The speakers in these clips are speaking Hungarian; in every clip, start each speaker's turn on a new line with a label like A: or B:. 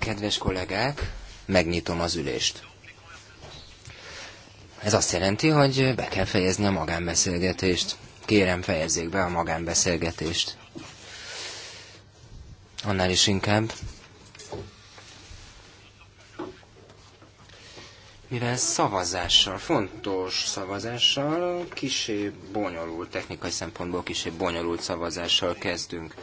A: Kedves kollégák,
B: megnyitom az ülést. Ez azt jelenti, hogy be kell fejezni a magánbeszélgetést. Kérem, fejezzék be a magánbeszélgetést. Annál is inkább, mivel szavazással, fontos szavazással, kisé bonyolult, technikai szempontból kisé bonyolult szavazással kezdünk.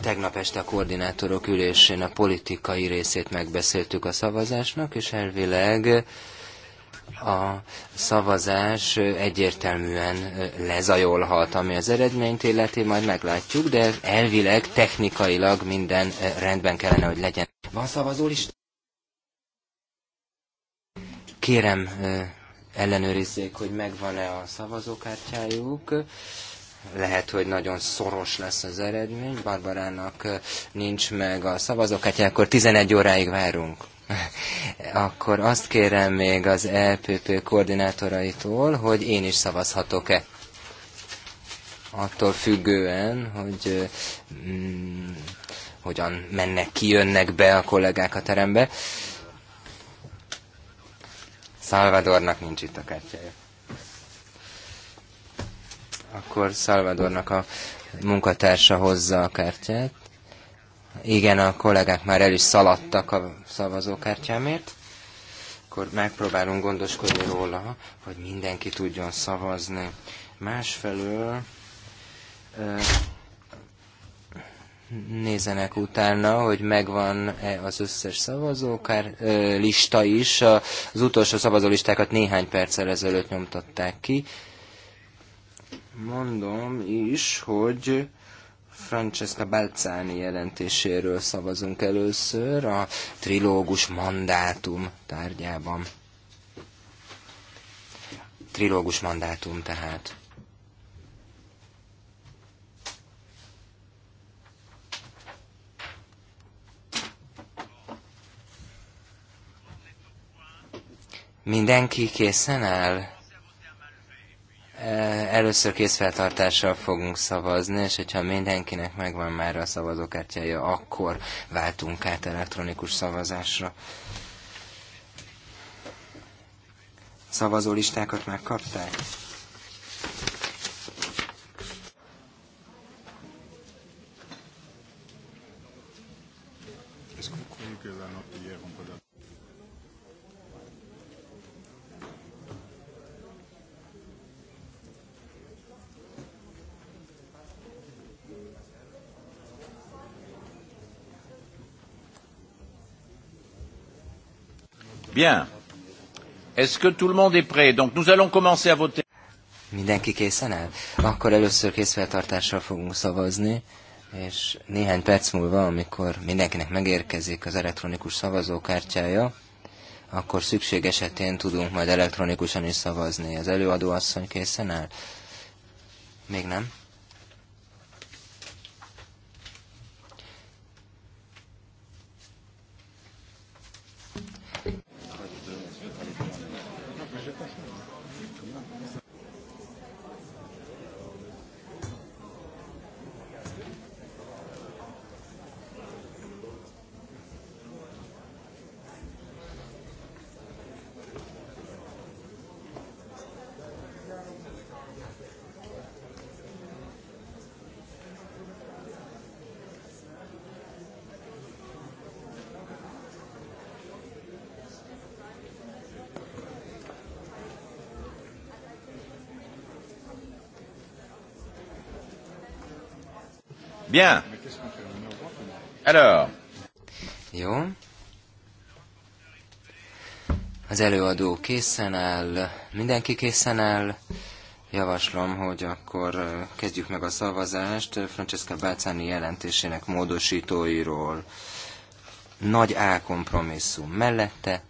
B: Tegnap este a koordinátorok ülésén a politikai részét megbeszéltük a szavazásnak, és elvileg a szavazás egyértelműen lezajolhat, ami az eredményt illeti, majd meglátjuk, de elvileg, technikailag minden rendben kellene, hogy legyen. Van is. Kérem, ellenőrizzék, hogy megvan-e a szavazókártyájuk. Lehet, hogy nagyon szoros lesz az eredmény. Barbarának nincs meg a szavazókártyája, akkor 11 óráig várunk akkor azt kérem még az LPP e koordinátoraitól, hogy én is szavazhatok-e. Attól függően, hogy mm, hogyan mennek ki, jönnek be a kollégák a terembe. Salvadornak nincs itt a kártyája. Akkor Salvadornak a munkatársa hozza a kártyát igen, a kollégák már el is szaladtak a szavazókártyámért. Akkor megpróbálunk gondoskodni róla, hogy mindenki tudjon szavazni. Másfelől nézenek utána, hogy megvan-e az összes szavazókár lista is. Az utolsó szavazólistákat néhány perccel ezelőtt nyomtatták ki. Mondom is, hogy Francesca Balzani jelentéséről szavazunk először a trilógus mandátum tárgyában. Trilógus mandátum tehát. Mindenki készen áll? Eh, először készfeltartással fogunk szavazni, és hogyha mindenkinek megvan már a szavazókártyája, akkor váltunk át elektronikus szavazásra. Szavazólistákat megkapták?
A: Bien. Est-ce que tout le monde est prêt? Donc nous allons commencer à voter.
B: Mindenki készen áll? Akkor először készfeltartással fogunk szavazni, és néhány perc múlva, amikor mindenkinek megérkezik az elektronikus szavazókártyája, akkor szükség esetén tudunk majd elektronikusan is szavazni. Az előadó asszony készen áll? Még nem? Bien. Alors. Jó. Az előadó készen áll, mindenki készen áll. Javaslom, hogy akkor kezdjük meg a szavazást Francesca Bácáni jelentésének módosítóiról. Nagy A kompromisszum mellette.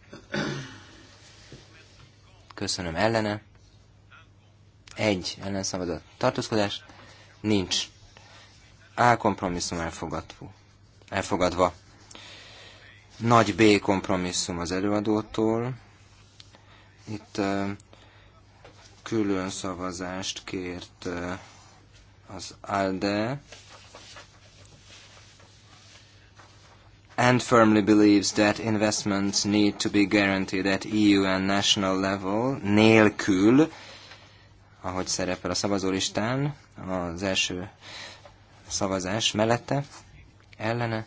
B: Köszönöm ellene. Egy ellenszavazat tartózkodás. Nincs a kompromisszum elfogadva. elfogadva. Nagy B kompromisszum az előadótól. Itt külön szavazást kért az ALDE. and firmly believes that investments need to be guaranteed at EU and national level nélkül, ahogy szerepel a szavazólistán, az első szavazás mellette, ellene,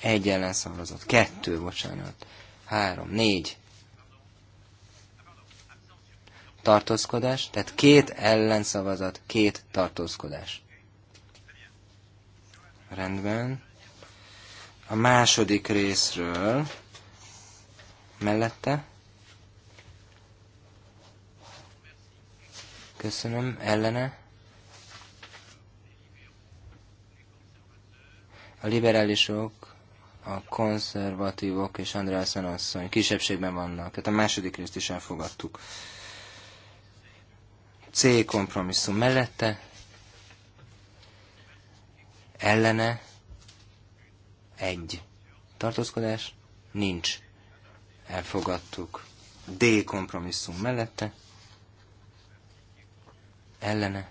B: egy ellen szavazott, kettő, bocsánat, három, négy, tartózkodás, tehát két ellen szavazat, két tartózkodás. Rendben. A második részről mellette. Köszönöm, ellene. A liberálisok, a konzervatívok és Andrásen asszony kisebbségben vannak. Tehát a második részt is elfogadtuk. C kompromisszum mellette, ellene, egy. Tartózkodás? Nincs. Elfogadtuk. D kompromisszum mellette, ellene,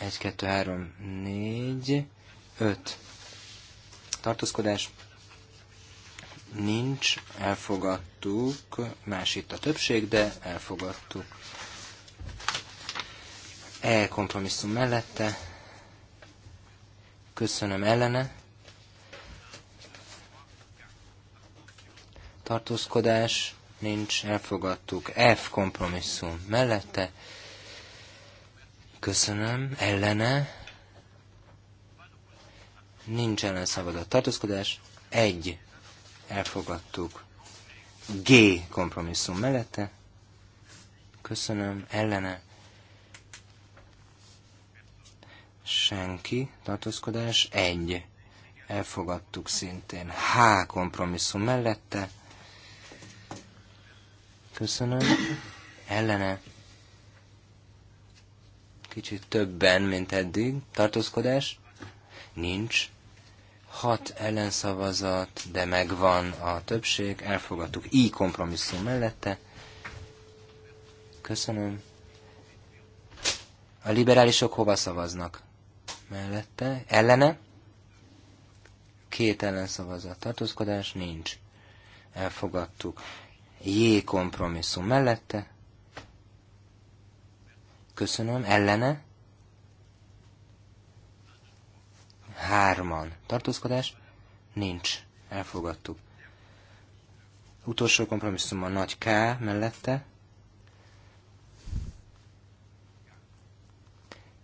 B: 1, 2, 3, 4, 5. Tartózkodás nincs, elfogadtuk, más itt a többség, de elfogadtuk. E kompromisszum mellette, köszönöm ellene, tartózkodás nincs, elfogadtuk. F kompromisszum mellette, Köszönöm. Ellene? Nincs a Tartózkodás? Egy. Elfogadtuk. G kompromisszum mellette. Köszönöm. Ellene? Senki. Tartózkodás? Egy. Elfogadtuk szintén. H kompromisszum mellette. Köszönöm. Ellene? Kicsit többen, mint eddig. Tartózkodás? Nincs. Hat ellenszavazat, de megvan a többség. Elfogadtuk így kompromisszum mellette. Köszönöm. A liberálisok hova szavaznak? Mellette? Ellene? Két ellenszavazat. Tartózkodás? Nincs. Elfogadtuk. J kompromisszum mellette Köszönöm. Ellene? Hárman. Tartózkodás? Nincs. Elfogadtuk. Utolsó kompromisszum a nagy K mellette.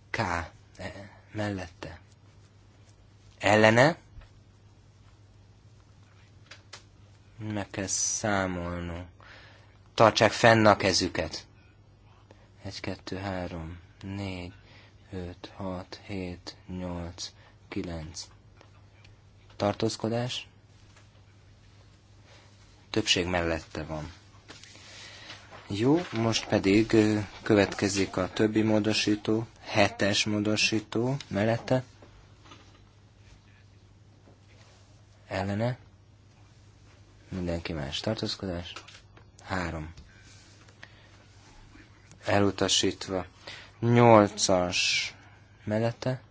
B: K e, mellette. Ellene? Meg kell számolnunk. Tartsák fenn a kezüket. 1, 2, 3, 4, 5, 6, 7, 8, 9. Tartózkodás? Többség mellette van. Jó, most pedig következik a többi módosító, hetes módosító mellette. Ellene. Mindenki más tartózkodás. Három elutasítva. Nyolcas as mellette.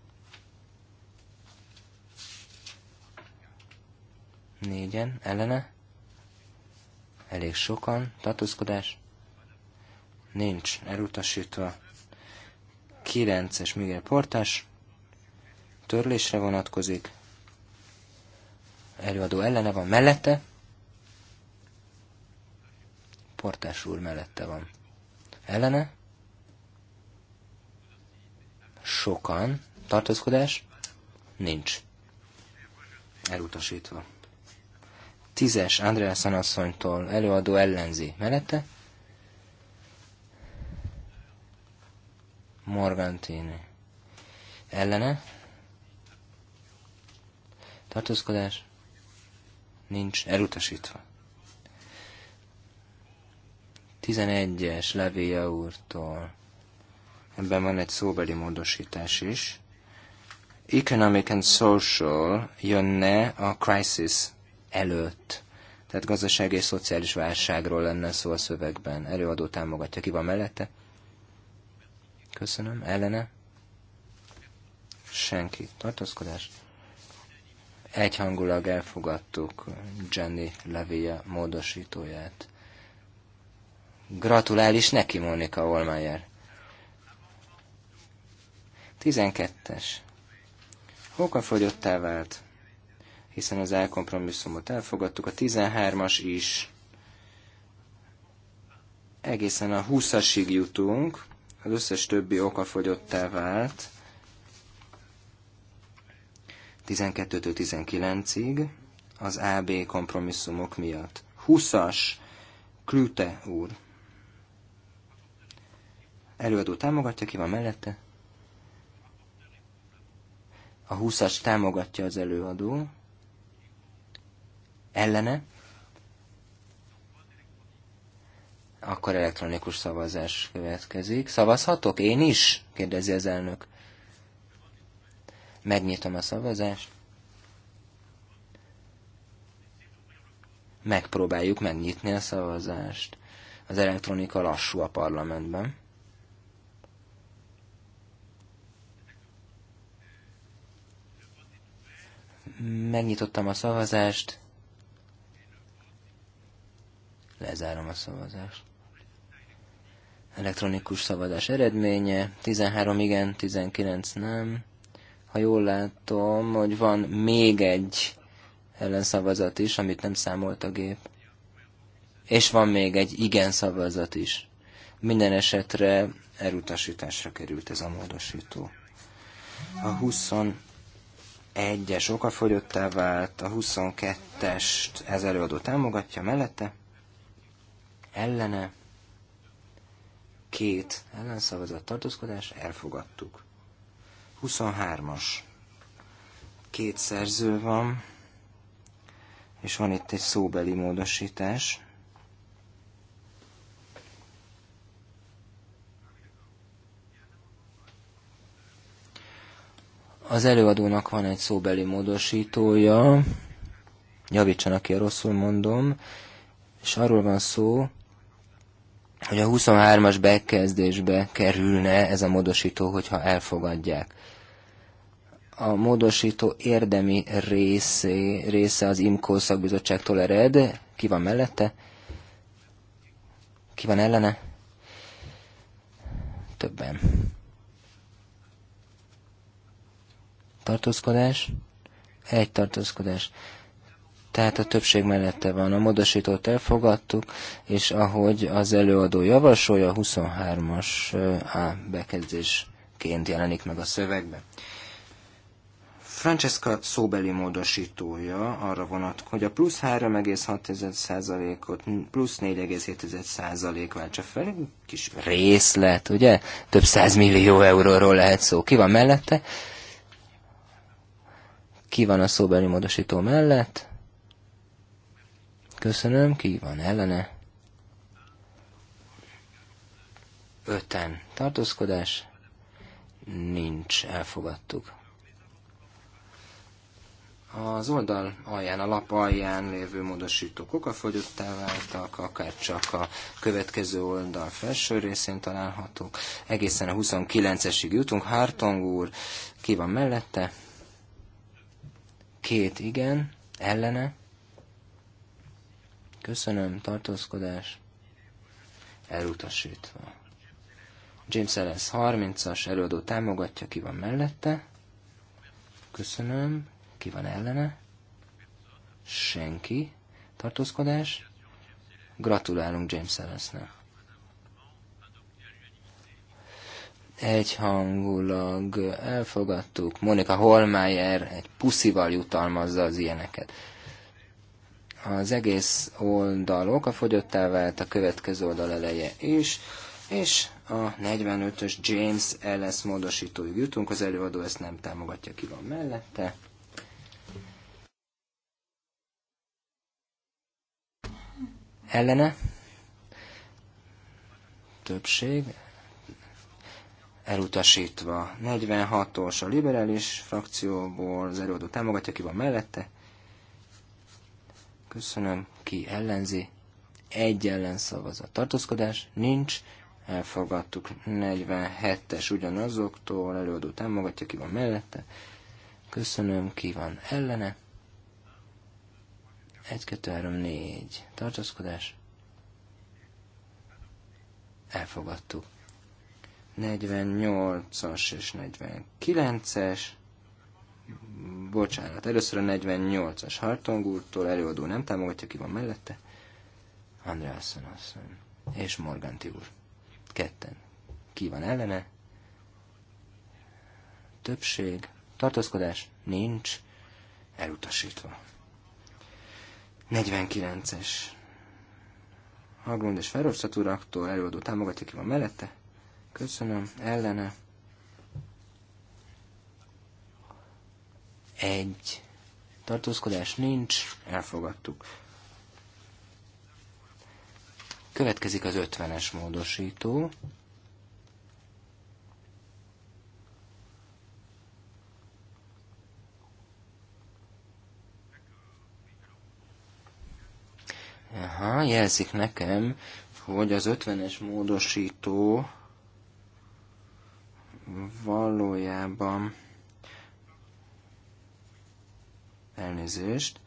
B: 4 ellene. Elég sokan. Tartózkodás. Nincs elutasítva. Kilences Miguel Portás. Törlésre vonatkozik. Előadó ellene van mellette. Portás úr mellette van ellene, sokan, tartózkodás, nincs. Elutasítva. Tízes Andreasen asszonytól előadó ellenzi mellette. Morgantini. Ellene. Tartózkodás. Nincs elutasítva. 11-es Levéja úrtól. Ebben van egy szóbeli módosítás is. Economic and social jönne a crisis előtt. Tehát gazdasági és szociális válságról lenne szó a szövegben. Előadó támogatja. Ki van mellette? Köszönöm. Ellene? Senki. Tartózkodás? Egyhangulag elfogadtuk Jenny levéje módosítóját. Gratulál is neki, Monika Olmeyer. 12-es. Hókafogyottá vált, hiszen az elkompromisszumot elfogadtuk, a 13-as is. Egészen a 20-asig jutunk, az összes többi okafogyottá vált. 12-től 19-ig az AB kompromisszumok miatt. 20-as Klüte úr. Előadó támogatja, ki van mellette? A 20 támogatja az előadó. Ellene? Akkor elektronikus szavazás következik. Szavazhatok én is? kérdezi az elnök. Megnyitom a szavazást. Megpróbáljuk megnyitni a szavazást. Az elektronika lassú a parlamentben. Megnyitottam a szavazást. Lezárom a szavazást. Elektronikus szavazás eredménye. 13 igen, 19 nem. Ha jól látom, hogy van még egy ellenszavazat is, amit nem számolt a gép. És van még egy igen szavazat is. Minden esetre elutasításra került ez a módosító. A 20 21-es okafogyottá vált, a 22-est ez előadó támogatja mellette, ellene, két ellenszavazat tartózkodás, elfogadtuk. 23-as. Két szerző van, és van itt egy szóbeli módosítás. Az előadónak van egy szóbeli módosítója, javítsanak ki, rosszul mondom, és arról van szó, hogy a 23-as bekezdésbe kerülne ez a módosító, hogyha elfogadják. A módosító érdemi részé, része az IMCO szakbizottságtól ered. Ki van mellette? Ki van ellene? Többen. tartózkodás, egy tartózkodás. Tehát a többség mellette van. A módosítót elfogadtuk, és ahogy az előadó javasolja, 23-as A bekezdésként jelenik meg a szövegben. Francesca szóbeli módosítója arra vonat, hogy a plusz 3,6%-ot plusz 4,7% váltsa fel, kis részlet, ugye? Több százmillió millió euróról lehet szó. Ki van mellette? Ki van a szóbeli módosító mellett? Köszönöm. Ki van ellene? Öten. Tartózkodás? Nincs. Elfogadtuk. Az oldal alján, a lap alján lévő módosítók okafogyottá váltak, akár csak a következő oldal felső részén találhatók. Egészen a 29-esig jutunk. Hartong úr, ki van mellette? Két igen, ellene. Köszönöm, tartózkodás. Elutasítva. James Ellis 30-as előadó támogatja, ki van mellette. Köszönöm, ki van ellene. Senki. Tartózkodás. Gratulálunk James Ellisnek. egyhangulag elfogadtuk. Monika Holmeyer egy puszival jutalmazza az ilyeneket. Az egész oldalok a fogyottá vált a következő oldal eleje is, és a 45-ös James Ellis módosítóig jutunk, az előadó ezt nem támogatja, ki van mellette. Ellene? Többség? elutasítva. 46-os a liberális frakcióból, az előadó támogatja, ki van mellette. Köszönöm, ki ellenzi. Egy ellenszavazat. Tartózkodás nincs, elfogadtuk. 47-es ugyanazoktól, előadó támogatja, ki van mellette. Köszönöm, ki van ellene. 1, 2, 3, 4. Tartózkodás. Elfogadtuk. 48-as és 49-es. Bocsánat, először a 48-as Hartong úrtól előadó nem támogatja, ki van mellette. Andreasson asszony és Morganti úr. Ketten. Ki van ellene? Többség. Tartózkodás? Nincs. Elutasítva. 49-es. Haglund és Ferrovszat előadó támogatja, ki van mellette. Köszönöm. Ellene. Egy. Tartózkodás nincs. Elfogadtuk. Következik az 50-es módosító. Aha, jelzik nekem, hogy az 50-es módosító valójában elnézést,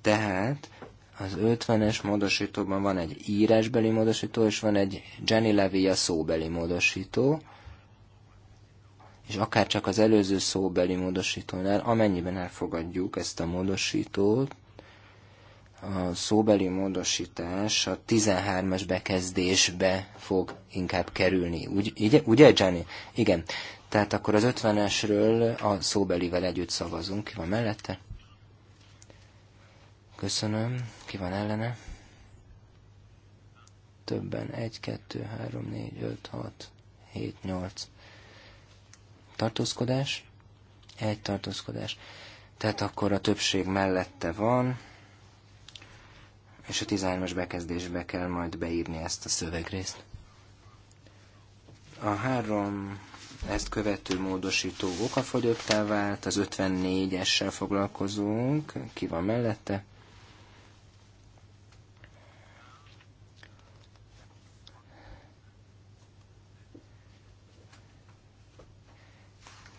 B: tehát az 50-es módosítóban van egy írásbeli módosító, és van egy Jenny Levia szóbeli módosító, és akár csak az előző szóbeli módosítónál, amennyiben elfogadjuk ezt a módosítót, a szóbeli módosítás a 13-as bekezdésbe fog inkább kerülni. Úgy, így, ugye, Gianni? Igen. Tehát akkor az 50-esről a szóbelivel együtt szavazunk. Ki van mellette? Köszönöm. Ki van ellene? Többen. 1, 2, 3, 4, 5, 6, 7, 8. Tartózkodás? Egy tartózkodás. Tehát akkor a többség mellette van és a 13-as bekezdésbe kell majd beírni ezt a szövegrészt. A három ezt követő módosító okafogyottá vált, az 54-essel foglalkozunk, ki van mellette.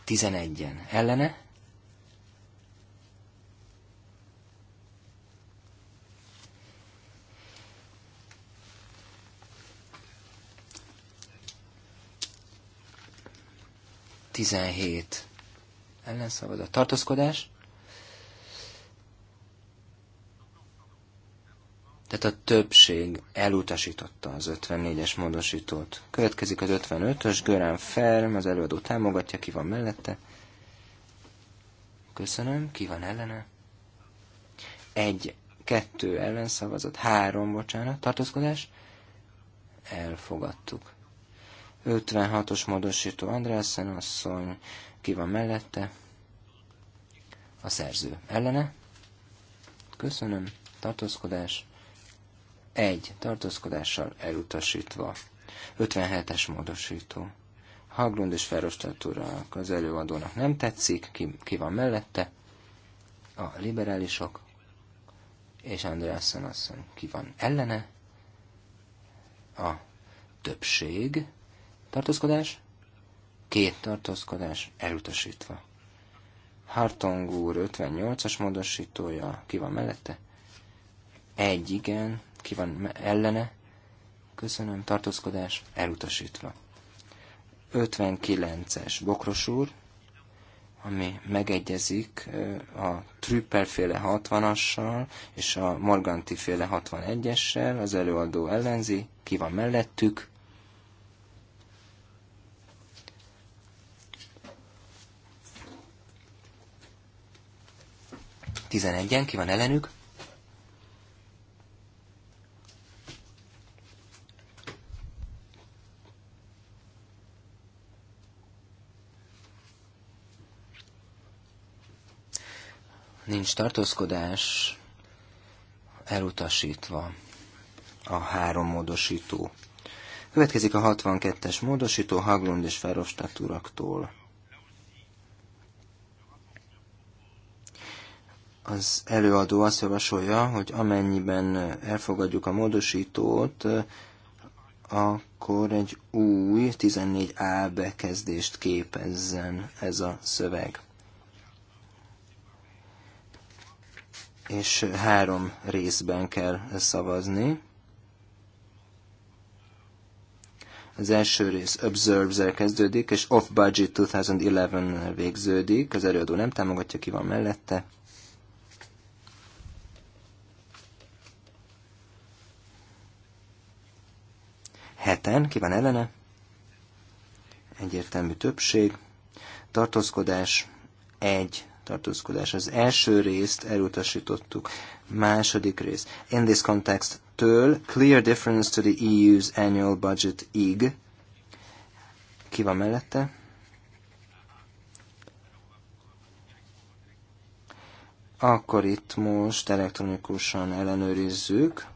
B: Tizenegyen. Ellene? 17 a Tartózkodás? Tehát a többség elutasította az 54-es módosítót. Következik az 55-ös, Görán Ferm, az előadó támogatja, ki van mellette. Köszönöm, ki van ellene? Egy, kettő ellenszavazat, három, bocsánat, tartózkodás. Elfogadtuk. 56-os módosító Andrásen asszony, ki van mellette? A szerző ellene. Köszönöm. Tartózkodás. Egy tartózkodással elutasítva. 57-es módosító. Haglund és Ferostat az előadónak nem tetszik, ki, ki van mellette? A liberálisok. És Andrásen asszony ki van ellene? A többség tartózkodás, két tartózkodás elutasítva. Hartong úr 58-as módosítója, ki van mellette? Egy igen, ki van ellene? Köszönöm, tartózkodás elutasítva. 59-es Bokros úr, ami megegyezik a Trüpperféle 60-assal és a Morganti féle 61-essel, az előadó ellenzi, ki van mellettük, 11-en, ki van ellenük? Nincs tartózkodás, elutasítva a három módosító. Következik a 62-es módosító Haglund és Ferostatúraktól. az előadó azt javasolja, hogy amennyiben elfogadjuk a módosítót, akkor egy új 14A bekezdést képezzen ez a szöveg. És három részben kell szavazni. Az első rész Observes-el kezdődik, és Off Budget 2011 végződik. Az előadó nem támogatja, ki van mellette Heten, ki van ellene? Egyértelmű többség. Tartózkodás, egy tartózkodás. Az első részt elutasítottuk. Második rész. In this context től clear difference to the EU's annual budget ig. Ki van mellette? Akkor itt most elektronikusan ellenőrizzük.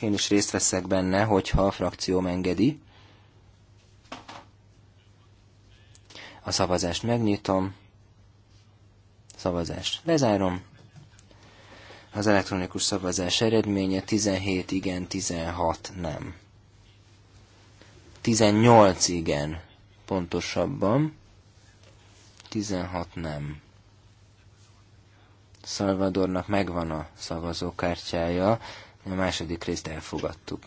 B: Én is részt veszek benne, hogyha a frakció engedi. A szavazást megnyitom. Szavazást lezárom. Az elektronikus szavazás eredménye 17 igen, 16 nem. 18 igen, pontosabban. 16 nem. Salvadornak megvan a szavazókártyája, a második részt elfogadtuk.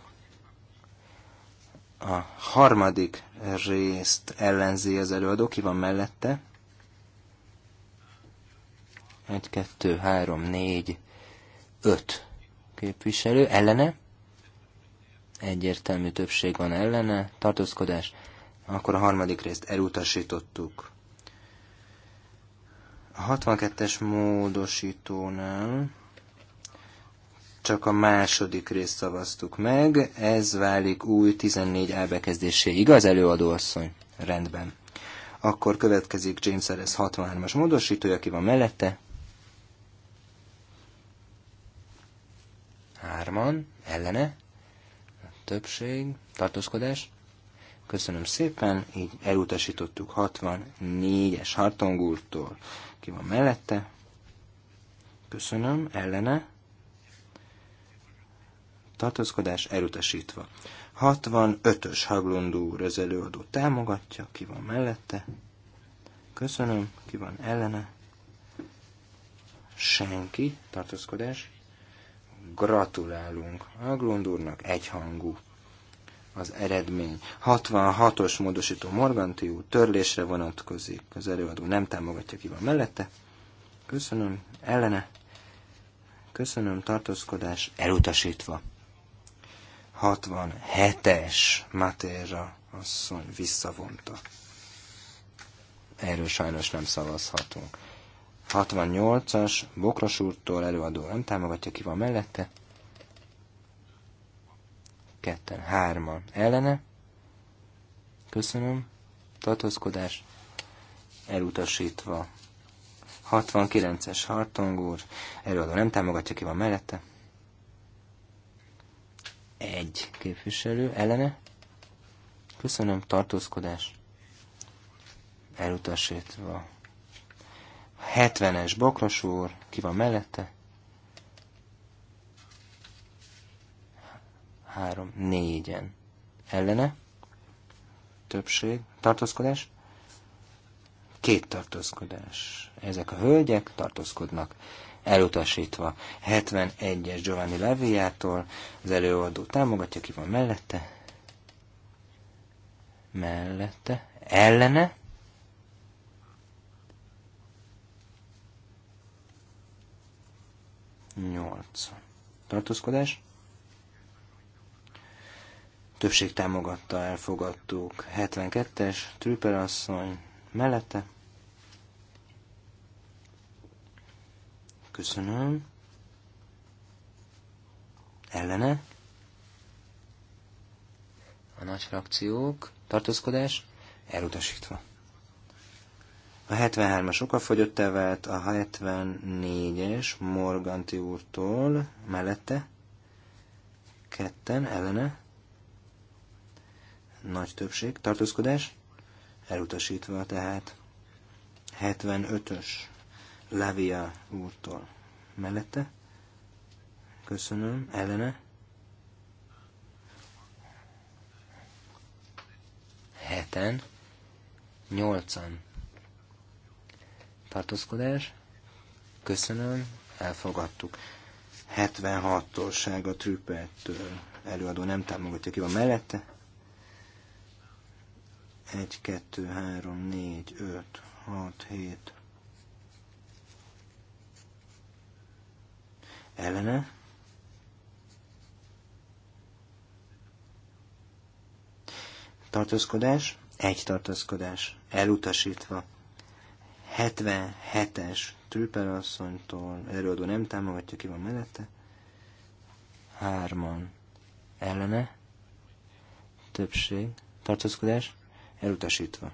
B: A harmadik részt ellenzi az előadó, ki van mellette? 1, 2, 3, 4, 5 képviselő. Ellene? Egyértelmű többség van ellene. Tartózkodás. Akkor a harmadik részt elutasítottuk. A 62-es módosítónál csak a második részt szavaztuk meg, ez válik új 14 elbekezdésé. Igaz, előadóasszony? Rendben. Akkor következik James Harris 63-as módosítója, aki van mellette. Hárman, ellene, többség, tartózkodás. Köszönöm szépen, így elutasítottuk 64-es hartongultól, Ki van mellette? Köszönöm, ellene tartózkodás elutasítva. 65-ös Haglund úr az előadó támogatja, ki van mellette. Köszönöm, ki van ellene. Senki, tartózkodás. Gratulálunk Haglund úrnak, egyhangú az eredmény. 66-os módosító morgantiú törlésre vonatkozik, az előadó nem támogatja, ki van mellette. Köszönöm, ellene. Köszönöm, tartózkodás elutasítva. 67-es Matéra asszony visszavonta. Erről sajnos nem szavazhatunk. 68-as Bokros úrtól előadó nem támogatja, ki van mellette. Ketten, hárman ellene. Köszönöm. Tartózkodás elutasítva. 69-es Hartong úr, előadó nem támogatja, ki van mellette egy képviselő ellene. Köszönöm, tartózkodás. Elutasítva. 70-es Bokros úr, ki van mellette? 3, 4-en. Ellene? Többség. Tartózkodás? Két tartózkodás. Ezek a hölgyek tartózkodnak elutasítva. 71-es Giovanni Leviától az előadó támogatja, ki van mellette, mellette, ellene, Nyolc. Tartózkodás? Többség támogatta, elfogadtuk. 72-es, Trüper asszony, mellette, Köszönöm. Ellene. A nagy frakciók. Tartózkodás. Elutasítva. A 73-as okafogyottá vált, a 74-es Morganti úrtól mellette. Ketten ellene. Nagy többség. Tartózkodás. Elutasítva tehát. 75-ös Lavia úrtól. Mellette? Köszönöm. Ellene? Heten. Nyolcan. Tartózkodás? Köszönöm, elfogadtuk. 76-tország a trüppettől előadó nem támogatja ki van mellette. 1, 2, 3, 4, 5, 6, 7, ellene. Tartózkodás, egy tartózkodás, elutasítva. 77-es Trüper asszonytól, előadó nem támogatja, ki van mellette. Hárman ellene, többség, tartózkodás, elutasítva.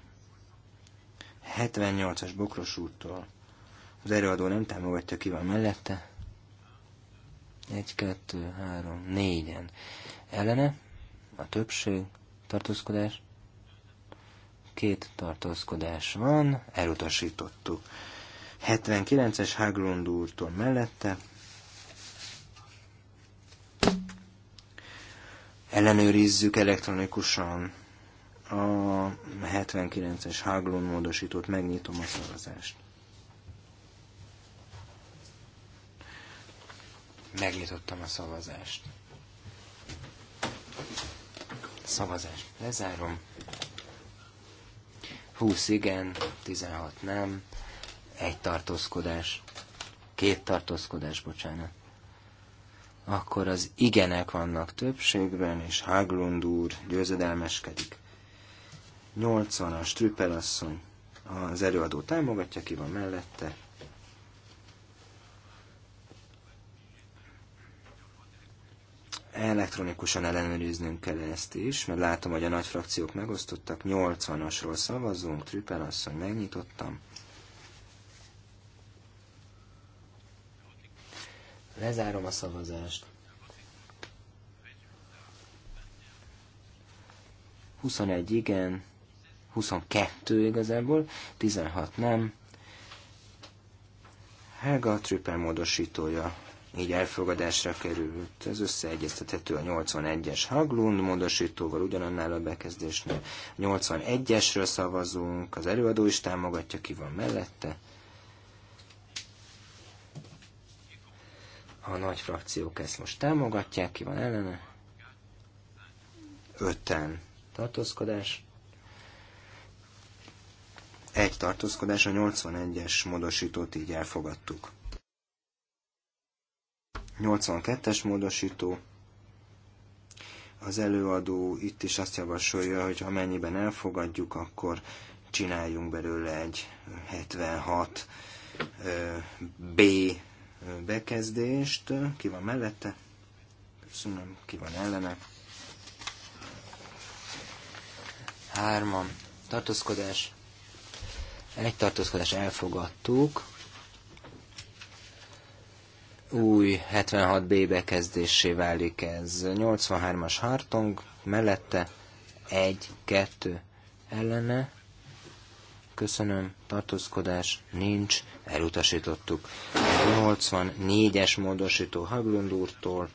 B: 78-as Bokros úttól, az előadó nem támogatja, ki van mellette egy, kettő, három, négyen. Ellene a többség tartózkodás. Két tartózkodás van, elutasítottuk. 79-es Haglund úrtól mellette. Ellenőrizzük elektronikusan a 79-es Haglund módosítót, megnyitom a szavazást. Megnyitottam a szavazást. Szavazást lezárom. 20 igen, 16 nem, egy tartózkodás, két tartózkodás, bocsánat. Akkor az igenek vannak többségben, és Haglund úr győzedelmeskedik. 80-as trüppelasszony az előadó támogatja, ki van mellette, elektronikusan ellenőriznünk kell ezt is, mert látom, hogy a nagy frakciók megosztottak. 80-asról szavazunk, Trüppel asszony, megnyitottam. Lezárom a szavazást. 21 igen, 22 igazából, 16 nem. Helga Trüppel módosítója így elfogadásra került. Ez összeegyeztethető a 81-es Haglund módosítóval, ugyanannál a bekezdésnél. 81-esről szavazunk, az előadó is támogatja, ki van mellette. A nagy frakciók ezt most támogatják, ki van ellene. Öten tartózkodás. Egy tartózkodás, a 81-es módosítót így elfogadtuk. 82-es módosító. Az előadó itt is azt javasolja, hogy ha mennyiben elfogadjuk, akkor csináljunk belőle egy 76 B bekezdést. Ki van mellette? Köszönöm. Ki van ellene? Hárman. Tartózkodás. Egy tartózkodás elfogadtuk új 76B bekezdésé válik ez. 83-as Hartong, mellette 1-2 ellene. Köszönöm, tartózkodás nincs, elutasítottuk. 84-es módosító Haglund úrtól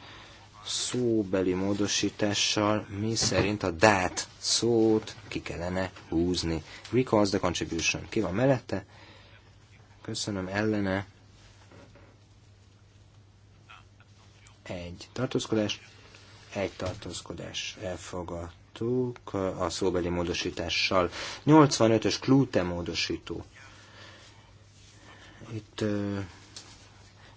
B: szóbeli módosítással, mi szerint a dát szót ki kellene húzni. Recalls the contribution. Ki van mellette? Köszönöm, ellene egy tartózkodás, egy tartózkodás elfogadtuk a szóbeli módosítással. 85-ös klúte módosító. Itt ö,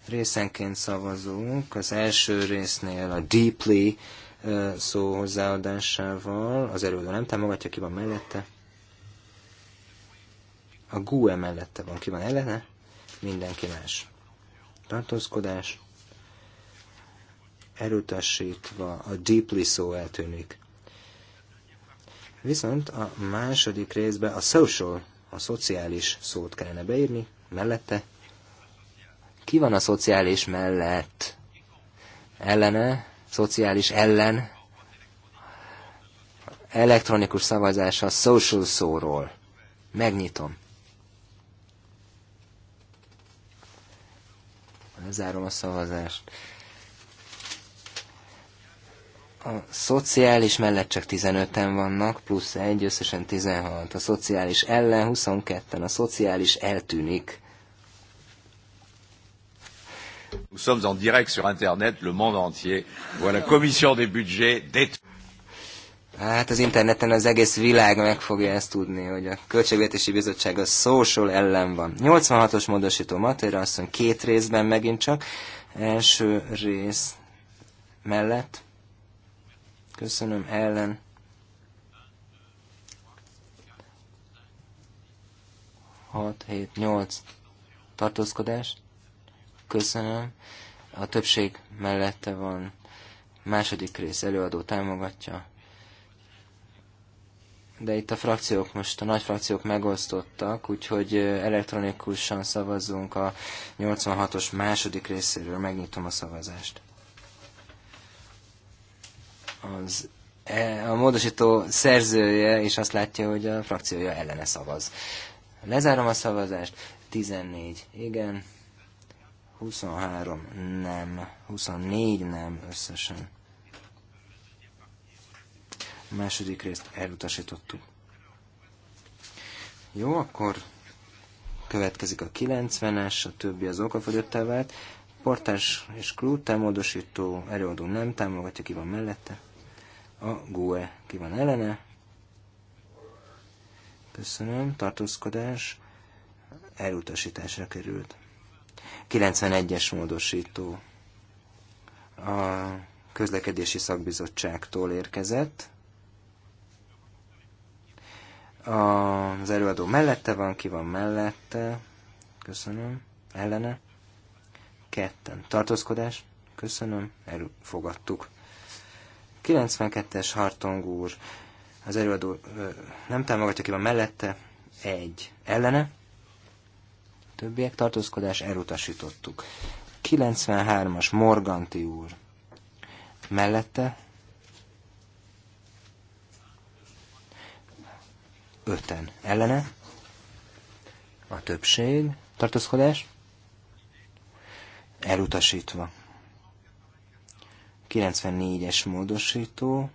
B: részenként szavazunk. Az első résznél a deeply ö, szó hozzáadásával az erődő nem támogatja, ki van mellette. A GUE mellette van, ki van ellene, mindenki más. Tartózkodás, elutasítva, a deeply szó eltűnik. Viszont a második részben a social, a szociális szót kellene beírni, mellette. Ki van a szociális mellett? Ellene, szociális ellen, elektronikus szavazás a social szóról. Megnyitom. Lezárom a szavazást. A szociális mellett csak 15-en vannak, plusz egy, összesen 16. A szociális ellen 22-en, a szociális
A: eltűnik. Nous sommes en direct sur Internet, le monde entier. Voilà, la commission des budgets, des...
B: Hát az interneten az egész világ meg fogja ezt tudni, hogy a Költségvetési Bizottság a social ellen van. 86-os módosító Matéra mondja, két részben megint csak. Első rész mellett Köszönöm ellen. Hat, hét, nyolc. Tartózkodás. Köszönöm. A többség mellette van. Második rész előadó támogatja. De itt a frakciók most, a nagy frakciók megosztottak, úgyhogy elektronikusan szavazunk a 86-os második részéről. Megnyitom a szavazást. Az e, a módosító szerzője és azt látja, hogy a frakciója ellene szavaz. Lezárom a szavazást. 14 igen, 23 nem, 24 nem összesen. A második részt elutasítottuk. Jó, akkor következik a 90-es, a többi az okafogyottá vált. Portás és Klute módosító előadó nem támogatja, ki van mellette a GUE ki van ellene? Köszönöm. Tartózkodás elutasításra került. 91-es módosító a közlekedési szakbizottságtól érkezett. Az előadó mellette van, ki van mellette. Köszönöm. Ellene. Ketten. Tartózkodás. Köszönöm. Elfogadtuk. 92-es Hartong úr, az előadó nem támogatja ki, van mellette, egy ellene, többiek tartózkodás, elutasítottuk. 93-as Morganti úr, mellette, öten ellene, a többség, tartózkodás, elutasítva. 94-es módosító,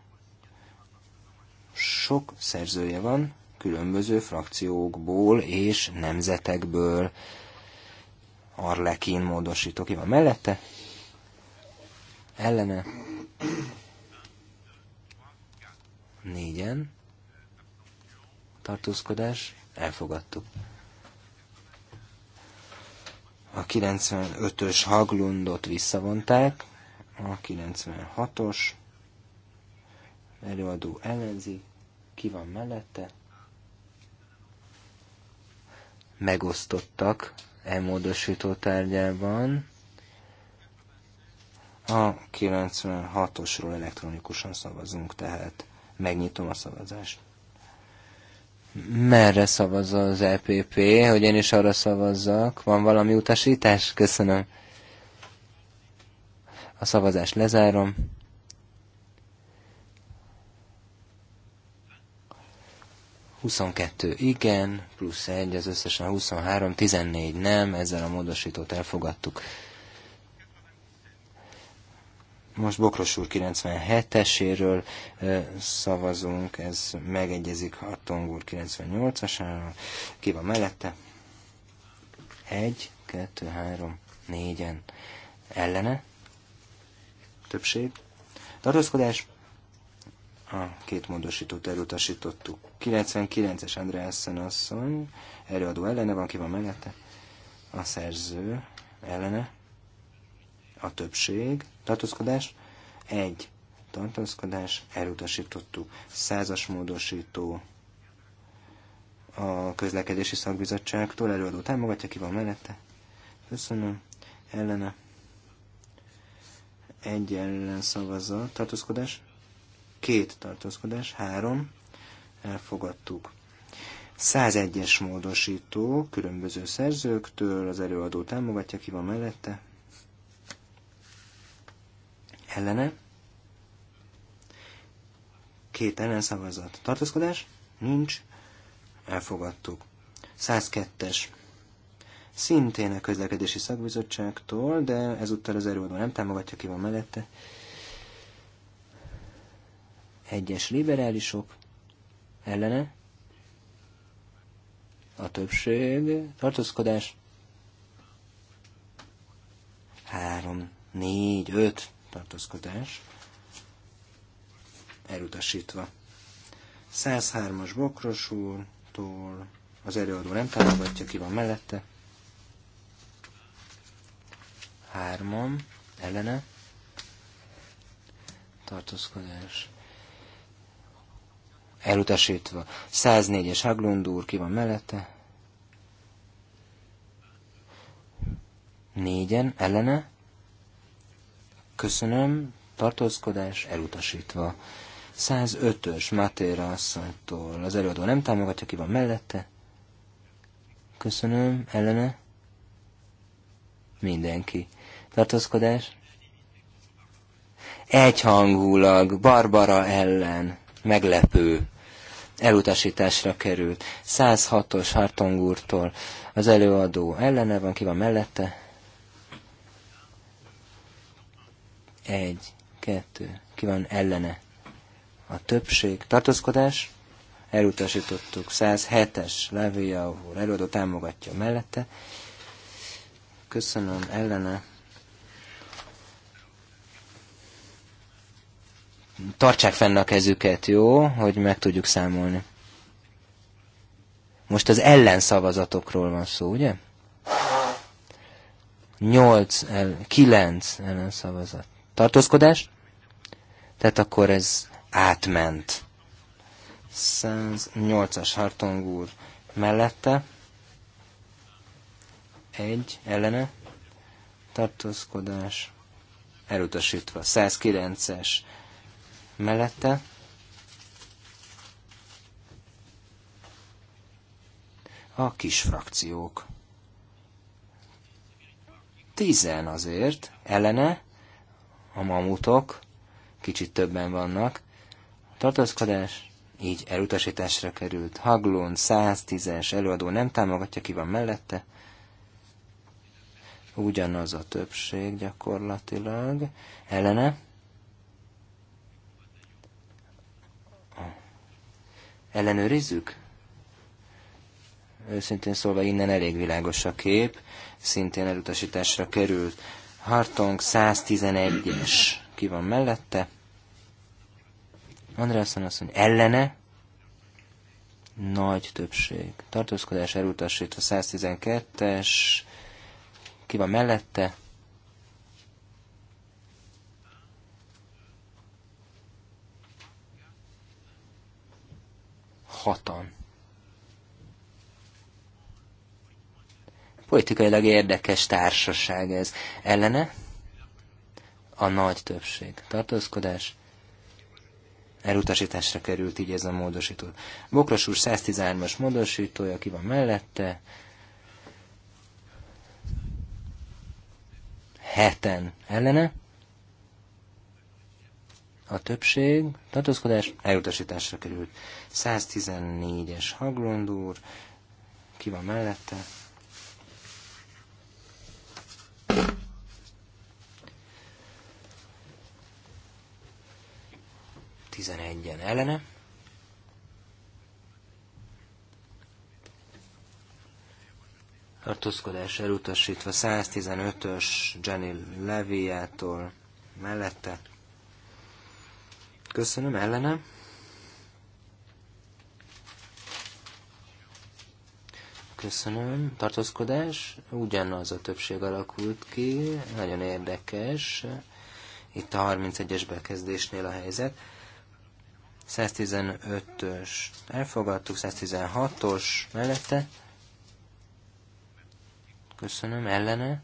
B: sok szerzője van, különböző frakciókból és nemzetekből. Arlekin módosító ki van mellette, ellene, négyen, tartózkodás, elfogadtuk. A 95-ös haglundot visszavonták, a 96-os, előadó ellenzi, ki van mellette, megosztottak e módosító tárgyában. A 96-osról elektronikusan szavazunk, tehát megnyitom a szavazást. Merre szavaz az EPP, hogy én is arra szavazzak? Van valami utasítás? Köszönöm. A szavazást lezárom. Huszonkettő igen, plusz egy, az összesen 23, 14 nem, ezzel a módosítót elfogadtuk. Most Bokros úr 97-eséről szavazunk, ez megegyezik Hartong úr 98-asáról. Ki van mellette? 1, 2, 3, 4-en. Ellene? többség. Tartózkodás. A két módosítót elutasítottuk. 99-es Andreasen asszony, előadó ellene van, ki van mellette? A szerző ellene. A többség. Tartózkodás. Egy. Tartózkodás. Elutasítottuk. Százas módosító a közlekedési szakbizottságtól előadó támogatja, ki van mellette. Köszönöm. Ellene egy ellen szavazza tartózkodás, két tartózkodás, három, elfogadtuk. 101-es módosító, különböző szerzőktől, az előadó támogatja, ki van mellette, ellene, két szavazat, tartózkodás, nincs, elfogadtuk. 102-es szintén a közlekedési szakbizottságtól, de ezúttal az erőadó nem támogatja, ki van mellette. Egyes liberálisok ellene, a többség, tartózkodás, három, négy, öt tartózkodás, elutasítva. 103-as Bokros úrtól az előadó nem támogatja, ki van mellette Hármam ellene tartózkodás elutasítva. 104-es Haglund úr ki van mellette. Négyen ellene. Köszönöm. Tartózkodás elutasítva. 105-ös Matéra asszonytól. Az előadó nem támogatja, ki van mellette. Köszönöm. Ellene. Mindenki tartózkodás. Egyhangulag, Barbara ellen, meglepő, elutasításra került. 106-os Hartong úrtól az előadó ellene van, ki van mellette? Egy, kettő, ki van ellene? A többség, tartózkodás, elutasítottuk. 107-es Levéja úr előadó támogatja mellette. Köszönöm, ellene tartsák fenn a kezüket, jó, hogy meg tudjuk számolni. Most az ellenszavazatokról van szó, ugye? 8, 9 ellenszavazat. Tartózkodás? Tehát akkor ez átment. 108-as Hartong úr mellette. Egy ellene. Tartózkodás. Elutasítva. 109-es mellette. A kis frakciók. Tizen azért, ellene, a mamutok, kicsit többen vannak, tartózkodás, így elutasításra került. Haglund 110-es előadó nem támogatja, ki van mellette. Ugyanaz a többség gyakorlatilag. Ellene ellenőrizzük? Őszintén szólva innen elég világos a kép, szintén elutasításra került. Hartong 111-es, ki van mellette? Andrászon azt mondja, ellene? Nagy többség. Tartózkodás elutasítva 112-es, ki van mellette? hatan. Politikailag érdekes társaság ez. Ellene a nagy többség. Tartózkodás elutasításra került így ez a módosító. Bokros úr 113-as módosítója, ki van mellette. Heten ellene. A többség tartózkodás elutasításra került. 114-es Haglund úr, ki van mellette? Tizenegyen ellene. Tartózkodás elutasítva 115-ös Jenny Leviától mellette. Köszönöm, ellenem. Köszönöm. Tartózkodás. Ugyanaz a többség alakult ki. Nagyon érdekes. Itt a 31-es bekezdésnél a helyzet. 115-ös elfogadtuk, 116-os mellette. Köszönöm. Ellene.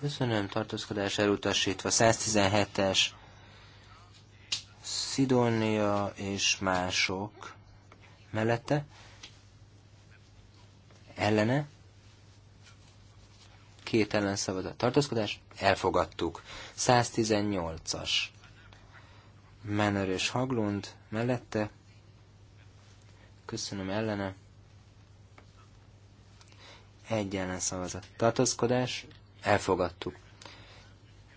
B: Köszönöm. Tartózkodás elutasítva. 117-es. Szidónia és mások mellette ellene, két ellenszavazat tartózkodás, elfogadtuk. 118-as. Menner és Haglund mellette. Köszönöm ellene. Egy ellenszavazat tartózkodás, elfogadtuk.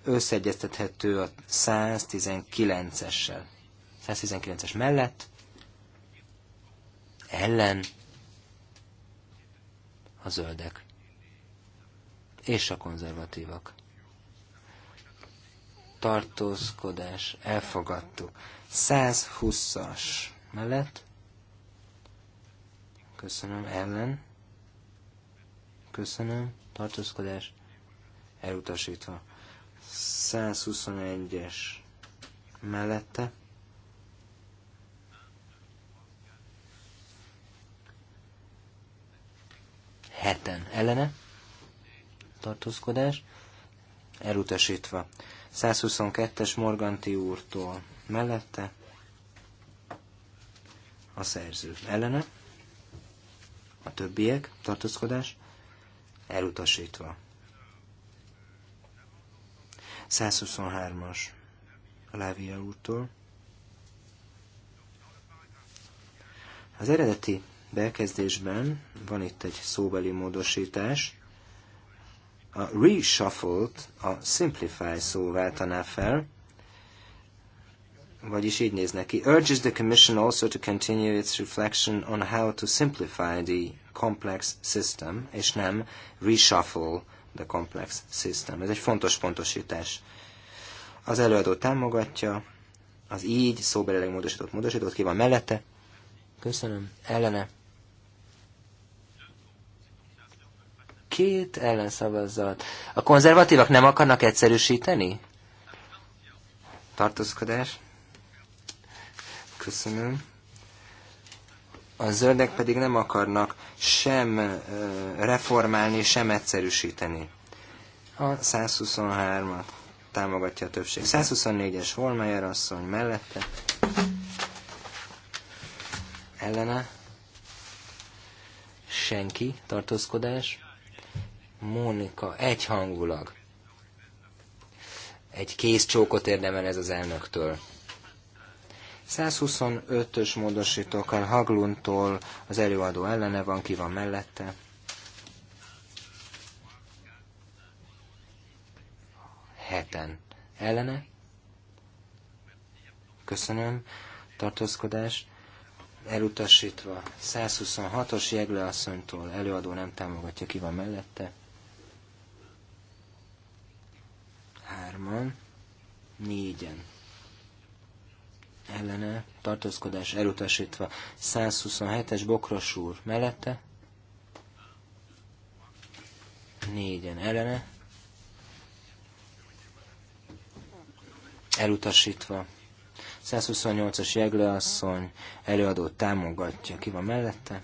B: Összeegyeztethető a 119-essel. 119-es mellett, ellen, a zöldek és a konzervatívak. Tartózkodás, elfogadtuk. 120-as mellett. Köszönöm, ellen. Köszönöm, tartózkodás, elutasítva. 121-es mellette. ellene, tartózkodás, elutasítva. 122-es Morganti úrtól mellette, a szerző ellene, a többiek, tartózkodás, elutasítva. 123-as Lávia úrtól. Az eredeti bekezdésben van itt egy szóbeli módosítás. A reshuffled, a simplify szó váltaná fel, vagyis így néz neki. Urges the Commission also to continue its reflection on how to simplify the complex system, és nem reshuffle the complex system. Ez egy fontos pontosítás. Az előadó támogatja, az így szóbelileg módosított módosított, ki van mellette. Köszönöm. Ellene. két ellenszavazat. A konzervatívak nem akarnak egyszerűsíteni? Tartózkodás. Köszönöm. A zöldek pedig nem akarnak sem reformálni, sem egyszerűsíteni. A 123-at támogatja a többség. 124-es Holmeyer asszony mellette. Ellene. Senki. Tartózkodás. Mónika, egyhangulag. Egy kéz csókot érdemel ez az elnöktől. 125-ös módosítókkal Hagluntól az előadó ellene van, ki van mellette. Heten. Ellene? Köszönöm. Tartózkodás elutasítva. 126-os jegle előadó nem támogatja, ki van mellette. hárman, négyen ellene tartózkodás elutasítva. 127-es Bokros úr mellette, négyen ellene, elutasítva. 128-as jeglőasszony előadó támogatja. Ki van mellette?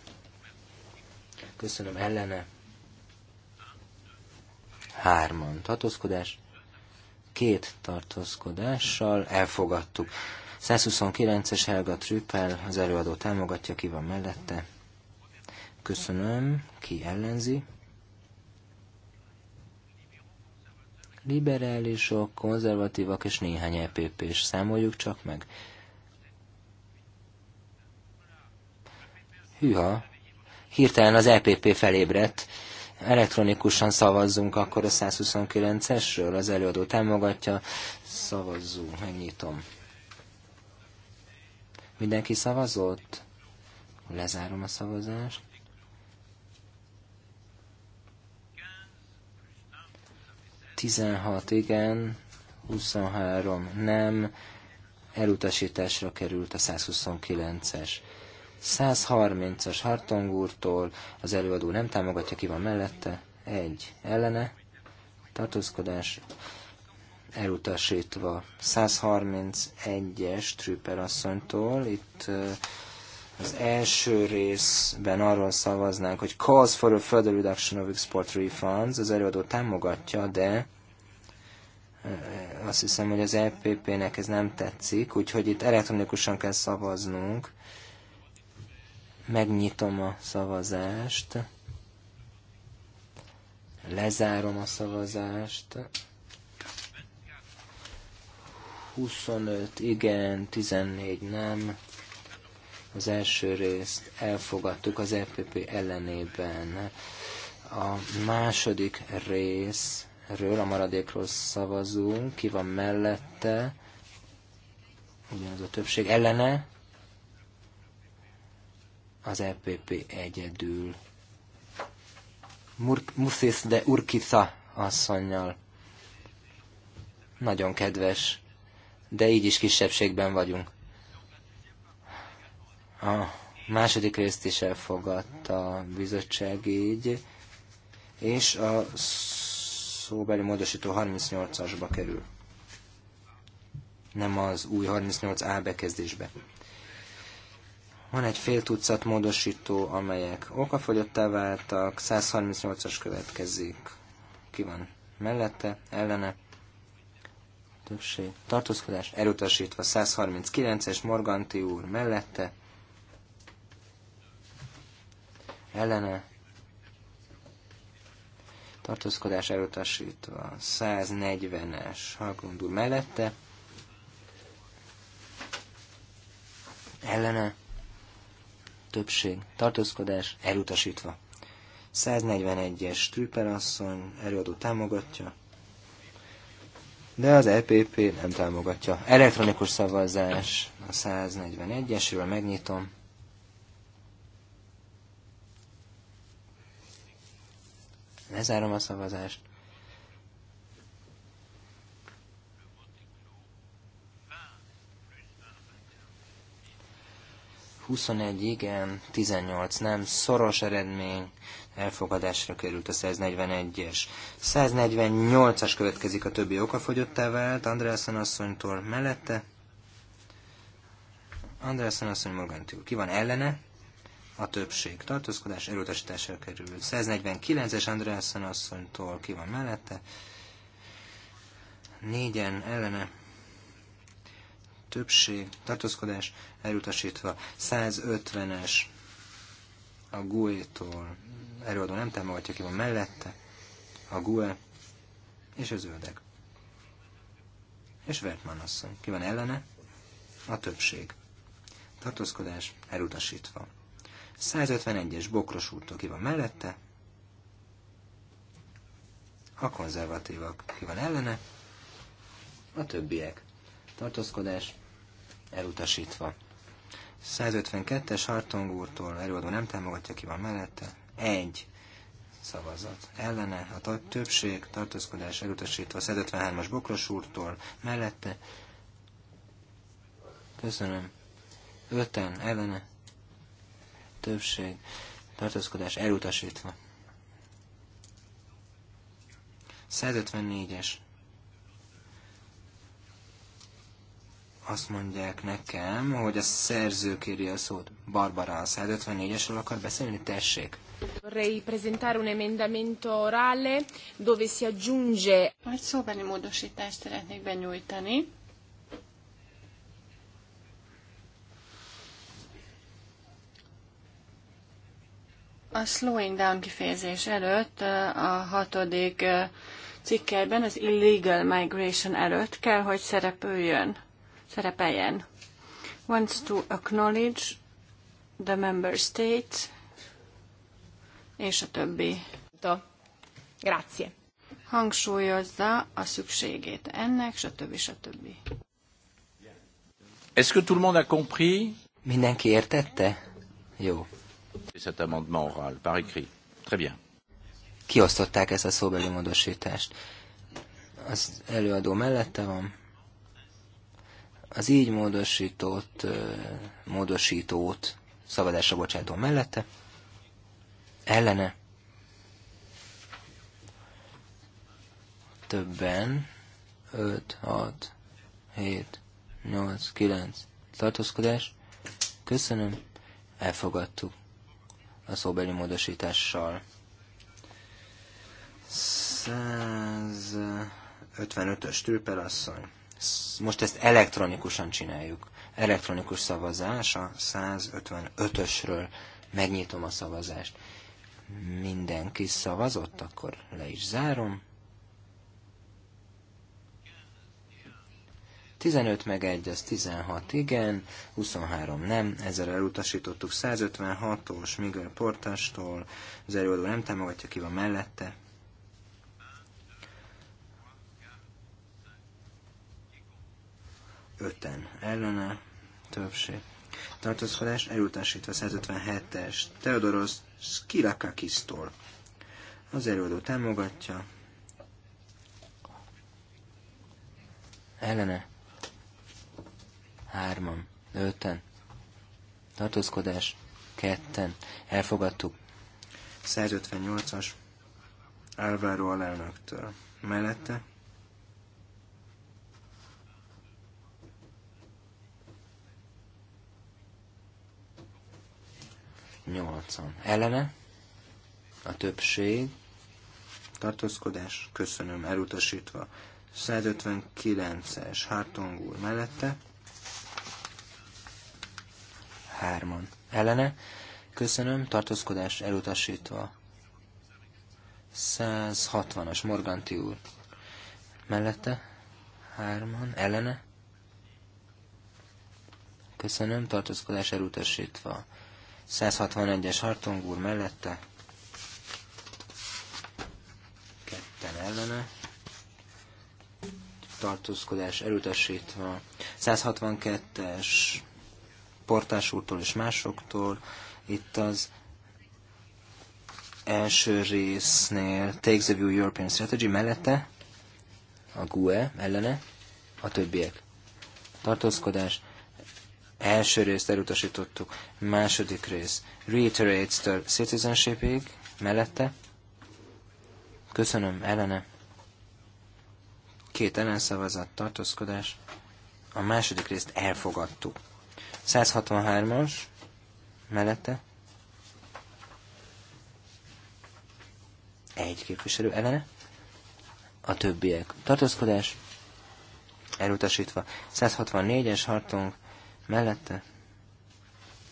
B: Köszönöm, ellene. Hárman. Tartózkodás két tartózkodással elfogadtuk. 129-es Helga Trüppel, az előadó támogatja, ki van mellette. Köszönöm, ki ellenzi. Liberálisok, konzervatívak és néhány epp és számoljuk csak meg. Hűha, hirtelen az EPP felébredt elektronikusan szavazzunk akkor a 129-esről, az előadó támogatja, szavazzunk, megnyitom. Mindenki szavazott? Lezárom a szavazást. 16 igen, 23 nem, elutasításra került a 129-es. 130-as Hartong úrtól, az előadó nem támogatja, ki van mellette, egy ellene, tartózkodás, elutasítva. 131-es Trüper asszonytól, itt az első részben arról szavaznánk, hogy calls for a further reduction of export refunds, az előadó támogatja, de azt hiszem, hogy az EPP-nek ez nem tetszik, úgyhogy itt elektronikusan kell szavaznunk Megnyitom a szavazást. Lezárom a szavazást. 25 igen, 14 nem. Az első részt elfogadtuk az EPP ellenében. A második részről, a maradékról szavazunk, ki van mellette, ugyanaz a többség ellene, az EPP egyedül. Mur- Muszis de Urkiza asszonynal. Nagyon kedves, de így is kisebbségben vagyunk. A második részt is elfogadta a bizottság így, és a szóbeli módosító 38-asba kerül. Nem az új 38A bekezdésbe. Van egy fél tucat módosító, amelyek okafogyottá váltak, 138-as következik. Ki van mellette, ellene? Többség. Tartózkodás elutasítva 139-es Morganti úr mellette. Ellene. Tartózkodás elutasítva 140-es Hagund úr mellette. Ellene többség, tartózkodás, elutasítva. 141-es Strüper asszony, előadó támogatja, de az EPP nem támogatja. Elektronikus szavazás a 141-esről, megnyitom. Lezárom a szavazást. 21 igen, 18 nem, szoros eredmény, elfogadásra került a 141-es. 148-as következik a többi okafogyottá vált, Andreasen asszonytól mellette. Andreasen asszony magántól Ki van ellene? A többség tartózkodás elutasításra került. 149-es Andreasen asszonytól ki van mellette? Négyen ellene többség, tartózkodás elutasítva. 150-es a GUE-tól előadó nem támogatja, ki van mellette, a GUE és a zöldek. És Vertman asszony, ki van ellene, a többség. Tartózkodás elutasítva. 151-es Bokros úrtól ki van mellette, a konzervatívak ki van ellene, a többiek. Tartózkodás elutasítva. 152-es Hartong úrtól előadó nem támogatja, ki van mellette. Egy szavazat ellene, a többség tartózkodás elutasítva 153-as Bokros úrtól mellette. Köszönöm. Öten ellene, többség tartózkodás elutasítva. 154-es azt mondják nekem, hogy a szerző kéri a szót. Barbara, a 154-esről akar beszélni? Tessék!
C: Vorrei presentare un emendamento orale dove si aggiunge... Egy szóbeni módosítást szeretnék benyújtani. A slowing down kifejezés előtt eh, a hatodik eh, cikkelben az illegal migration előtt kell, hogy szerepüljön szerepeljen. Wants to acknowledge the member state és a többi. Grazie. Hangsúlyozza a szükségét ennek, és a a többi.
A: Est-ce que tout le monde a compris? Mindenki értette? Jó. Cet amendement oral, par écrit. Très bien.
B: Kiosztották ezt a szóbeli módosítást. Az előadó mellette van. Az így módosított módosítót szabadásra bocsátó mellette, ellene többen 5, 6, 7, 8, 9 tartózkodás. Köszönöm, elfogadtuk a szóbeli módosítással. 155-ös tűpelasszony. Most ezt elektronikusan csináljuk. Elektronikus szavazás a 155-ösről. Megnyitom a szavazást. Mindenki szavazott, akkor le is zárom. 15 meg 1, az 16 igen, 23 nem, ezzel elutasítottuk 156-os Miguel Portástól, az előadó nem támogatja, ki van mellette, öten ellene többség tartózkodás elutasítva 157-es Teodoros Skirakakisztól. Az előadó támogatja. Ellene. Hárman. Öten. Tartózkodás. Ketten. Elfogadtuk. 158-as Álvaro alelnöktől. Mellette nyolcan. Ellene a többség tartózkodás, köszönöm, elutasítva. 159-es Hartong úr mellette, hárman ellene, köszönöm, tartózkodás elutasítva. 160-as Morganti úr mellette, hárman ellene, köszönöm, tartózkodás elutasítva. 161-es Hartong úr mellette, ketten ellene, tartózkodás elutasítva, 162-es Portás úrtól és másoktól, itt az első résznél Take the View European Strategy mellette, a GUE ellene, a többiek. Tartózkodás Első részt elutasítottuk. Második rész. Reiterates-től Citizenship-ig Mellette. Köszönöm, Elene. Két ellenszavazat, tartózkodás. A második részt elfogadtuk. 163-as. Mellette. Egy képviselő ellene. A többiek. Tartózkodás. Elutasítva. 164-es hartunk mellette,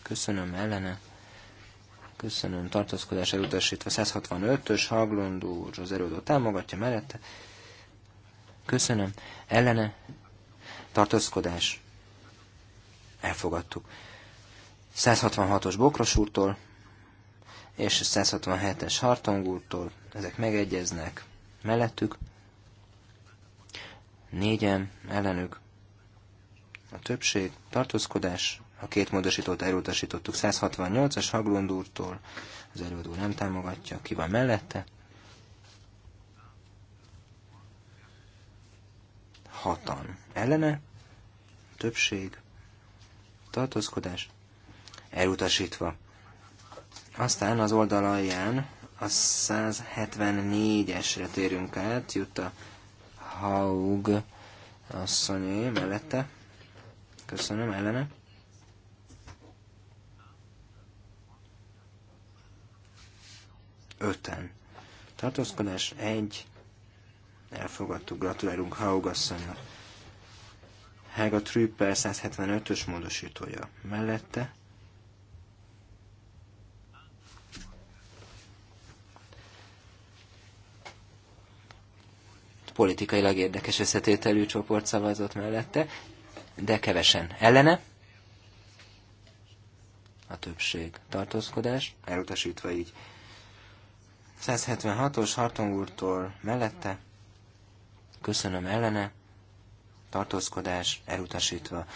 B: köszönöm ellene, köszönöm tartózkodás elutasítva 165-ös, Haglund úr az erődő támogatja mellette, köszönöm ellene, tartózkodás elfogadtuk. 166-os Bokros úrtól és 167-es Hartong úrtól, ezek megegyeznek mellettük, négyen ellenük a többség, tartózkodás, a két módosítót elutasítottuk 168-as Haglund úrtól, az előadó nem támogatja, ki van mellette. Hatan ellene, többség, tartózkodás, elutasítva. Aztán az oldal alján a 174-esre térünk át, jut a Haug asszonyé mellette Köszönöm, ellene. Öten. Tartózkodás egy. Elfogadtuk, gratulálunk Haugasszonynak. Helga Trüppel 175-ös módosítója mellette. politikailag érdekes összetételű csoport szavazott mellette, de kevesen ellene. A többség tartózkodás, elutasítva így. 176-os Hartong úrtól mellette, köszönöm ellene, tartózkodás elutasítva.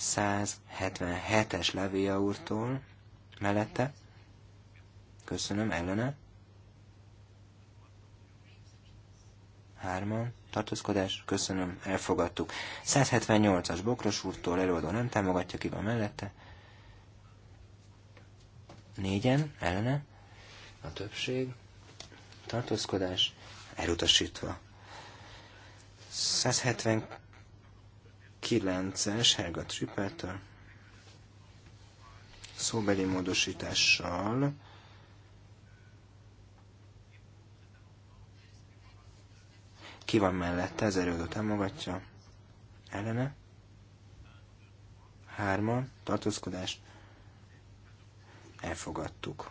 B: 177-es Levéja úrtól mellette, köszönöm ellene, hárman, tartózkodás, köszönöm, elfogadtuk. 178-as Bokros úrtól előadó nem támogatja, ki van mellette. Négyen, ellene, a többség, tartózkodás, elutasítva. 179-es Helga Trippertől szóbeli módosítással Ki van mellette, az erődő támogatja, ellene. Hárman, tartózkodás, elfogadtuk.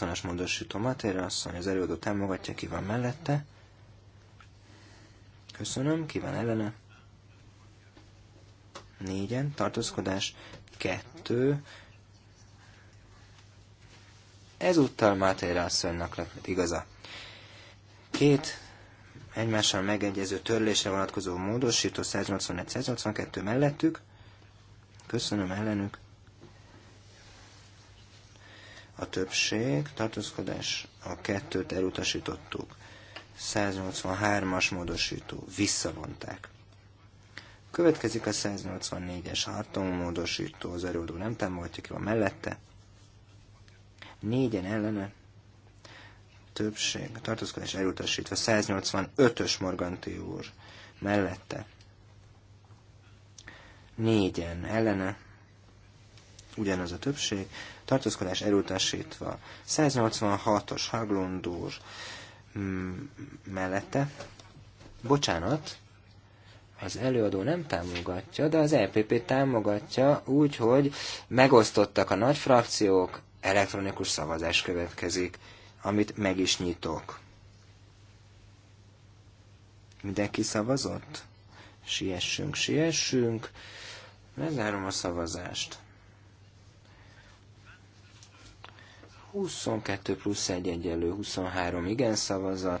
B: as módosító matéria asszony, az előadó támogatja, ki van mellette. Köszönöm, ki van ellene? Négyen, tartózkodás, kettő. Ezúttal Mátéra asszonynak lett igaza. Két egymással megegyező törlésre vonatkozó módosító 181-182 mellettük. Köszönöm ellenük. A többség, tartózkodás, a kettőt elutasítottuk. 183-as módosító, visszavonták. Következik a 184-es hartomódosító, az erődő nem támogatja ki van mellette. Négyen ellene többség, a tartózkodás elutasítva, 185-ös Morganti úr mellette. Négyen ellene, ugyanaz a többség, tartózkodás elutasítva, 186-os Haglund úr mm, mellette. Bocsánat, az előadó nem támogatja, de az EPP támogatja úgy, hogy megosztottak a nagy frakciók, elektronikus szavazás következik, amit meg is nyitok. Mindenki szavazott? Siessünk, siessünk. Lezárom a szavazást. 22 plusz 1 egyenlő 23 igen szavazat,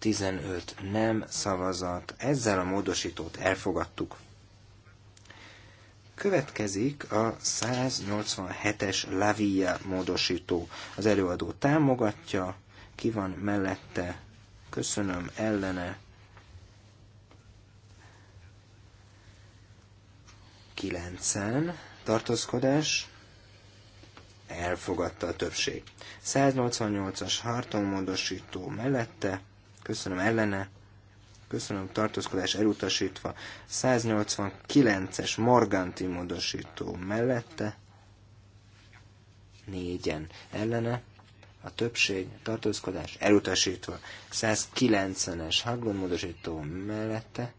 B: 15 nem szavazat. Ezzel a módosítót elfogadtuk. Következik a 187-es Lavia módosító. Az előadó támogatja, ki van mellette, köszönöm, ellene, kilencen, tartózkodás, elfogadta a többség. 188-as Harton módosító mellette, köszönöm ellene, köszönöm tartózkodás elutasítva, 189-es Morganti módosító mellette, négyen ellene, a többség tartózkodás elutasítva, 190-es Haglund módosító mellette,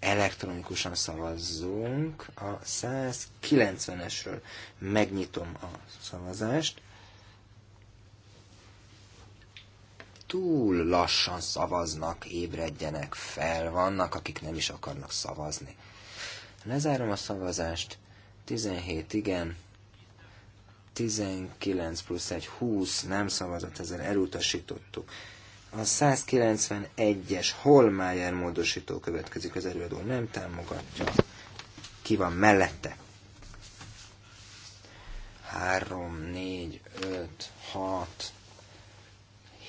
B: elektronikusan szavazzunk a 190-esről. Megnyitom a szavazást. túl lassan szavaznak, ébredjenek fel, vannak, akik nem is akarnak szavazni. Lezárom a szavazást, 17 igen, 19 plusz egy 20 nem szavazott, ezzel elutasítottuk. A 191-es Holmeyer módosító következik, az előadó nem támogatja. Ki van mellette? 3, 4, 5, 6,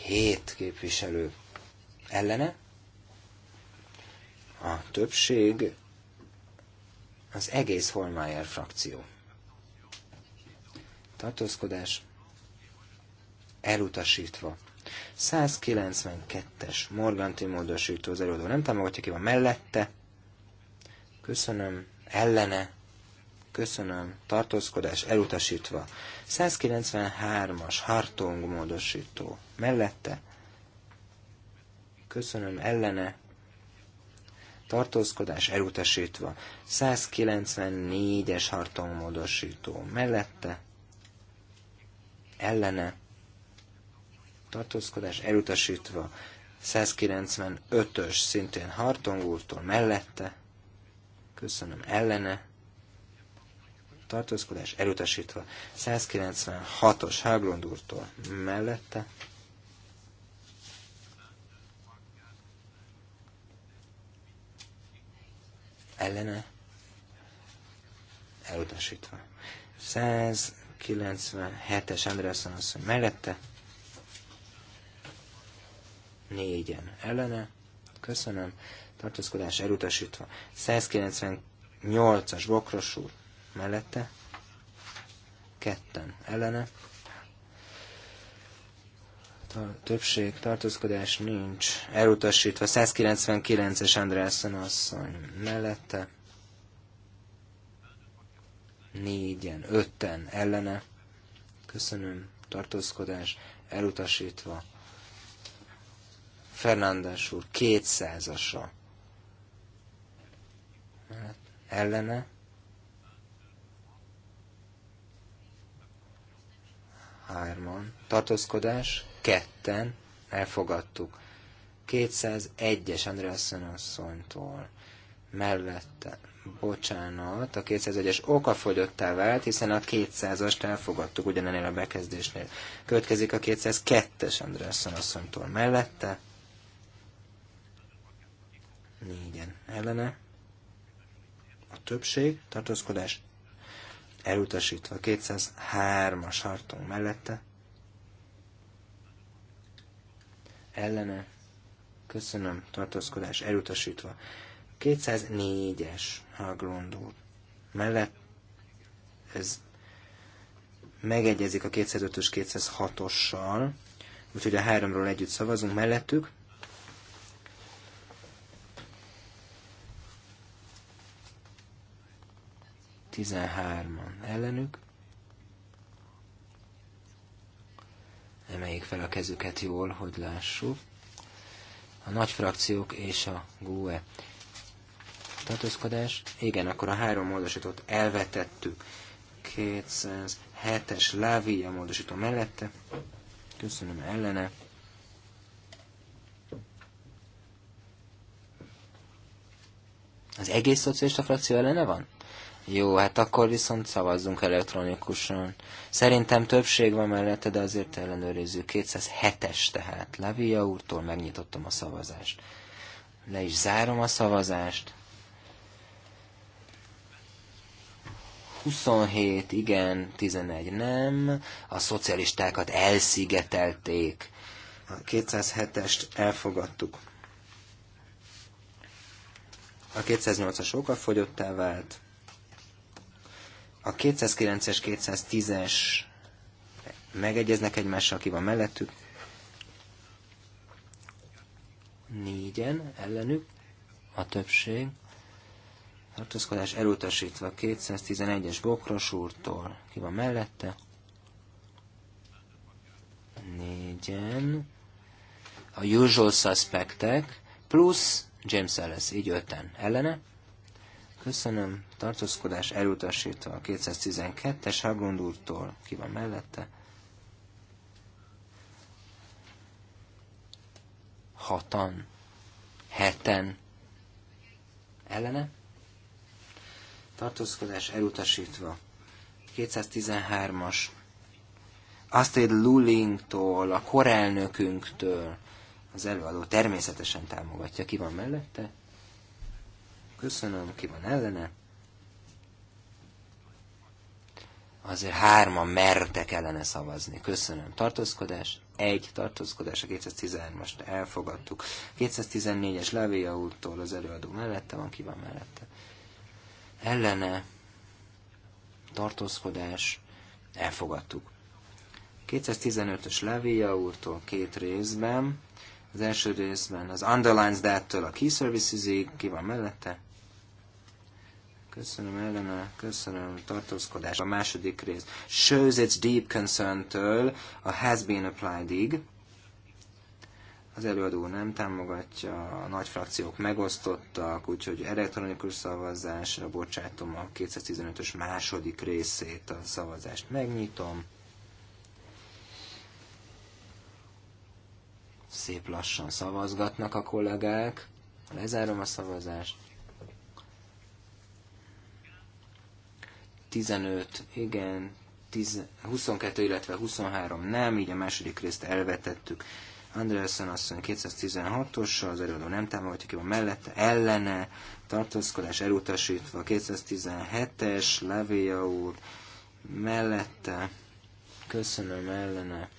B: hét képviselő ellene. A többség az egész Holmeyer frakció. Tartózkodás elutasítva. 192-es Morganti módosító az előadó nem támogatja, ki van mellette. Köszönöm. Ellene köszönöm, tartózkodás elutasítva. 193-as hartong módosító, mellette, köszönöm, ellene, tartózkodás elutasítva. 194-es hartong módosító, mellette, ellene, tartózkodás elutasítva. 195-ös szintén Hartung úrtól mellette, köszönöm, ellene, tartózkodás elutasítva. 196-os Haglund úrtól mellette. Ellene elutasítva. 197-es Andrászon asszony mellette. Négyen ellene. Köszönöm. Tartózkodás elutasítva. 198 as Bokros úr mellette, ketten ellene. A többség tartózkodás nincs. Elutasítva 199-es Andrásen asszony mellette. Négyen, ötten ellene. Köszönöm, tartózkodás elutasítva. Fernándes úr kétszázasa ellene hárman, tartózkodás, ketten, elfogadtuk. 201-es Andrea asszonytól mellette, bocsánat, a 201-es okafogyottá vált, hiszen a 200-ast elfogadtuk ugyanennél a bekezdésnél. Következik a 202-es Andrea asszonytól mellette, négyen ellene, a többség, tartózkodás elutasítva. 203-as hartunk mellette, ellene, köszönöm, tartózkodás elutasítva. 204-es Haglund mellett, ez megegyezik a 205-ös 206-ossal, úgyhogy a háromról együtt szavazunk mellettük, 13-an ellenük. Emeljék fel a kezüket jól, hogy lássuk. A nagy frakciók és a GUE tartózkodás. Igen, akkor a három módosítót elvetettük. 207-es a módosító mellette. Köszönöm ellene. Az egész szocialista frakció ellene van? Jó, hát akkor viszont szavazzunk elektronikusan. Szerintem többség van mellette, de azért ellenőrizzük. 207-es tehát. Lavia úrtól megnyitottam a szavazást. Le is zárom a szavazást. 27 igen, 11 nem. A szocialistákat elszigetelték. A 207-est elfogadtuk. A 208-as okafogyottá vált. A 209-es, 210-es megegyeznek egymással, aki van mellettük. Négyen ellenük a többség. Tartózkodás elutasítva 211-es Bokros úrtól. Ki van mellette? Négyen. A usual suspectek plusz James Ellis, így öten. Ellene? Köszönöm. Tartózkodás elutasítva a 212-es Haglund Ki van mellette? 6-an. 7-en. Ellene? Tartózkodás elutasítva. 213-as. Astrid Lulingtól, a korelnökünktől. Az előadó természetesen támogatja. Ki van mellette? Köszönöm, ki van ellene? Azért hárman mertek ellene szavazni. Köszönöm. Tartózkodás? Egy tartózkodás a 213-ast elfogadtuk. 214-es Levéja úttól az előadó mellette van, ki van mellette. Ellene tartózkodás elfogadtuk. 215-ös Levéja úrtól két részben. Az első részben az Underlines dettől től a Key Services-ig, ki van mellette? Köszönöm, Elena, köszönöm, tartózkodás. A második rész. Shows its deep concern-től a has been applied-ig. Az előadó nem támogatja, a nagy frakciók megosztottak, úgyhogy elektronikus szavazásra bocsátom a 215-ös második részét, a szavazást megnyitom. Szép lassan szavazgatnak a kollégák. Lezárom a szavazást. 15 igen, 10, 22, illetve 23 nem, így a második részt elvetettük. Andreasen asszony 216 os az előadó nem támogatja, ki van mellette, ellene, tartózkodás elutasítva, 217-es, Levéja úr, mellette, köszönöm, ellene,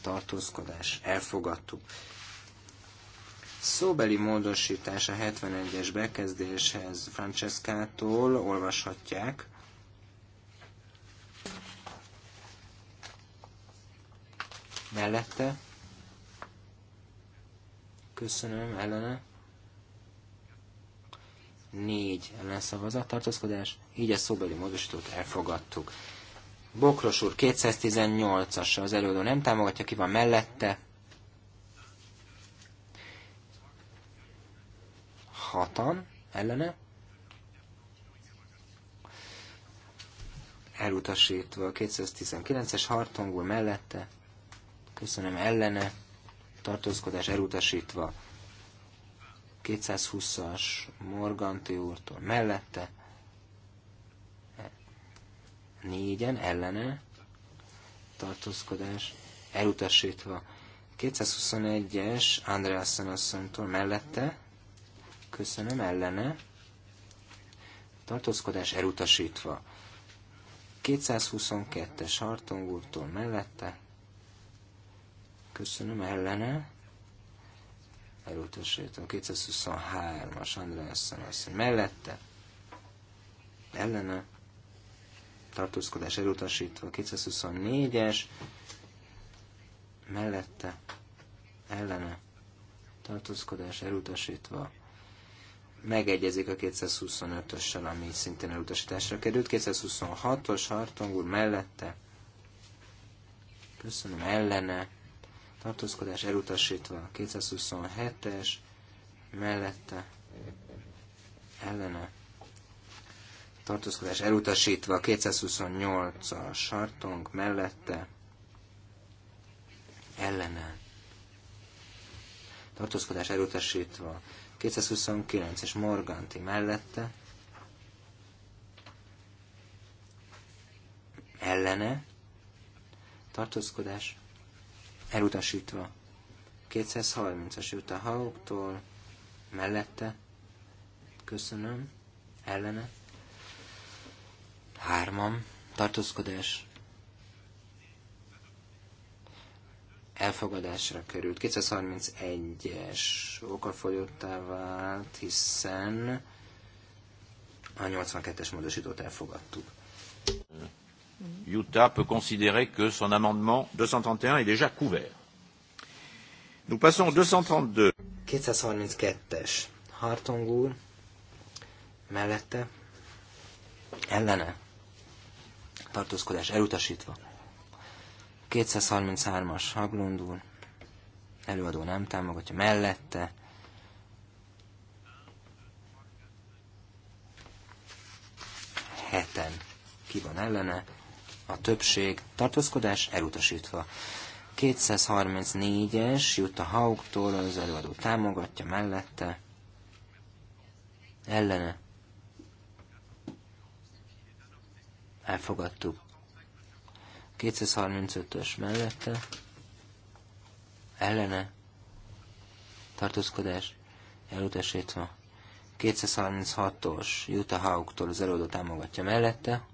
B: tartózkodás, elfogadtuk. Szóbeli módosítás a 71-es bekezdéshez Francescától olvashatják. mellette. Köszönöm, ellene. Négy ellenszavazat, tartózkodás. Így a szóbeli módosítót elfogadtuk. Bokros úr 218-as az előadó nem támogatja, ki van mellette. Hatan ellene. Elutasítva 219-es hartongul mellette köszönöm ellene, tartózkodás elutasítva, 220-as Morganti úrtól mellette, négyen ellene, tartózkodás elutasítva, 221-es Andreasen asszonytól mellette, köszönöm ellene, tartózkodás elutasítva, 222-es Hartong úrtól mellette, Köszönöm ellene. Elutasítom. 223-as Andrásszon azt mellette. Ellene. Tartózkodás elutasítva. 224-es. Mellette. Ellene. Tartózkodás elutasítva megegyezik a 225-össel, ami szintén elutasításra került. 226-os Hartongul mellette. Köszönöm, ellene tartózkodás elutasítva. 227-es mellette ellene tartózkodás elutasítva. 228-as sartong mellette ellene tartózkodás elutasítva. 229-es Morganti mellette ellene tartózkodás elutasítva. 230 es jött a Hauktól, mellette, köszönöm, ellene, hárman, tartózkodás, elfogadásra került. 231-es okafogyottá vált, hiszen
A: a 82-es
B: módosítót elfogadtuk.
A: Mm. Utah peut considérer que son amendement 231 est déjà couvert. Nous passons au 232.
B: 232-es. Hartung úr. Mellette. Ellene. Tartózkodás elutasítva. 233-as. Haglund úr. Előadó nem támogatja. Mellette. Heten. Ki van ellene? a többség tartózkodás elutasítva. 234-es jut a Haugtól, az előadó támogatja mellette, ellene. Elfogadtuk. 235-ös mellette, ellene, tartózkodás elutasítva. 236-os a Haugtól az előadó támogatja mellette,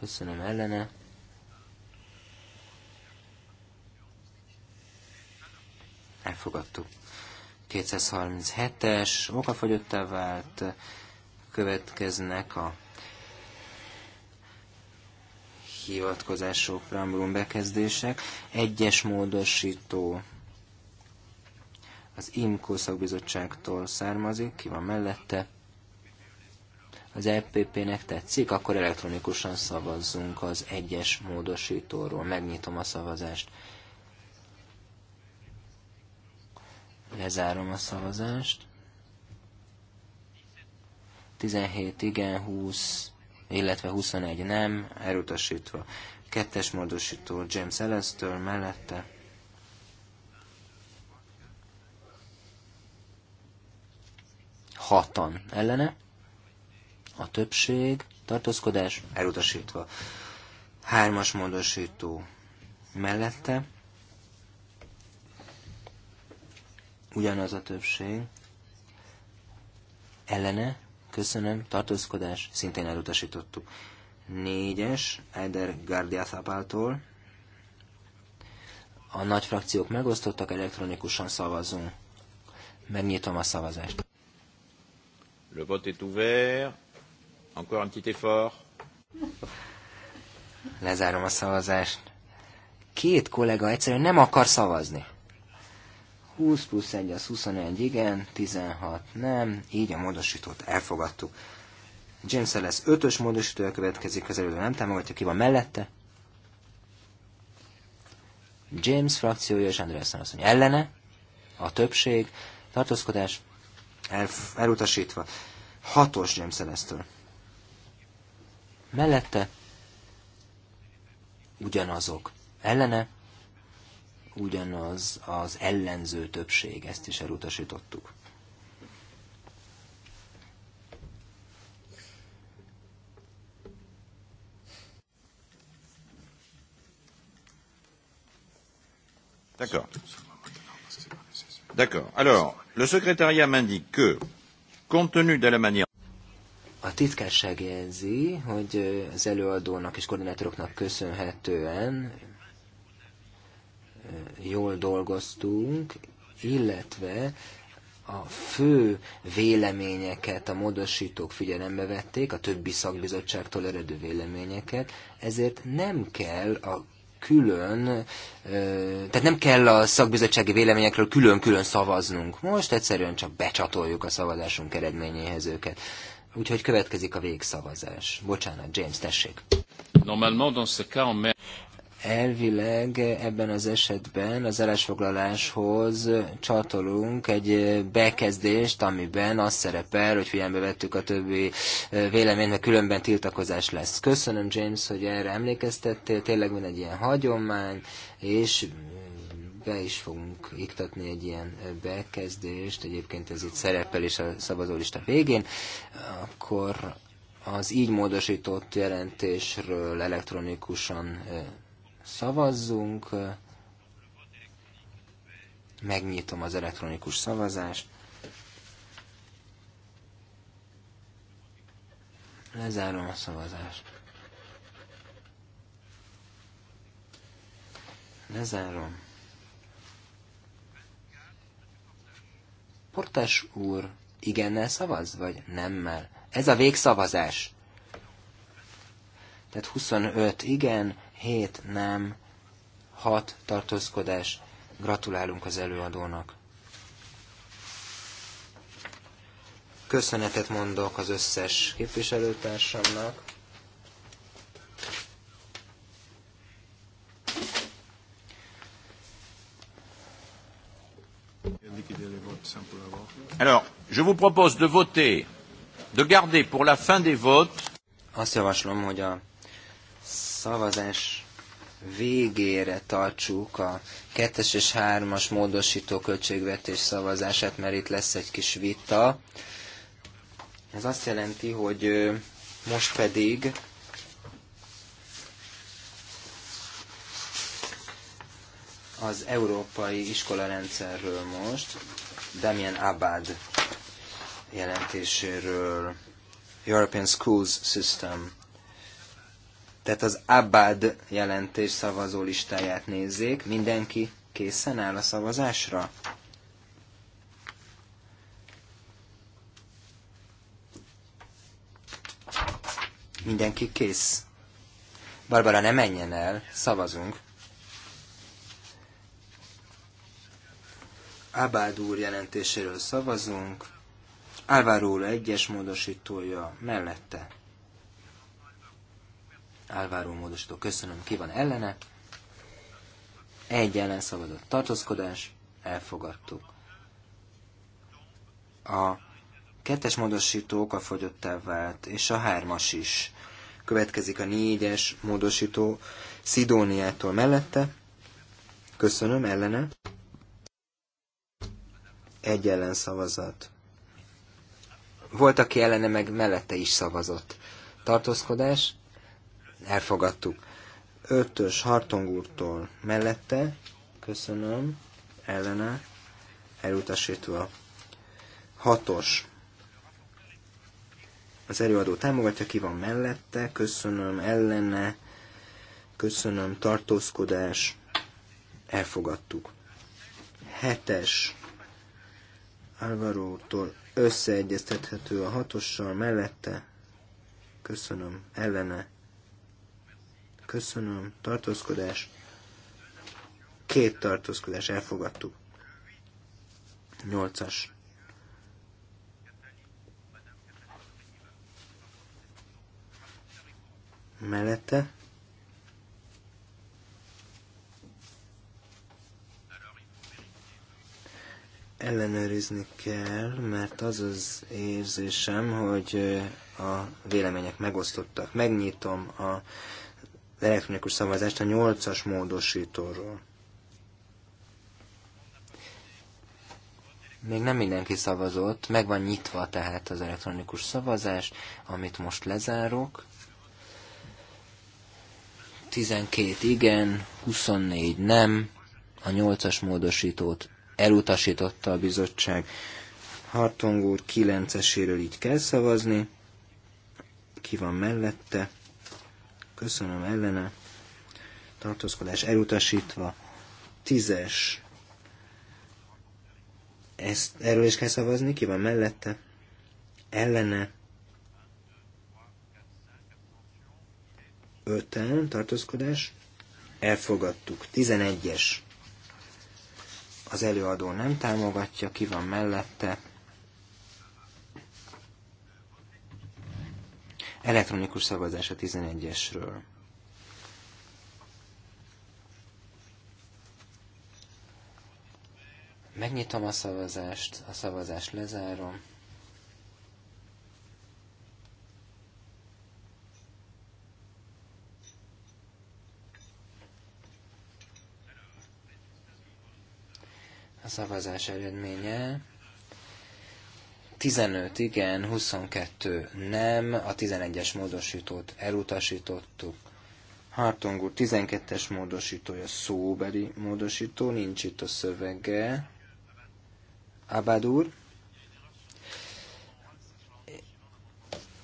B: Köszönöm ellene. Elfogadtuk. 237-es, okafogyottá vált, következnek a hivatkozások, preambulum bekezdések, egyes módosító az IMCO szakbizottságtól származik, ki van mellette, az EPP-nek tetszik, akkor elektronikusan szavazzunk az egyes módosítóról. Megnyitom a szavazást. Lezárom a szavazást. 17 igen, 20, illetve 21 nem, elutasítva. Kettes módosító James Ellis-től mellette. Hatan ellene a többség, tartózkodás elutasítva. Hármas módosító mellette, ugyanaz a többség, ellene, köszönöm, tartózkodás, szintén elutasítottuk. Négyes, Eder Guardia Zapától. A nagy frakciók megosztottak, elektronikusan szavazunk. Megnyitom a szavazást.
A: Le vote est ouvert. Encore un petit effort.
B: Lezárom a szavazást. Két kollega egyszerűen nem akar szavazni. 20 plusz 1 az 21, igen, 16 nem, így a módosítót elfogadtuk. James lesz 5-ös módosítója következik, közelülő nem támogatja, ki van mellette. James frakciója és Andreasen asszony ellene, a többség, tartózkodás el, elutasítva. Hatos James től mellette, ugyanazok ellene, ugyanaz az ellenző többség, ezt is elutasítottuk.
A: D'accord. D'accord. Alors, le secrétariat m'indique que, compte tenu de la manière
B: a titkárság jelzi, hogy az előadónak és koordinátoroknak köszönhetően jól dolgoztunk, illetve a fő véleményeket a módosítók figyelembe vették, a többi szakbizottságtól eredő véleményeket, ezért nem kell a külön, tehát nem kell a szakbizottsági véleményekről külön-külön szavaznunk. Most egyszerűen csak becsatoljuk a szavazásunk eredményéhez őket. Úgyhogy következik a végszavazás. Bocsánat, James, tessék. Normalement dans ce cas, on met... Elvileg ebben az esetben az állásfoglaláshoz csatolunk egy bekezdést, amiben az szerepel, hogy figyelembe vettük a többi véleményt, mert különben tiltakozás lesz. Köszönöm, James, hogy erre emlékeztettél, tényleg van egy ilyen hagyomány, és be is fogunk iktatni egy ilyen bekezdést, egyébként ez itt szerepel is a szavazólista végén, akkor az így módosított jelentésről elektronikusan szavazzunk. Megnyitom az elektronikus szavazást. Lezárom a szavazást. Lezárom. Portás úr igennel szavaz, vagy nemmel? Ez a végszavazás. Tehát 25 igen, 7 nem, 6 tartózkodás. Gratulálunk az előadónak. Köszönetet mondok az összes képviselőtársamnak.
A: Alors, je vous propose de voter, de garder pour la fin des votes. Azt javaslom, hogy a szavazás
B: végére tartsuk a kettes és hármas módosító költségvetés szavazását, mert itt lesz egy kis vita. Ez azt jelenti, hogy most pedig az európai iskolarendszerről most. Damien Abad jelentéséről, European Schools System. Tehát az Abad jelentés szavazó listáját nézzék. Mindenki készen áll a szavazásra? Mindenki kész. Barbara, ne menjen el, szavazunk. Abád úr jelentéséről szavazunk. Álváró úr egyes módosítója mellette. Álváró módosító, köszönöm, ki van ellene. Egy ellen szavazott tartózkodás, elfogadtuk. A kettes módosító fogyottá vált, és a hármas is. Következik a négyes módosító Szidóniától mellette. Köszönöm, ellene egy ellen szavazat. Volt, aki ellene meg mellette is szavazott. Tartózkodás, elfogadtuk. Ötös hartongúrtól mellette, köszönöm, ellene, elutasítva. Hatos. Az előadó támogatja, ki van mellette, köszönöm, ellene, köszönöm, tartózkodás, elfogadtuk. Hetes Álvarótól összeegyeztethető a hatossal mellette. Köszönöm. Ellene. Köszönöm. Tartózkodás. Két tartózkodás. Elfogadtuk. Nyolcas. Mellette. ellenőrizni kell, mert az az érzésem, hogy a vélemények megosztottak. Megnyitom a elektronikus szavazást a 8-as módosítóról. Még nem mindenki szavazott, meg van nyitva tehát az elektronikus szavazás, amit most lezárok. 12 igen, 24 nem, a 8-as módosítót elutasította a bizottság. Hartong úr 9-eséről így kell szavazni. Ki van mellette? Köszönöm ellene. Tartózkodás elutasítva. 10-es. Ezt, erről is kell szavazni. Ki van mellette? Ellene. 5-en tartózkodás. Elfogadtuk. 11-es az előadó nem támogatja, ki van mellette. Elektronikus szavazás a 11-esről. Megnyitom a szavazást, a szavazást lezárom. szavazás eredménye 15 igen, 22 nem, a 11-es módosítót elutasítottuk. Hartung úr 12-es módosítója szóbeli módosító, nincs itt a szövege. Abad úr?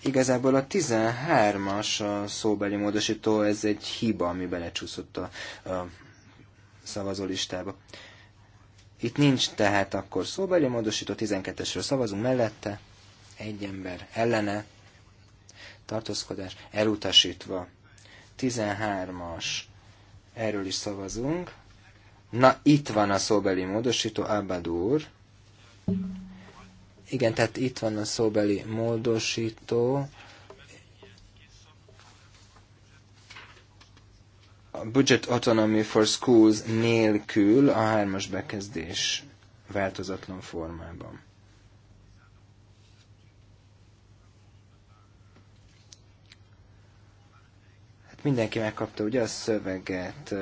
B: Igazából a 13-as a szóbeli módosító, ez egy hiba, ami belecsúszott a, a szavazólistába. listába. Itt nincs tehát akkor szóbeli módosító, 12-esről szavazunk mellette, egy ember ellene, tartózkodás elutasítva. 13-as, erről is szavazunk. Na, itt van a szóbeli módosító, Abadur. Igen, tehát itt van a szóbeli módosító, a Budget Autonomy for Schools nélkül a hármas bekezdés változatlan formában. Hát mindenki megkapta ugye a szöveget,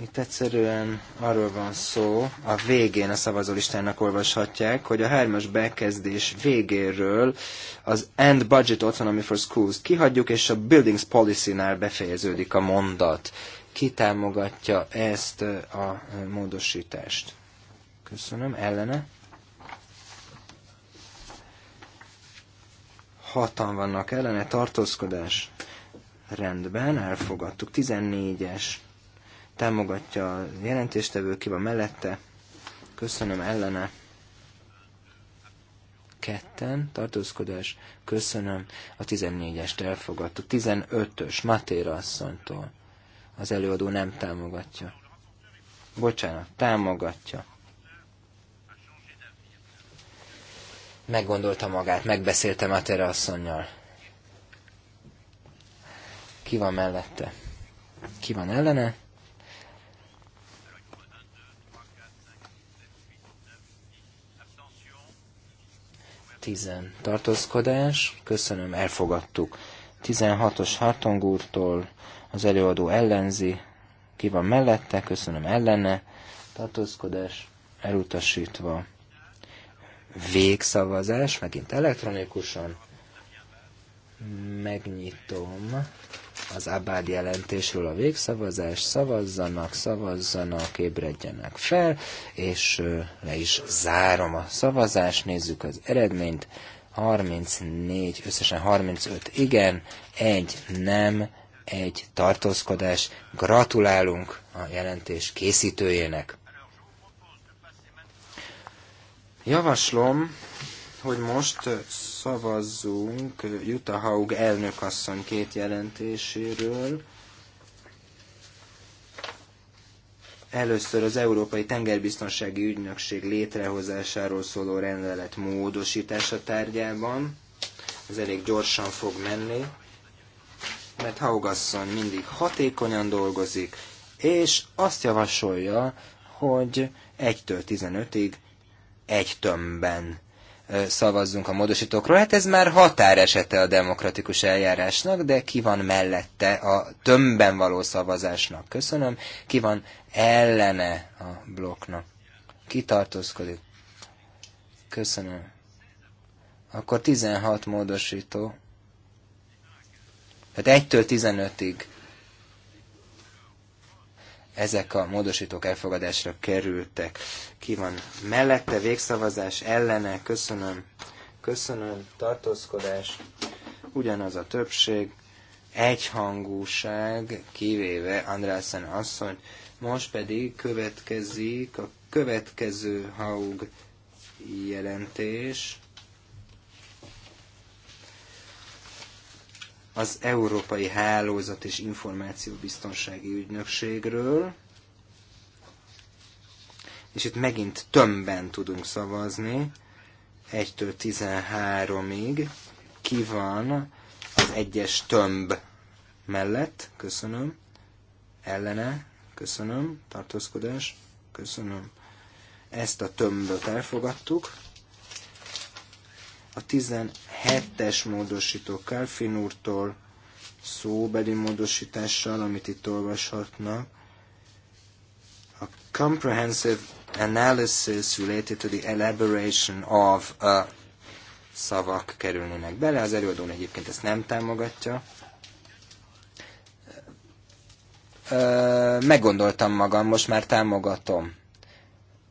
B: itt egyszerűen arról van szó, a végén a szavazólistának olvashatják, hogy a hármas bekezdés végéről az End Budget Autonomy for Schools kihagyjuk, és a Buildings Policy-nál befejeződik a mondat. Ki támogatja ezt a módosítást? Köszönöm. Ellene? Hatan vannak ellene. Tartózkodás? Rendben, elfogadtuk. 14-es támogatja a jelentéstevő, ki van mellette, köszönöm ellene, ketten, tartózkodás, köszönöm, a 14-est elfogadtuk, 15-ös, Matéra asszonytól, az előadó nem támogatja. Bocsánat, támogatja. Meggondolta magát, megbeszélte Matéra asszonynal. Ki van mellette? Ki van ellene? 10 tartózkodás, köszönöm, elfogadtuk. 16-os Hartongúrtól az előadó ellenzi, ki van mellette, köszönöm ellene, tartózkodás elutasítva. Végszavazás, megint elektronikusan. Megnyitom az Abád jelentésről a végszavazás, szavazzanak, szavazzanak, ébredjenek fel, és le is zárom a szavazást, nézzük az eredményt. 34, összesen 35 igen, egy nem, egy tartózkodás. Gratulálunk a jelentés készítőjének. Javaslom, hogy most szavazzunk Jutta Haug elnökasszony két jelentéséről. Először az Európai Tengerbiztonsági Ügynökség létrehozásáról szóló rendelet módosítása tárgyában. Ez elég gyorsan fog menni, mert Haugasszony mindig hatékonyan dolgozik, és azt javasolja, hogy 1-től 15-ig egy tömbben szavazzunk a módosítókról. Hát ez már határesete a demokratikus eljárásnak, de ki van mellette a tömbben való szavazásnak? Köszönöm. Ki van ellene a blokknak? Ki tartózkodik? Köszönöm. Akkor 16 módosító. Tehát 1-től 15-ig ezek a módosítók elfogadásra kerültek. Ki van mellette végszavazás ellene? Köszönöm. Köszönöm. Tartózkodás. Ugyanaz a többség. Egyhangúság, kivéve Andrászen asszony. Most pedig következik a következő Haug jelentés az Európai Hálózat és Információbiztonsági Ügynökségről, és itt megint tömbben tudunk szavazni, 1-től 13-ig, ki van az egyes tömb mellett, köszönöm, ellene, köszönöm, tartózkodás, köszönöm. Ezt a tömböt elfogadtuk. A hetes módosító Kelfin úrtól szóbeli módosítással, amit itt olvashatnak. A comprehensive analysis related to the elaboration of a uh, szavak kerülnének bele. Az előadón egyébként ezt nem támogatja. Meggondoltam magam, most már támogatom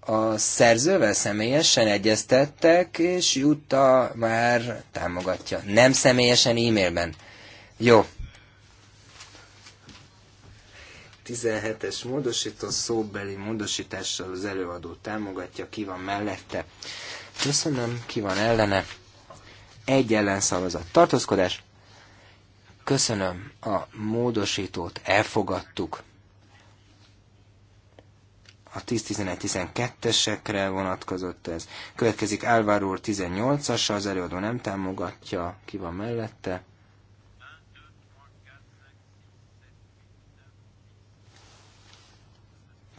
B: a szerzővel személyesen egyeztettek, és Jutta már támogatja. Nem személyesen e-mailben. Jó. 17-es módosító szóbeli módosítással az előadó támogatja, ki van mellette. Köszönöm, ki van ellene. Egy ellenszavazat. Tartózkodás. Köszönöm, a módosítót elfogadtuk a 10-11-12-esekre vonatkozott ez. Következik Álvaro úr 18-asa, az előadó nem támogatja, ki van mellette.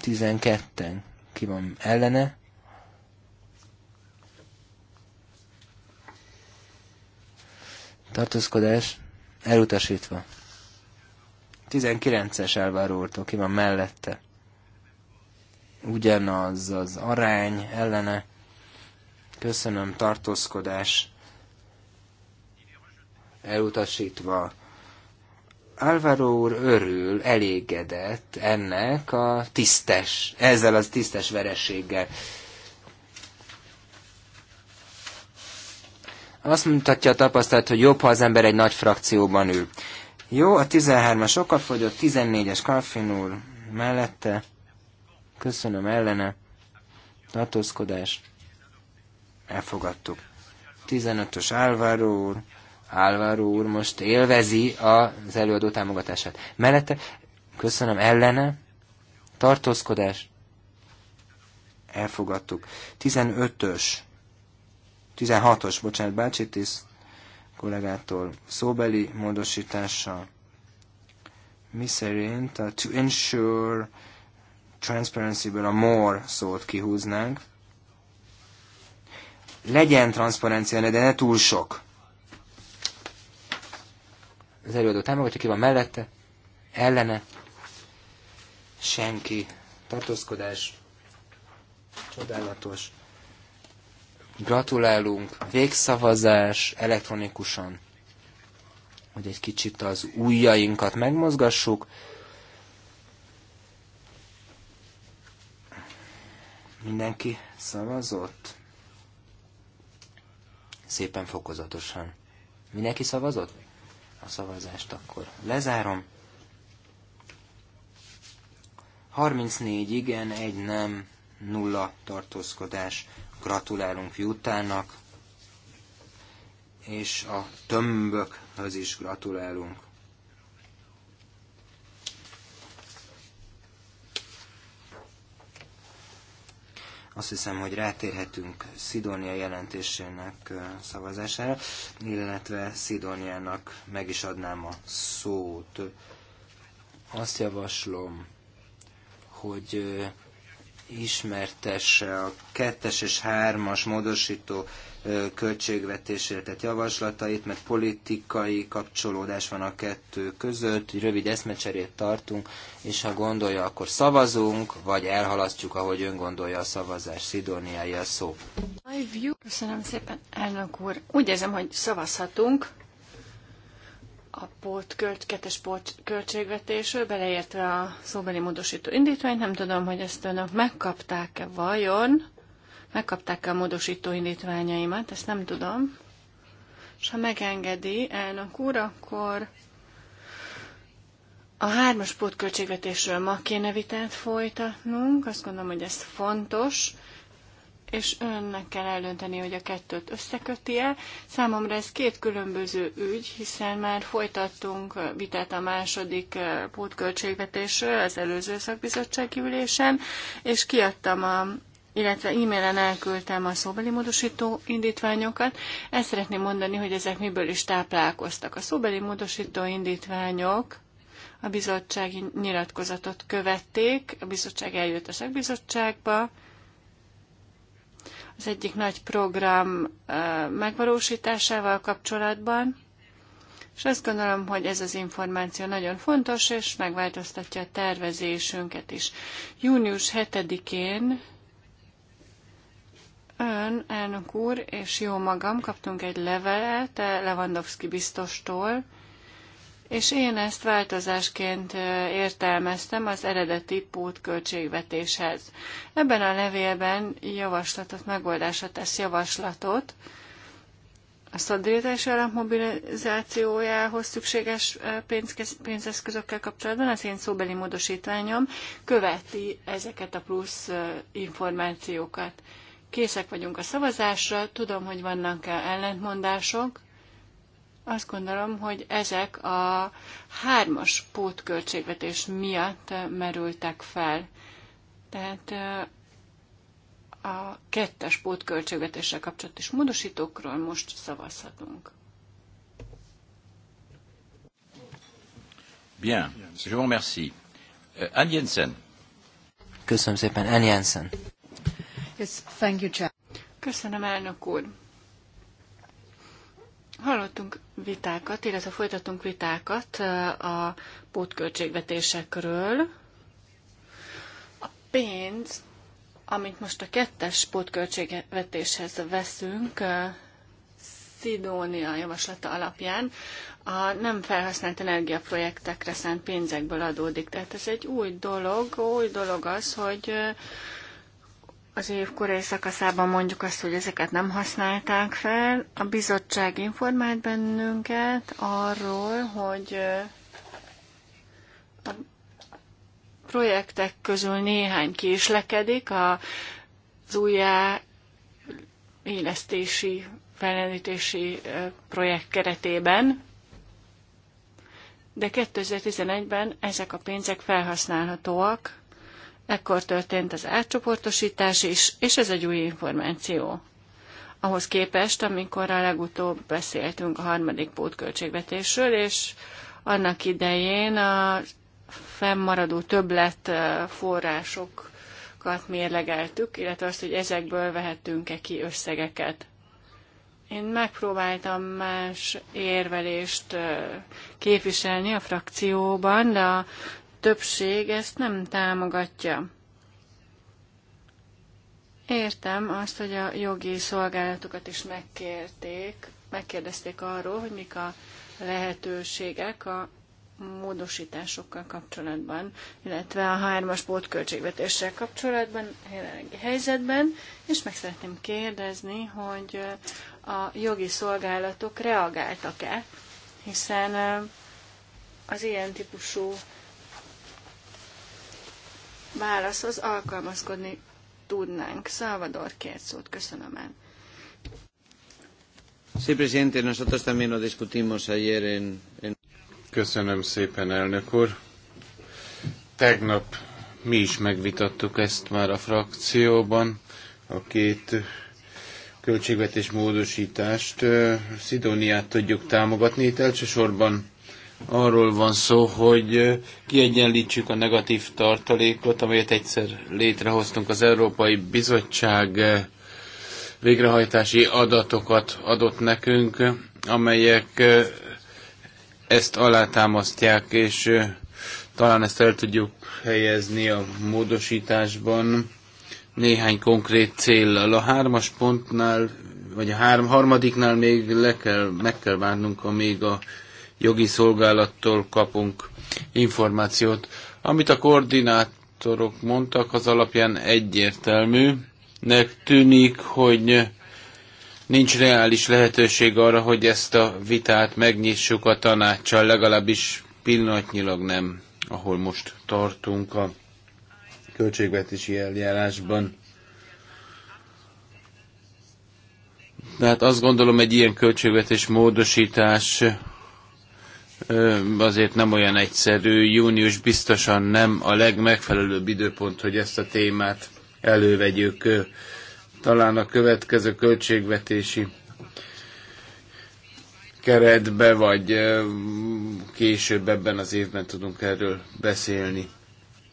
B: Tizenketten. Ki van ellene? Tartózkodás elutasítva. Tizenkilences elvárultó. ki van mellette ugyanaz az arány ellene. Köszönöm, tartózkodás elutasítva. Álvaro úr örül, elégedett ennek a tisztes, ezzel az tisztes vereséggel. Azt mutatja a tapasztalat, hogy jobb, ha az ember egy nagy frakcióban ül. Jó, a 13-as okafogyott, 14-es Kalfin úr mellette Köszönöm ellene. Tartózkodás. Elfogadtuk. 15-ös Álvaro úr. Álvaro úr most élvezi az előadó támogatását. Mellette, köszönöm, ellene, tartózkodás, elfogadtuk. 15-ös, 16-os, bocsánat, Bácsitis kollégától szóbeli módosítással, mi szerint a to ensure transparency-ből a more szót kihúznánk. Legyen transzparencia, de ne túl sok. Az előadó támogatja, ki van mellette, ellene, senki, tartózkodás, csodálatos. Gratulálunk, végszavazás elektronikusan, hogy egy kicsit az ujjainkat megmozgassuk. Mindenki szavazott? Szépen fokozatosan. Mindenki szavazott? A szavazást akkor lezárom. 34 igen, egy nem, nulla tartózkodás. Gratulálunk Jutának, és a tömbökhöz is gratulálunk. Azt hiszem, hogy rátérhetünk Szidónia jelentésének szavazására, illetve Szidóniának meg is adnám a szót. Azt javaslom, hogy ismertesse a kettes és hármas módosító költségvetésére tett javaslatait, mert politikai kapcsolódás van a kettő között, így rövid eszmecserét tartunk, és ha gondolja, akkor szavazunk, vagy elhalasztjuk, ahogy ön gondolja a szavazás. Szidóniai a szó.
C: Köszönöm szépen, elnök úr. Úgy érzem, hogy szavazhatunk, a pót, költ, kettes pót költségvetésről, beleértve a szóbeli módosító indítványt. Nem tudom, hogy ezt önök megkapták-e vajon, megkapták-e a módosító indítványaimat, ezt nem tudom. És ha megengedi elnök úr, akkor a hármas pótköltségvetésről ma kéne vitát folytatnunk. Azt gondolom, hogy ez fontos és önnek kell eldönteni, hogy a kettőt összeköti-e. Számomra ez két különböző ügy, hiszen már folytattunk vitát a második eh, pótköltségvetésről az előző szakbizottsági ülésen, és kiadtam a illetve e-mailen elküldtem a szóbeli módosító indítványokat. Ezt szeretném mondani, hogy ezek miből is táplálkoztak. A szóbeli módosító indítványok a bizottsági nyilatkozatot követték, a bizottság eljött a szakbizottságba, az egyik nagy program megvalósításával kapcsolatban, és azt gondolom, hogy ez az információ nagyon fontos, és megváltoztatja a tervezésünket is. Június 7-én ön, elnök úr, és jó magam kaptunk egy levelet Lewandowski biztostól, és én ezt változásként értelmeztem az eredeti pótköltségvetéshez. Ebben a levélben javaslatot, megoldásra tesz javaslatot a szolidaritás alapmobilizációjához szükséges pénzeszközökkel kapcsolatban. Az én szóbeli módosítványom követi ezeket a plusz információkat. Készek vagyunk a szavazásra, tudom, hogy vannak ellentmondások, azt gondolom, hogy ezek a hármas pótköltségvetés miatt merültek fel. Tehát a kettes pótköltségvetéssel kapcsolatos módosítókról most szavazhatunk.
A: Bien, je vous remercie. Euh, Anne Jensen.
B: Köszönöm szépen, Anne Jensen.
C: Yes, thank you, Chair. Köszönöm, elnök úr. Hallottunk vitákat, illetve folytatunk vitákat a pótköltségvetésekről. A pénz, amit most a kettes pótköltségvetéshez veszünk, Szidónia javaslata alapján a nem felhasznált energiaprojektekre szánt pénzekből adódik. Tehát ez egy új dolog, új dolog az, hogy az év korai szakaszában mondjuk azt, hogy ezeket nem használták fel. A bizottság informált bennünket arról, hogy a projektek közül néhány késlekedik az újjá élesztési, felelítési projekt keretében, de 2011-ben ezek a pénzek felhasználhatóak Ekkor történt az átcsoportosítás is, és ez egy új információ. Ahhoz képest, amikor a legutóbb beszéltünk a harmadik pótköltségvetésről, és annak idején a fennmaradó többlet forrásokat mérlegeltük, illetve azt, hogy ezekből vehetünk-e ki összegeket. Én megpróbáltam más érvelést képviselni a frakcióban, de a többség ezt nem támogatja. Értem azt, hogy a jogi szolgálatokat is megkérték, megkérdezték arról, hogy mik a lehetőségek a módosításokkal kapcsolatban, illetve a hármas pótköltségvetéssel kapcsolatban, a jelenlegi helyzetben, és meg szeretném kérdezni, hogy a jogi szolgálatok reagáltak-e, hiszen az ilyen típusú válaszhoz alkalmazkodni tudnánk. Salvador kért szót, köszönöm el.
A: Sí, presidente,
D: nosotros también lo discutimos ayer en, en... Köszönöm szépen, elnök úr. Tegnap mi is megvitattuk ezt már a frakcióban, a két költségvetés módosítást. Szidóniát tudjuk támogatni. Itt elsősorban Arról van szó, hogy kiegyenlítsük a negatív tartalékot, amelyet egyszer létrehoztunk az Európai Bizottság végrehajtási adatokat adott nekünk, amelyek ezt alátámasztják, és talán ezt el tudjuk helyezni a módosításban néhány konkrét céllal. A hármas pontnál, vagy a három, harmadiknál még le kell, meg kell várnunk, amíg a jogi szolgálattól kapunk információt. Amit a koordinátorok mondtak, az alapján egyértelműnek tűnik, hogy nincs reális lehetőség arra, hogy ezt a vitát megnyissuk a tanácssal, legalábbis pillanatnyilag nem, ahol most tartunk a költségvetési eljárásban. Tehát azt gondolom, egy ilyen költségvetés módosítás azért nem olyan egyszerű. Június biztosan nem a legmegfelelőbb időpont, hogy ezt a témát elővegyük. Talán a következő költségvetési keretbe, vagy később ebben az évben tudunk erről beszélni.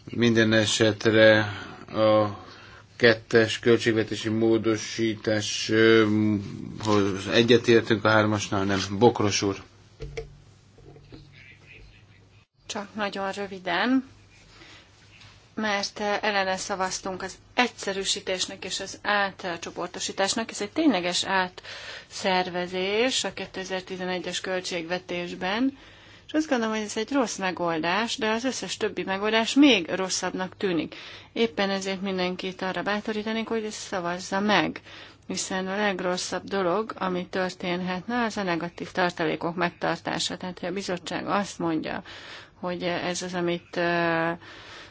D: Minden esetre a kettes költségvetési módosítás, hogy egyetértünk a hármasnál, nem. Bokros úr.
C: Csak nagyon röviden, mert ellene szavaztunk az egyszerűsítésnek és az átcsoportosításnak. Ez egy tényleges átszervezés a 2011-es költségvetésben, és azt gondolom, hogy ez egy rossz megoldás, de az összes többi megoldás még rosszabbnak tűnik. Éppen ezért mindenkit arra bátorítanék, hogy ezt szavazza meg hiszen a legrosszabb dolog, ami történhetne, az a negatív tartalékok megtartása. Tehát, hogy a bizottság azt mondja, hogy ez az, amit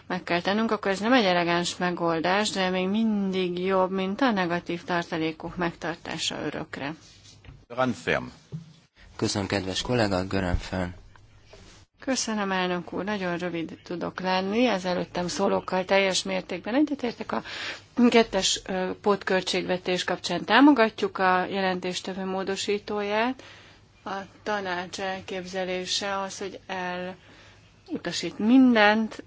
C: meg kell tennünk, akkor ez nem egy elegáns megoldás, de még mindig jobb, mint a negatív tartalékok megtartása örökre.
A: Ranfem.
B: Köszönöm, kedves kollega, Görönfön.
C: Köszönöm, elnök úr, nagyon rövid tudok lenni, az előttem szólókkal teljes mértékben egyetértek. A kettes pótköltségvetés kapcsán támogatjuk a jelentéstevő módosítóját. A tanács elképzelése az, hogy el utasít mindent,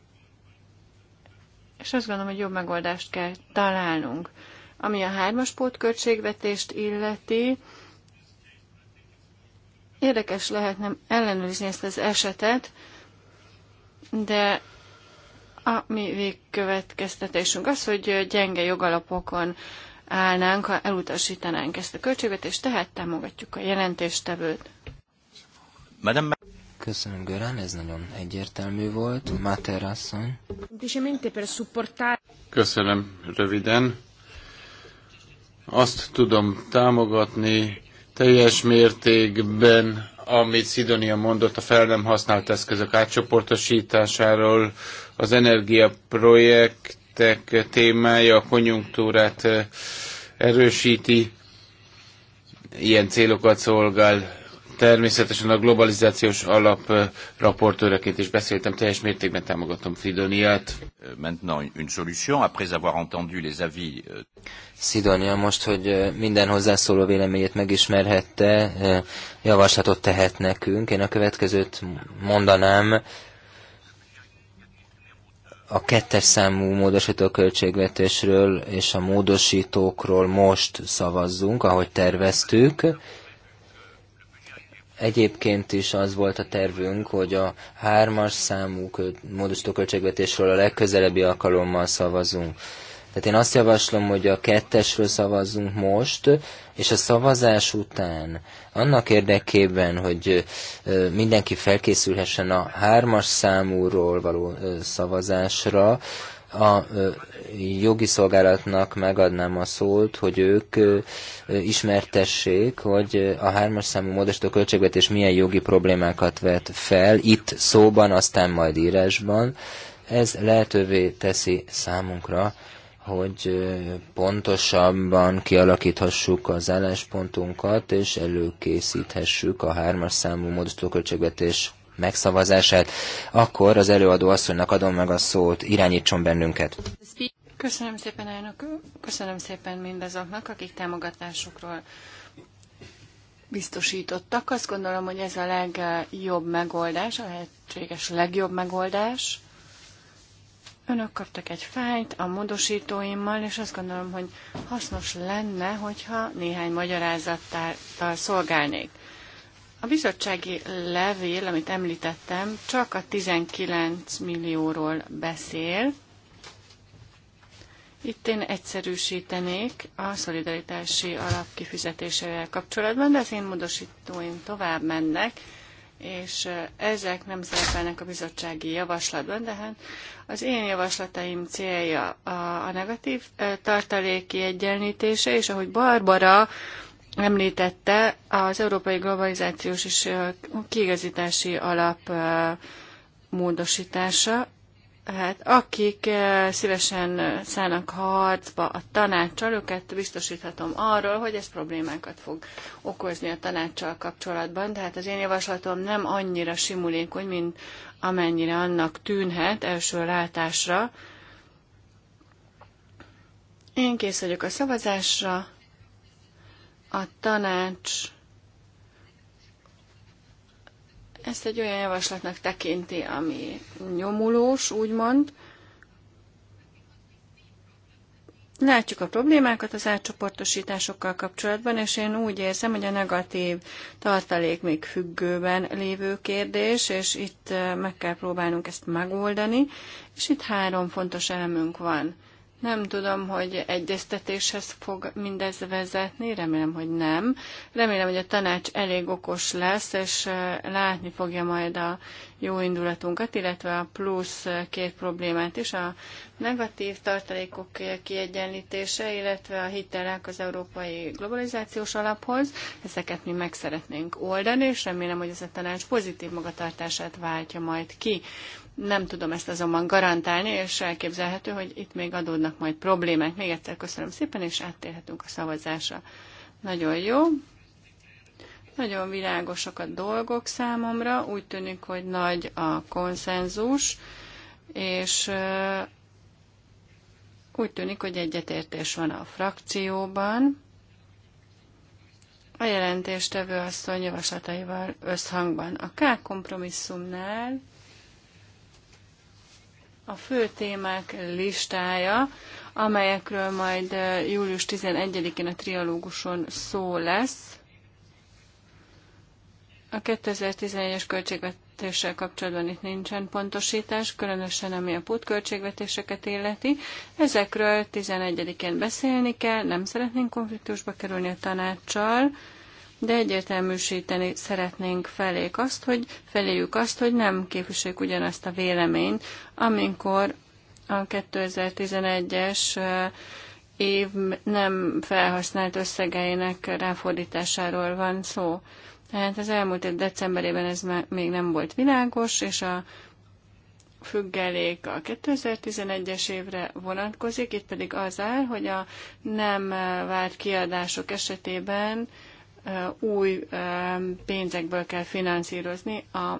C: és azt gondolom, hogy jobb megoldást kell találnunk. Ami a hármas költségvetést illeti, érdekes lehetne ellenőrizni ezt az esetet, de a mi végkövetkeztetésünk az, hogy gyenge jogalapokon állnánk, ha elutasítanánk ezt a költségvetést, tehát támogatjuk a jelentéstevőt.
B: Madame Köszönöm, Görán, ez nagyon egyértelmű volt. Mater asszony.
D: Köszönöm, röviden. Azt tudom támogatni teljes mértékben, amit Szidonia mondott a fel nem használt eszközök átcsoportosításáról, az energiaprojektek témája a konjunktúrát eh, erősíti, ilyen célokat szolgál Természetesen a globalizációs alap raportőreként is beszéltem, teljes mértékben
A: támogatom Fridoniát. Euh, maintenant une solution, après avoir entendu les avis. Euh,
B: Sidonia, most, hogy minden hozzászóló véleményét megismerhette, javaslatot tehet nekünk. Én a következőt mondanám, a kettes számú módosító költségvetésről és a módosítókról most szavazzunk, ahogy terveztük Egyébként is az volt a tervünk, hogy a hármas számú módosító költségvetésről a legközelebbi alkalommal szavazunk. Tehát én azt javaslom, hogy a kettesről szavazzunk most, és a szavazás után annak érdekében, hogy mindenki felkészülhessen a hármas számúról való szavazásra, a jogi szolgálatnak megadnám a szót, hogy ők ismertessék, hogy a hármas számú módosító költségvetés milyen jogi problémákat vet fel, itt szóban, aztán majd írásban. Ez lehetővé teszi számunkra, hogy pontosabban kialakíthassuk az álláspontunkat, és előkészíthessük a hármas számú módosító költségvetés megszavazását, akkor az előadó asszonynak adom meg a szót, irányítson bennünket.
C: Köszönöm szépen, elnök Köszönöm szépen mindazoknak, akik támogatásukról biztosítottak. Azt gondolom, hogy ez a legjobb megoldás, a lehetséges legjobb megoldás. Önök kaptak egy fájt a módosítóimmal, és azt gondolom, hogy hasznos lenne, hogyha néhány magyarázattal szolgálnék. A bizottsági levél, amit említettem, csak a 19 millióról beszél. Itt én egyszerűsítenék a szolidaritási alap kifizetésével kapcsolatban, de az én módosítóim tovább mennek, és ezek nem szerepelnek a bizottsági javaslatban, de hát az én javaslataim célja a, a negatív tartaléki egyenlítése, és ahogy Barbara említette, az Európai Globalizációs és Kiigazítási Alap módosítása. Hát akik szívesen szállnak harcba a tanácssal, őket biztosíthatom arról, hogy ez problémákat fog okozni a tanácssal kapcsolatban. Tehát az én javaslatom nem annyira simulékony, mint amennyire annak tűnhet első látásra. Én kész vagyok a szavazásra, a tanács ezt egy olyan javaslatnak tekinti, ami nyomulós, úgymond. Látjuk a problémákat az átcsoportosításokkal kapcsolatban, és én úgy érzem, hogy a negatív tartalék még függőben lévő kérdés, és itt eh, meg kell próbálnunk ezt megoldani, és itt három fontos elemünk van. Nem tudom, hogy egyeztetéshez fog mindez vezetni, remélem, hogy nem. Remélem, hogy a tanács elég okos lesz, és látni fogja majd a jó indulatunkat, illetve a plusz két problémát is, a negatív tartalékok kiegyenlítése, illetve a hitelek az európai globalizációs alaphoz. Ezeket mi meg szeretnénk oldani, és remélem, hogy ez a tanács pozitív magatartását váltja majd ki. Nem tudom ezt azonban garantálni, és elképzelhető, hogy itt még adódnak majd problémák. Még egyszer köszönöm szépen, és áttérhetünk a szavazásra. Nagyon jó. Nagyon világosak a dolgok számomra. Úgy tűnik, hogy nagy a konszenzus, és úgy tűnik, hogy egyetértés van a frakcióban. A jelentéstevő asszony javaslataival összhangban. A K kompromisszumnál a fő témák listája, amelyekről majd július 11-én a trialóguson szó lesz. A 2011-es költségvetéssel kapcsolatban itt nincsen pontosítás, különösen ami a pótköltségvetéseket illeti. Ezekről 11-én beszélni kell, nem szeretnénk konfliktusba kerülni a tanácssal, de egyértelműsíteni szeretnénk felék azt, hogy feléjük azt, hogy nem képviseljük ugyanazt a véleményt, amikor a 2011-es év nem felhasznált összegeinek ráfordításáról van szó. Tehát az elmúlt év decemberében ez még nem volt világos, és a függelék a 2011-es évre vonatkozik, itt pedig az áll, hogy a nem várt kiadások esetében új pénzekből kell finanszírozni a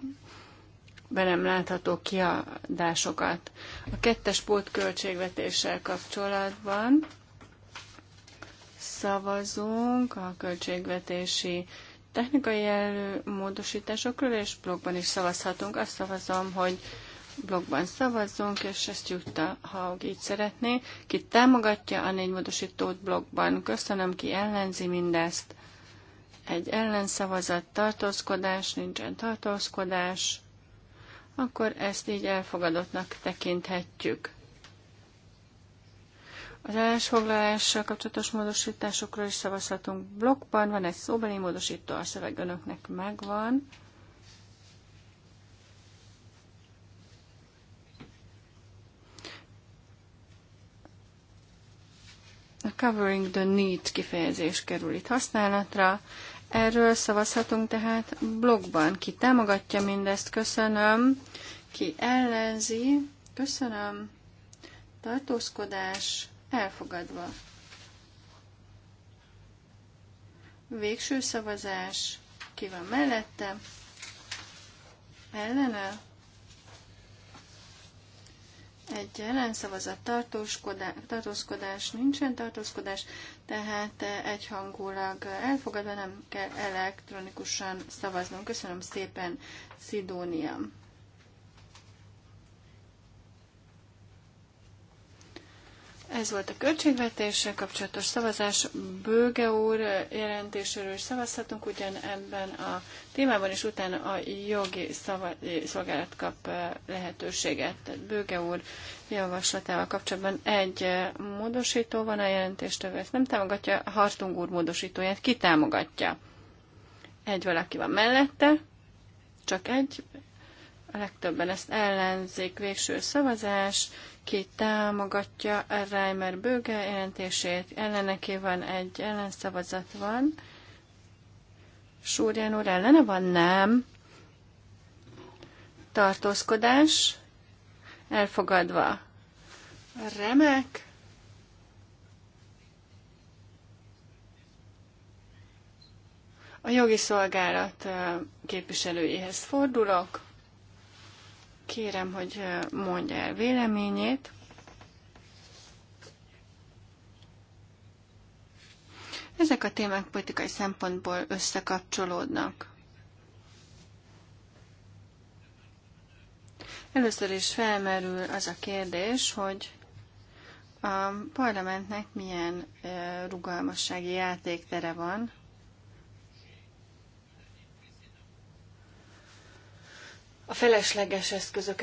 C: be nem látható kiadásokat. A kettes költségvetéssel kapcsolatban szavazunk a költségvetési technikai jelű módosításokról, és blogban is szavazhatunk. Azt szavazom, hogy blogban szavazzunk, és ezt Jutta ha így szeretné. Ki támogatja a négy módosítót blogban? Köszönöm, ki ellenzi mindezt egy ellenszavazat, tartózkodás, nincsen tartózkodás, akkor ezt így elfogadottnak tekinthetjük. Az állásfoglalással kapcsolatos módosításokról is szavazhatunk blokkban, van egy szóbeli módosító, a szöveg önöknek megvan. A covering the need kifejezés kerül itt használatra. Erről szavazhatunk tehát blogban. Ki támogatja mindezt, köszönöm. Ki ellenzi, köszönöm. Tartózkodás elfogadva. Végső szavazás. Ki van mellette? Ellene? Egy ellenszavazat tartózkodás, nincsen tartózkodás, tehát eh, egyhangulag elfogadva nem kell elektronikusan szavaznunk. Köszönöm szépen, Szidónia! Ez volt a költségvetéssel kapcsolatos szavazás. Bőge úr jelentéséről is szavazhatunk ugyan ebben a témában, és utána a jogi szava- szolgálat kap eh, lehetőséget. Tehát Bőge úr javaslatával kapcsolatban egy eh, módosító van a jelentéstől, ezt nem támogatja, Hartung úr módosítóját ki támogatja? Egy valaki van mellette, csak egy, a legtöbben ezt ellenzik, végső szavazás, ki támogatja Reimer bőge jelentését? elleneké van egy ellenszavazat van. Súrján úr ellene van? Nem. Tartózkodás? Elfogadva. Remek. A jogi szolgálat képviselőjéhez fordulok. Kérem, hogy mondja el véleményét. Ezek a témák politikai szempontból összekapcsolódnak. Először is felmerül az a kérdés, hogy a parlamentnek milyen rugalmassági játéktere van, a felesleges eszközök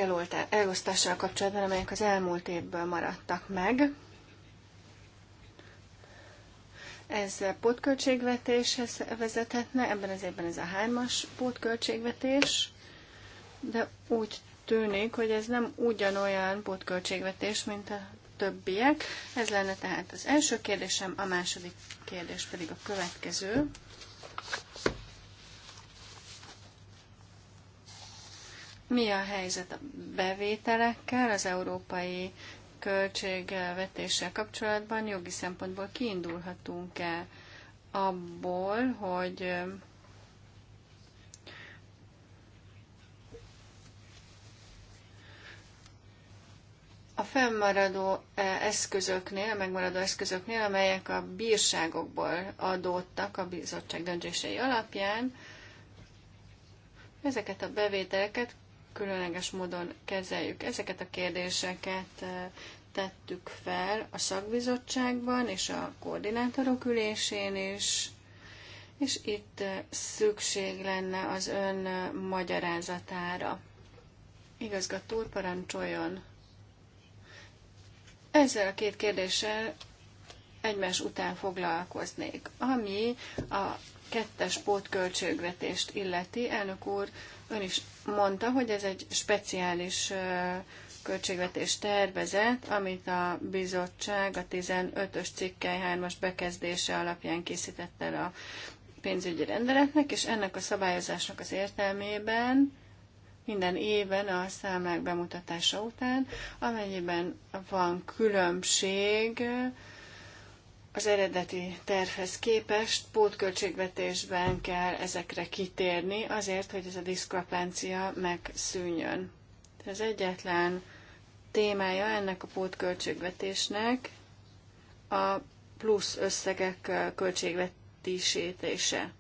C: elosztással kapcsolatban, amelyek az elmúlt évből maradtak meg. Ez pótköltségvetéshez vezethetne, ebben az évben ez a hármas pótköltségvetés, de úgy tűnik, hogy ez nem ugyanolyan pótköltségvetés, mint a többiek. Ez lenne tehát az első kérdésem, a második kérdés pedig a következő. Mi a helyzet a bevételekkel az európai költségvetéssel kapcsolatban? Jogi szempontból kiindulhatunk-e abból, hogy eh, a fennmaradó eh, eszközöknél, a megmaradó eszközöknél, amelyek a bírságokból adódtak a bizottság döntései alapján, ezeket a bevételeket különleges módon kezeljük. Ezeket a kérdéseket eh, tettük fel a szakbizottságban és a koordinátorok ülésén is, és itt eh, szükség lenne az ön eh, magyarázatára. Igazgató úr, parancsoljon! Ezzel a két kérdéssel egymás után foglalkoznék, ami a kettes pótköltségvetést illeti, elnök úr ön is mondta, hogy ez egy speciális költségvetés tervezet, amit a bizottság a 15-ös cikkely 3-as bekezdése alapján készített el a pénzügyi rendeletnek, és ennek a szabályozásnak az értelmében minden éven a számlák bemutatása után, amennyiben van különbség, az eredeti tervhez képest pótköltségvetésben kell ezekre kitérni, azért, hogy ez a diszkrepancia megszűnjön. Az egyetlen témája ennek a pótköltségvetésnek a plusz összegek költségvetésétése.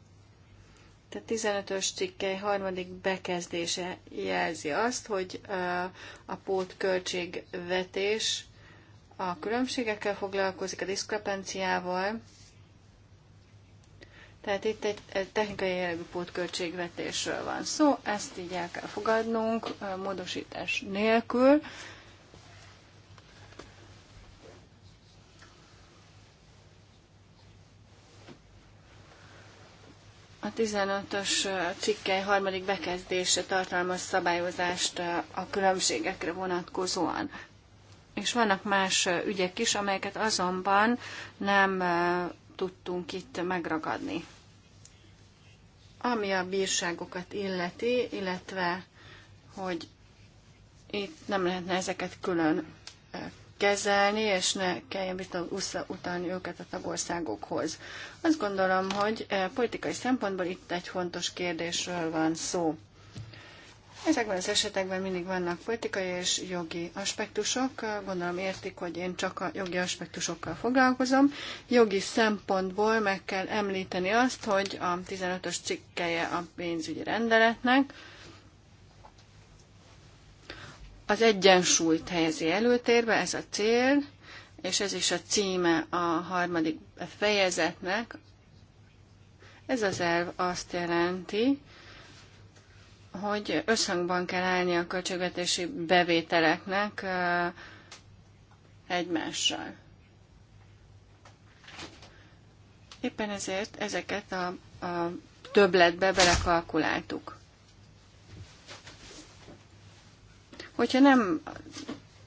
C: Tehát 15-ös cikkely harmadik bekezdése jelzi azt, hogy a pótköltségvetés a különbségekkel foglalkozik, a diszkrepenciával. Tehát itt egy technikai jellegű pótköltségvetésről van szó, ezt így el kell fogadnunk, módosítás nélkül. A 15-ös cikkely harmadik bekezdése tartalmaz szabályozást a különbségekre vonatkozóan és vannak más ügyek is, amelyeket azonban nem tudtunk itt megragadni. Ami a bírságokat illeti, illetve hogy itt nem lehetne ezeket külön kezelni, és ne kelljen utalni őket a tagországokhoz. Azt gondolom, hogy politikai szempontból itt egy fontos kérdésről van szó. Ezekben az esetekben mindig vannak politikai és jogi aspektusok. Gondolom értik, hogy én csak a jogi aspektusokkal foglalkozom. Jogi szempontból meg kell említeni azt, hogy a 15-ös cikkeje a pénzügyi rendeletnek az egyensúlyt helyezi előtérbe, ez a cél, és ez is a címe a harmadik fejezetnek. Ez az elv azt jelenti, hogy összhangban kell állni a költségvetési bevételeknek egymással. Éppen ezért ezeket a, a többletbe belekalkuláltuk. Hogyha nem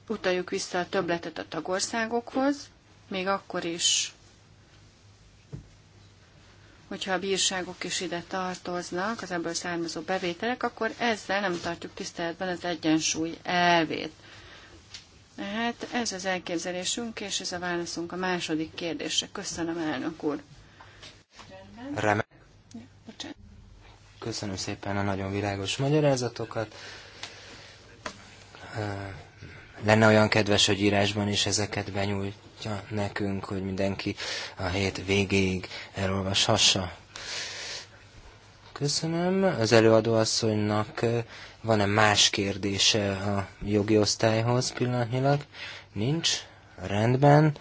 C: utaljuk vissza a többletet a tagországokhoz, még akkor is, hogyha a bírságok is ide tartoznak, az ebből származó bevételek, akkor ezzel nem tartjuk tiszteletben az egyensúly elvét. Hát ez az elképzelésünk, és ez a válaszunk a második kérdésre. Köszönöm, elnök úr. Remek. Ja,
B: Köszönöm szépen a nagyon világos magyarázatokat. Lenne olyan kedves, hogy írásban is ezeket benyújt megnyitja nekünk, hogy mindenki a hét végéig elolvashassa. Köszönöm. Az előadóasszonynak van-e más kérdése a jogi osztályhoz pillanatnyilag? Nincs? Rendben.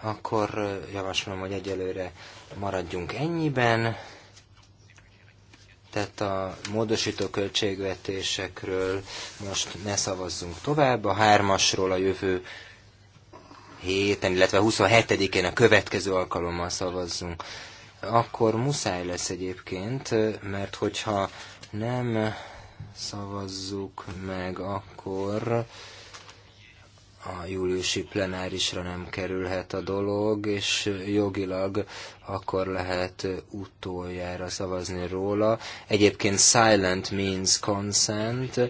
B: Akkor javaslom, hogy egyelőre maradjunk ennyiben. Tehát a módosító költségvetésekről most ne szavazzunk tovább. A hármasról a jövő héten, illetve 27-én a következő alkalommal szavazzunk. Akkor muszáj lesz egyébként, mert hogyha nem szavazzuk meg, akkor a júliusi plenárisra nem kerülhet a dolog, és jogilag akkor lehet utoljára szavazni róla. Egyébként silent means consent,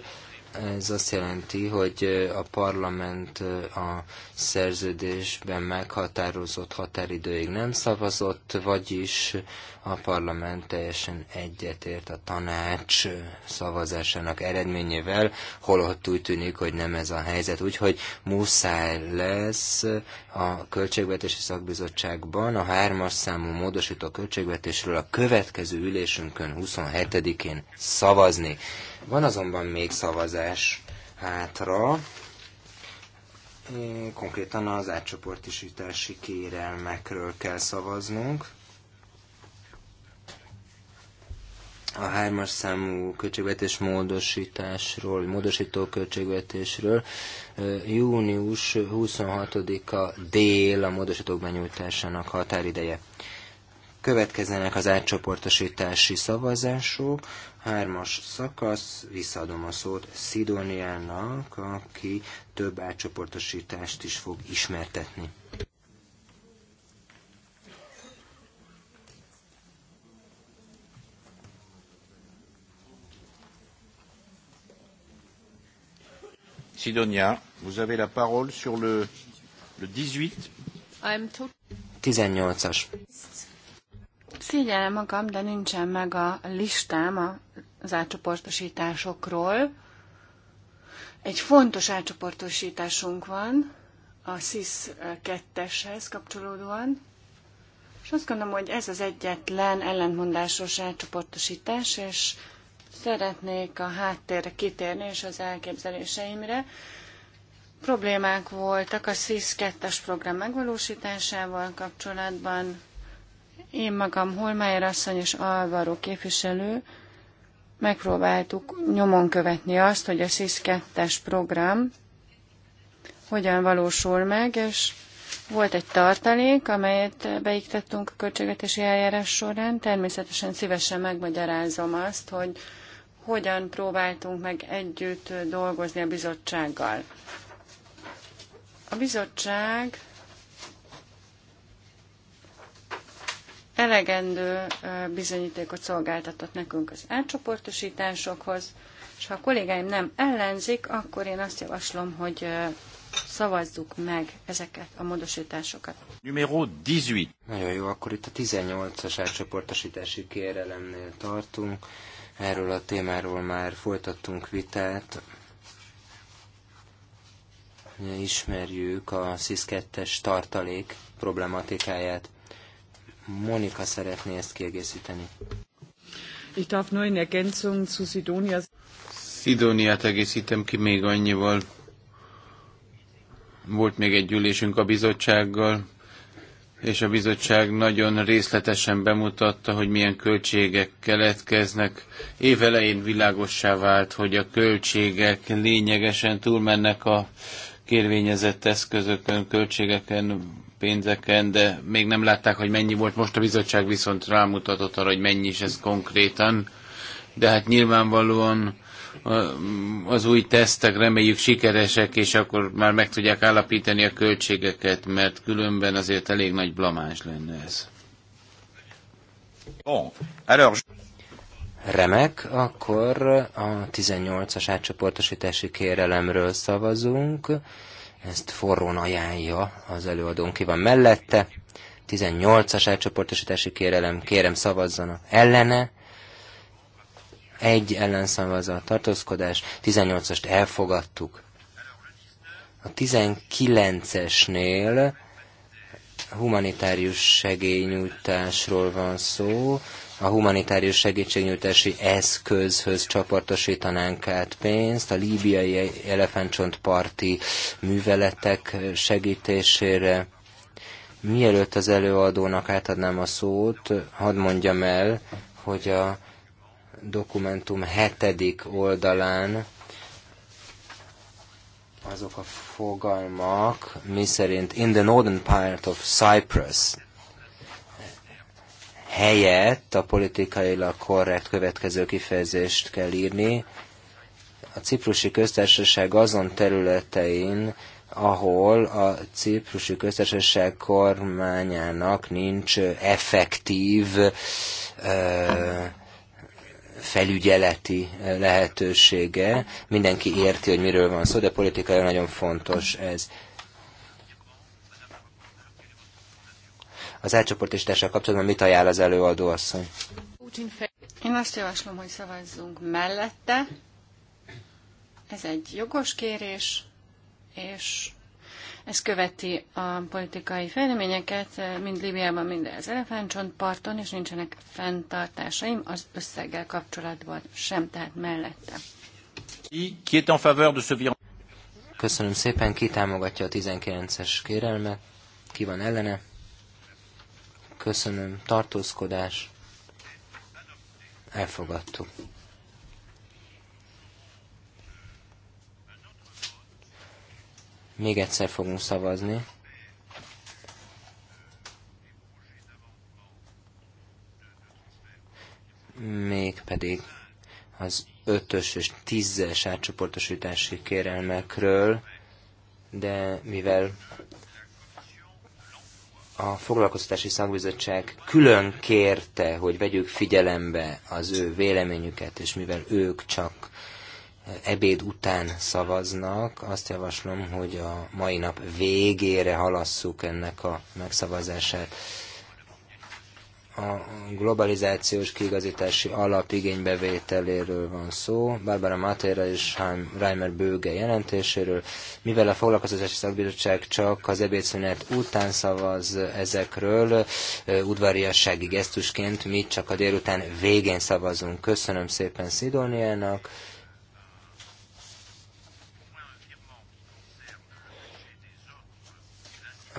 B: ez azt jelenti, hogy a parlament a szerződésben meghatározott határidőig nem szavazott, vagyis a parlament teljesen egyetért a tanács szavazásának eredményével, holott úgy tűnik, hogy nem ez a helyzet. Úgyhogy muszáj lesz a Költségvetési Szakbizottságban a hármas számú módosító költségvetésről a következő ülésünkön 27-én szavazni. Van azonban még szavazás hátra, konkrétan az átcsoportisítási kérelmekről kell szavaznunk. a hármas számú költségvetés módosításról, módosító költségvetésről. Június 26-a dél a módosítók benyújtásának határideje. Következzenek az átcsoportosítási szavazások. Hármas szakasz, visszaadom a szót Szidóniának, aki több átcsoportosítást is fog ismertetni.
A: Sidonia, vous avez la parole sur le, le 18.
B: 18-as.
C: Szégyellem magam, de nincsen meg a listám az átcsoportosításokról. Egy fontos átcsoportosításunk van a SIS 2-eshez kapcsolódóan, és azt gondolom, hogy ez az egyetlen ellentmondásos átcsoportosítás, és szeretnék a háttérre kitérni és az elképzeléseimre. Problémák voltak a SIS 2-es program megvalósításával kapcsolatban, én magam, Holmájer asszony és Alvaro képviselő megpróbáltuk nyomon követni azt, hogy a SZISZ 2 program hogyan valósul meg, és volt egy tartalék, amelyet beiktettünk a költségvetési eljárás során. Természetesen szívesen megmagyarázom azt, hogy hogyan próbáltunk meg együtt dolgozni a bizottsággal. A bizottság elegendő bizonyítékot szolgáltatott nekünk az átcsoportosításokhoz, és ha a kollégáim nem ellenzik, akkor én azt javaslom, hogy szavazzuk meg ezeket a módosításokat.
A: Numero 18. Nagyon jó,
B: akkor itt a 18-as átcsoportosítási kérelemnél tartunk. Erről a témáról már folytattunk vitát. Ismerjük a SZISZ 2-es tartalék problematikáját. Monika szeretné ezt kiegészíteni.
C: Ich darf nur in Ergänzung zu Sidonia...
D: Szidóniát egészítem ki még annyival. Volt még egy ülésünk a bizottsággal, és a bizottság nagyon részletesen bemutatta, hogy milyen költségek keletkeznek. Évelején világossá vált, hogy a költségek lényegesen túlmennek a kérvényezett eszközökön, költségeken pénzeken, de még nem látták, hogy mennyi volt. Most a bizottság viszont rámutatott arra, hogy mennyi is ez konkrétan. De hát nyilvánvalóan az új tesztek reméljük sikeresek, és akkor már meg tudják állapítani a költségeket, mert különben azért elég nagy blamás lenne ez.
A: Remek, akkor
B: a 18-as átcsoportosítási kérelemről szavazunk ezt forrón ajánlja az előadónk, ki van mellette. 18-as elcsoportosítási kérelem, kérem szavazzanak ellene. Egy ellenszavazat, tartózkodás, 18-ast elfogadtuk. A 19-esnél humanitárius segélynyújtásról van szó, a humanitárius segítségnyújtási eszközhöz csoportosítanánk át pénzt, a líbiai elefántcsontparti műveletek segítésére. Mielőtt az előadónak átadnám a szót, hadd mondjam el, hogy a dokumentum hetedik oldalán azok a fogalmak, miszerint in the northern part of Cyprus helyett a politikailag korrekt következő kifejezést kell írni. A ciprusi köztársaság azon területein, ahol a ciprusi köztársaság kormányának nincs effektív felügyeleti lehetősége. Mindenki érti, hogy miről van szó, de politikailag nagyon fontos ez. Az elcsoportosítással kapcsolatban mit ajánl az előadó asszony?
C: Én azt javaslom, hogy szavazzunk mellette. Ez egy jogos kérés, és ez követi a politikai fejleményeket, mind Líbiában, mind az parton és nincsenek fenntartásaim az összeggel kapcsolatban sem, tehát mellette.
A: Ki en de Köszönöm szépen, ki
B: támogatja a 19-es kérelmet, ki van ellene? Köszönöm. Tartózkodás. Elfogadtuk. Még egyszer fogunk szavazni. Még pedig az ötös és tízes átcsoportosítási kérelmekről, de mivel a foglalkoztatási szakbizottság külön kérte, hogy vegyük figyelembe az ő véleményüket, és mivel ők csak ebéd után szavaznak, azt javaslom, hogy a mai nap végére halasszuk ennek a megszavazását a globalizációs kiigazítási alap igénybevételéről van szó, Barbara Matera és Reimer Bőge jelentéséről. Mivel a foglalkoztatási szakbizottság csak az ebédszünet után szavaz ezekről, udvariassági gesztusként mi csak a délután végén szavazunk. Köszönöm szépen Szidóniának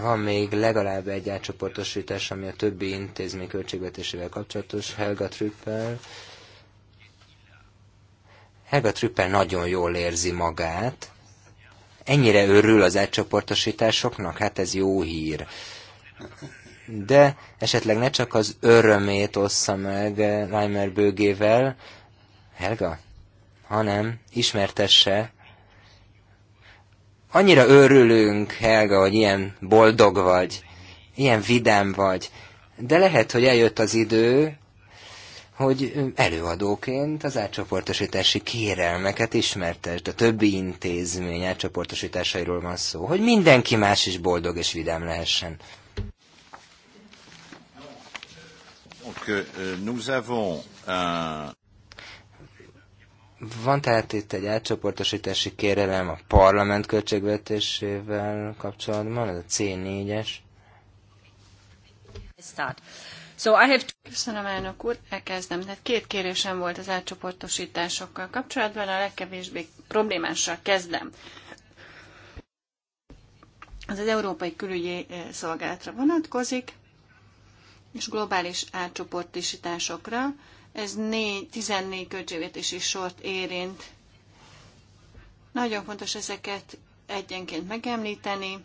B: van még legalább egy átcsoportosítás, ami a többi intézmény költségvetésével kapcsolatos. Helga Trüppel. Helga Trüppel nagyon jól érzi magát. Ennyire örül az átcsoportosításoknak? Hát ez jó hír. De esetleg ne csak az örömét ossza meg Weimer bőgével, Helga, hanem ismertesse Annyira örülünk, Helga, hogy ilyen boldog vagy, ilyen vidám vagy, de lehet, hogy eljött az idő, hogy előadóként az átcsoportosítási kérelmeket ismertesd, a többi intézmény átcsoportosításairól van szó, hogy mindenki más is boldog és vidám lehessen. Donc,
A: euh, nous avons un...
B: Van tehát itt egy átcsoportosítási kérelem a parlament költségvetésével kapcsolatban, ez a C4-es.
C: So I have to... Köszönöm, elnök úr, elkezdem. Tehát két kérésem volt az átcsoportosításokkal kapcsolatban, a legkevésbé problémással kezdem. Az az Európai Külügyi Szolgálatra vonatkozik, és globális átcsoportosításokra. Ez négy, 14 költségvetési sort érint. Nagyon fontos ezeket egyenként megemlíteni.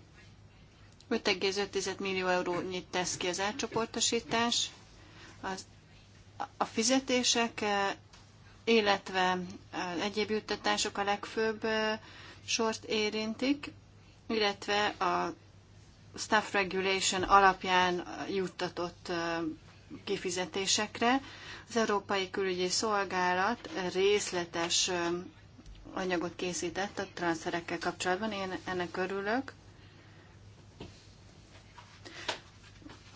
C: 5,5 millió eurónyit tesz ki az átcsoportosítás. Az, a fizetések, eh, illetve az egyéb juttatások a legfőbb eh, sort érintik, illetve a staff regulation alapján juttatott eh, kifizetésekre. Az Európai Külügyi Szolgálat részletes anyagot készített a transzerekkel kapcsolatban, én ennek örülök.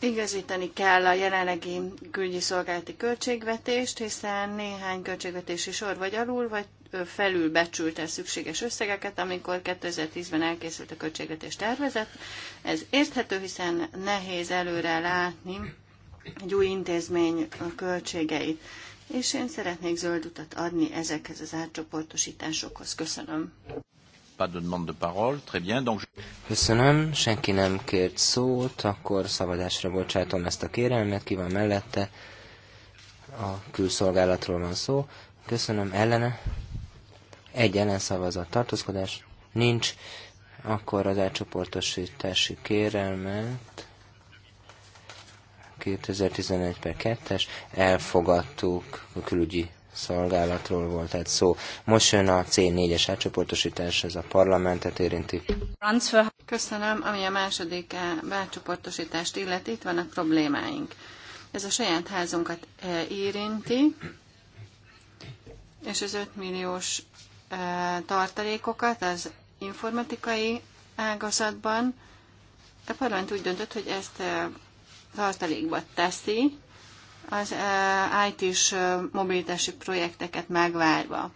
C: Igazítani kell a jelenlegi külügyi szolgálati költségvetést, hiszen néhány költségvetési sor vagy alul, vagy felül becsülte szükséges összegeket, amikor 2010-ben elkészült a költségvetés tervezet. Ez érthető, hiszen nehéz előre látni egy új intézmény költségeit. És én szeretnék zöld utat adni ezekhez az átcsoportosításokhoz. Köszönöm.
B: Köszönöm, senki nem kért szót, akkor szabadásra bocsátom ezt a kérelmet, ki van mellette, a külszolgálatról van szó. Köszönöm, ellene, egy ellenszavazat tartózkodás, nincs, akkor az átcsoportosítási kérelmet 2011 per 2-es, elfogadtuk, a külügyi szolgálatról volt egy szó. Most jön a C4-es átcsoportosítás, ez a parlamentet érinti.
C: Köszönöm, ami a második eh, átcsoportosítást illeti, itt vannak problémáink. Ez a saját házunkat eh, érinti, és az 5 milliós eh, tartalékokat az informatikai ágazatban. A parlament úgy döntött, hogy ezt tartalékba teszi, az IT-s mobilitási projekteket megvárva.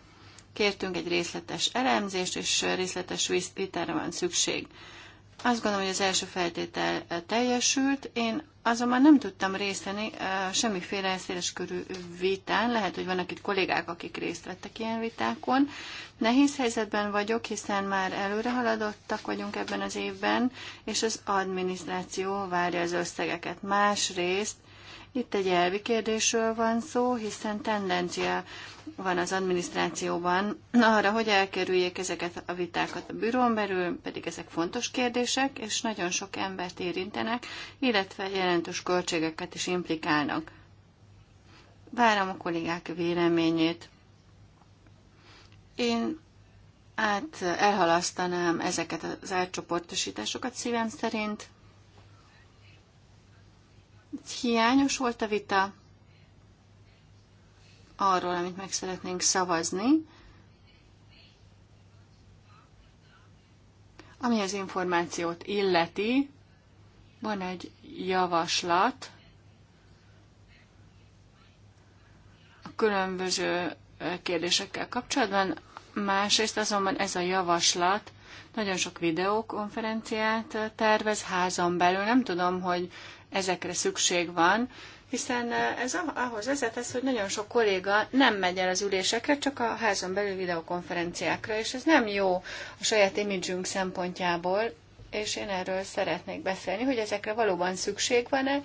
C: Kértünk egy részletes elemzést, és részletes vitára van szükség. Azt gondolom, hogy az első feltétel eh, teljesült. Én azonban nem tudtam részt venni eh, semmiféle széleskörű vitán. Lehet, hogy vannak itt kollégák, akik részt vettek ilyen vitákon. Nehéz helyzetben vagyok, hiszen már előre haladottak vagyunk ebben az évben, és az adminisztráció várja az összegeket. Másrészt itt egy elvi kérdésről van szó, hiszen tendencia van az adminisztrációban arra, hogy elkerüljék ezeket a vitákat a bürón belül, pedig ezek fontos kérdések, és nagyon sok embert érintenek, illetve jelentős költségeket is implikálnak. Várom a kollégák véleményét. Én át elhalasztanám ezeket az átcsoportosításokat szívem szerint, Hiányos volt a vita arról, amit meg szeretnénk szavazni, ami az információt illeti, van egy javaslat a különböző kérdésekkel kapcsolatban, másrészt azonban ez a javaslat nagyon sok videókonferenciát tervez házon belül. Nem tudom, hogy ezekre szükség van, hiszen eh, ez ahhoz ez hogy nagyon sok kolléga nem megy el az ülésekre, csak a házon belül videokonferenciákra, és ez nem jó a saját imidzsünk szempontjából, és én erről szeretnék beszélni, hogy ezekre valóban szükség van-e,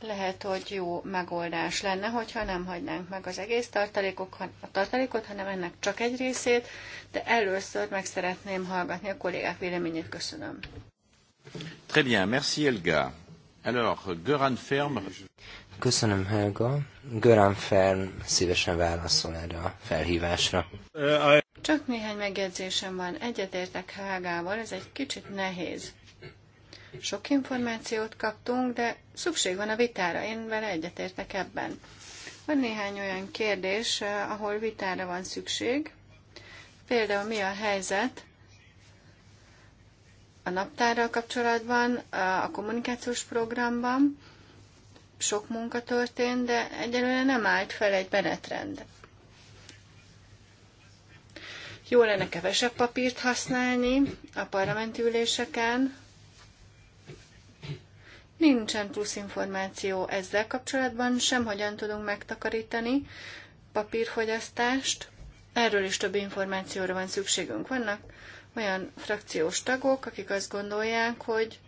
C: lehet, hogy jó megoldás lenne, hogyha nem hagynánk meg az egész tartalékok, a tartalékot, hanem ennek csak egy részét, de először meg szeretném hallgatni a kollégák véleményét. Köszönöm.
A: Très bien, merci Elga. Alors, Göran Ferm.
B: Köszönöm, Helga. Göran Ferm szívesen válaszol erre a felhívásra.
C: Csak néhány megjegyzésem van. Egyetértek Helgával, ez egy kicsit nehéz. Sok információt kaptunk, de szükség van a vitára, én vele egyetértek ebben. Van néhány olyan kérdés, eh, ahol vitára van szükség. Például mi a helyzet a naptárral kapcsolatban, a kommunikációs programban. Sok munka történt, de egyelőre nem állt fel egy menetrend. Jó lenne kevesebb papírt használni a parlamenti üléseken. Nincsen plusz információ ezzel kapcsolatban, sem hogyan tudunk megtakarítani papírfogyasztást. Erről is több információra van szükségünk. Vannak olyan frakciós tagok, akik azt gondolják, hogy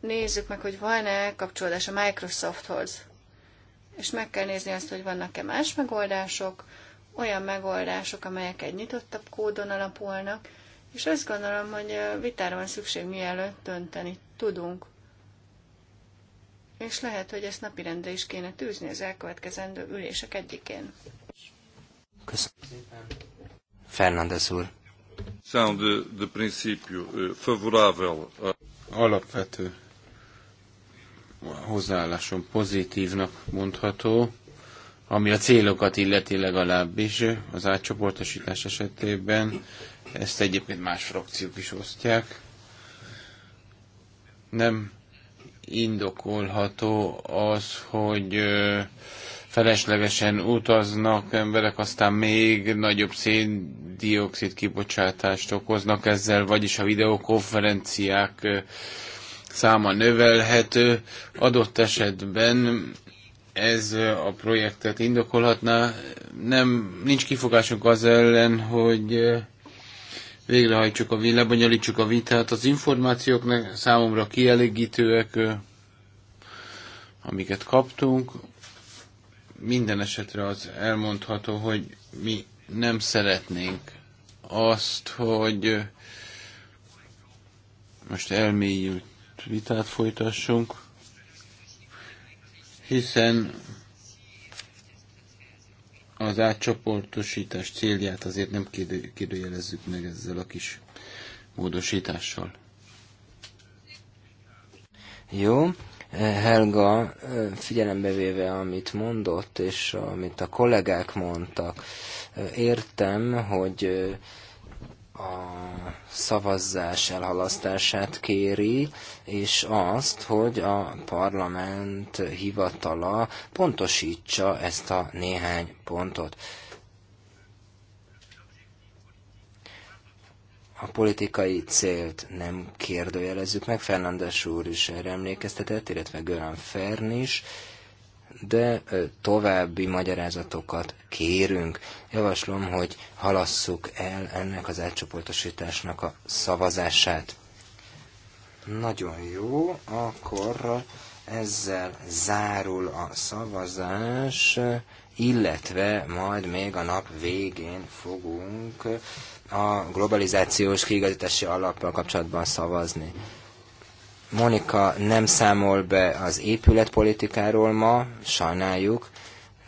C: nézzük meg, hogy van-e kapcsolódás a Microsofthoz. És meg kell nézni azt, hogy vannak-e más megoldások, olyan megoldások, amelyek egy nyitottabb kódon alapulnak, és azt gondolom, hogy vitára van szükség, mielőtt dönteni tudunk. És lehet, hogy ezt napirendre is kéne tűzni az elkövetkezendő ülések egyikén.
B: Köszönöm szépen. Fernández úr.
A: De, de princípio eh, favorável.
B: Alapvető hozzáállásom
D: pozitívnak mondható, ami a célokat illeti legalábbis eh, az átcsoportosítás esetében. Ezt egyébként más frakciók is osztják. Nem indokolható az, hogy eh, feleslegesen utaznak emberek, aztán még nagyobb széndiokszid kibocsátást okoznak ezzel, vagyis a videokonferenciák száma növelhető. Adott esetben ez a projektet indokolhatná. Nem, nincs kifogásunk az ellen, hogy végrehajtsuk a, lebonyolítsuk a vitát. Az információk számomra kielégítőek, amiket kaptunk minden esetre az elmondható, hogy mi nem szeretnénk azt, hogy most elmélyült vitát folytassunk, hiszen az átcsoportosítás célját azért nem kérdő, kérdőjelezzük meg ezzel a kis módosítással.
B: Jó, Helga figyelembe véve, amit mondott, és amit a kollégák mondtak, értem, hogy a szavazás elhalasztását kéri, és azt, hogy a parlament hivatala pontosítsa ezt a néhány pontot. a politikai célt nem kérdőjelezzük meg, Fernandes úr is erre emlékeztetett, illetve Görán Fern is, de további magyarázatokat kérünk. Javaslom, hogy halasszuk el ennek az átcsoportosításnak a szavazását. Nagyon jó, akkor ezzel zárul a szavazás, illetve majd még a nap végén fogunk a globalizációs kiigazítási alappal kapcsolatban szavazni. Monika nem számol be az épületpolitikáról ma, sajnáljuk,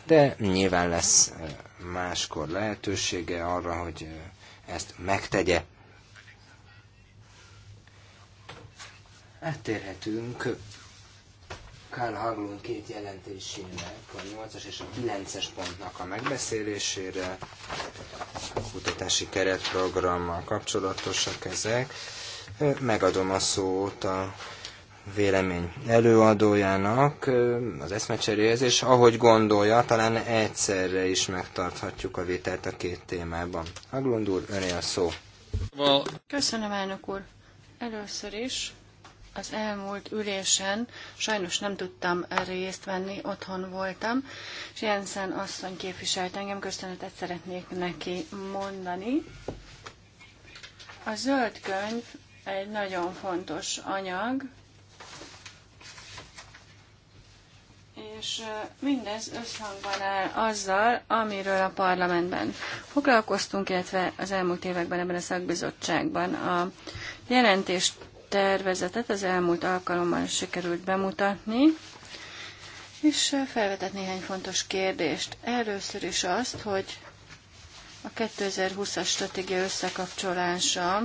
B: de nyilván lesz máskor lehetősége arra, hogy ezt megtegye. Áttérhetünk Kál Haglund két jelentésének, a 8-as és a 9-es pontnak a megbeszélésére. A kutatási keretprogrammal kapcsolatosak ezek. Megadom a szót a vélemény előadójának az eszmecseréhez, és ahogy gondolja, talán egyszerre is megtarthatjuk a vitát a két témában. Haglund úr, öné a szó.
C: Köszönöm, elnök úr. Először is az elmúlt ülésen sajnos nem tudtam részt venni, otthon voltam, és Jensen asszony képviselt engem, köszönetet szeretnék neki mondani. A zöld könyv egy nagyon fontos anyag, és mindez összhangban áll azzal, amiről a parlamentben foglalkoztunk, illetve az elmúlt években ebben a szakbizottságban a jelentés tervezetet az elmúlt alkalommal is sikerült bemutatni, és felvetett néhány fontos kérdést. Először is azt, hogy a 2020-as stratégia összekapcsolása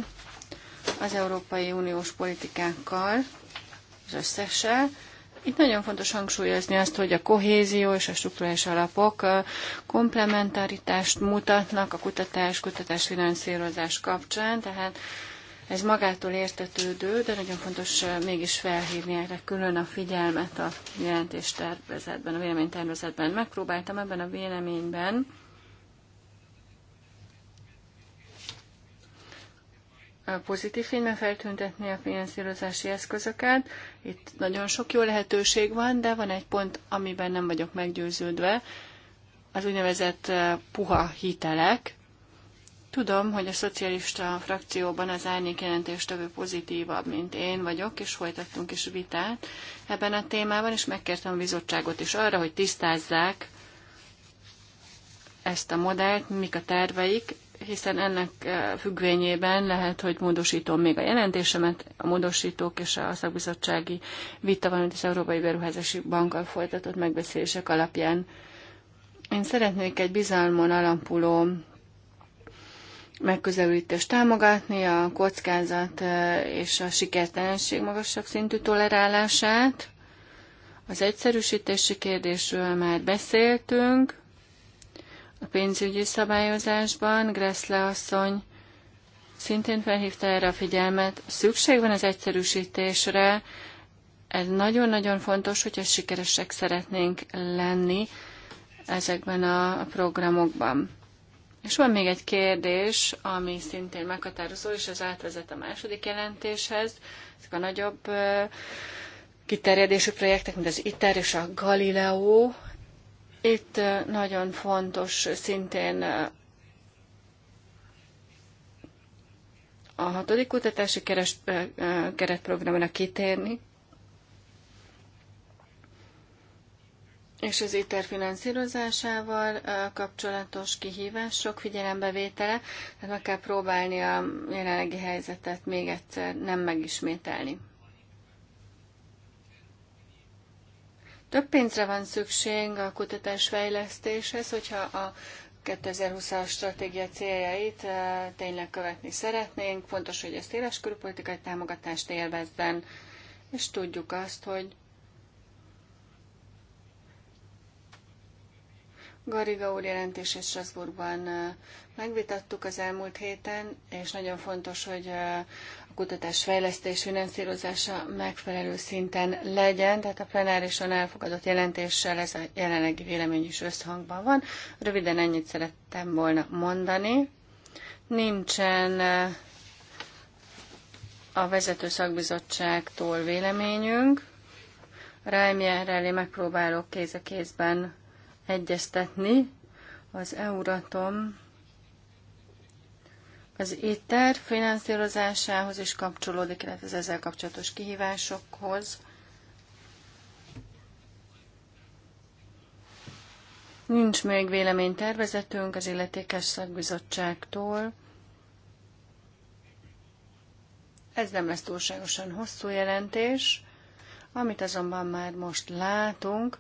C: az Európai Uniós politikákkal, az összessel. Itt nagyon fontos hangsúlyozni azt, hogy a kohézió és a struktúrális alapok komplementaritást mutatnak a kutatás, kutatás finanszírozás kapcsán, tehát ez magától értetődő, de nagyon fontos mégis felhívni erre külön a figyelmet a tervezetben, a véleménytervezetben. Megpróbáltam ebben a véleményben A pozitív fényben feltüntetni a finanszírozási eszközöket. Itt nagyon sok jó lehetőség van, de van egy pont, amiben nem vagyok meggyőződve, az úgynevezett puha hitelek. Tudom, hogy a szocialista frakcióban az árnyék jelentéstevő pozitívabb, mint én vagyok, és folytattunk is vitát ebben a témában, és megkértem a bizottságot is arra, hogy tisztázzák ezt a modellt, mik a terveik, hiszen ennek eh, függvényében lehet, hogy módosítom még a jelentésemet, a módosítók és a szakbizottsági vita, valamint az Európai Beruházási Bankkal folytatott megbeszélések alapján. Én szeretnék egy bizalmon alapuló megközelítést támogatni, a kockázat és a sikertelenség magasabb szintű tolerálását. Az egyszerűsítési kérdésről már beszéltünk. A pénzügyi szabályozásban Gressle asszony szintén felhívta erre a figyelmet. Szükség van az egyszerűsítésre. Ez nagyon-nagyon fontos, hogyha sikeresek szeretnénk lenni ezekben a programokban. És van még egy kérdés, ami szintén meghatározó, és ez átvezet a második jelentéshez. Ezek a nagyobb kiterjedésű projektek, mint az ITER és a Galileo. Itt nagyon fontos szintén a hatodik kutatási keres, keretprogramra kitérni, és az ITER finanszírozásával kapcsolatos kihívások figyelembevétele, tehát meg kell próbálni a jelenlegi helyzetet még egyszer nem megismételni. Több pénzre van szükség a kutatás fejlesztéshez, hogyha a 2020-as stratégia céljait tényleg követni szeretnénk. Fontos, hogy ez széleskörű politikai támogatást élvezzen, és tudjuk azt, hogy Gariga úr jelentését Strasbourgban megvitattuk az elmúlt héten, és nagyon fontos, hogy a kutatás fejlesztés finanszírozása megfelelő szinten legyen, tehát a plenárison elfogadott jelentéssel ez a jelenlegi vélemény is összhangban van. Röviden ennyit szerettem volna mondani. Nincsen a vezető szakbizottságtól véleményünk. Rájmjerrel megpróbálok kéz a kézben egyeztetni. Az Euratom az éter finanszírozásához is kapcsolódik, illetve az ezzel kapcsolatos kihívásokhoz. Nincs még véleménytervezetünk az illetékes szakbizottságtól. Ez nem lesz túlságosan hosszú jelentés, amit azonban már most látunk,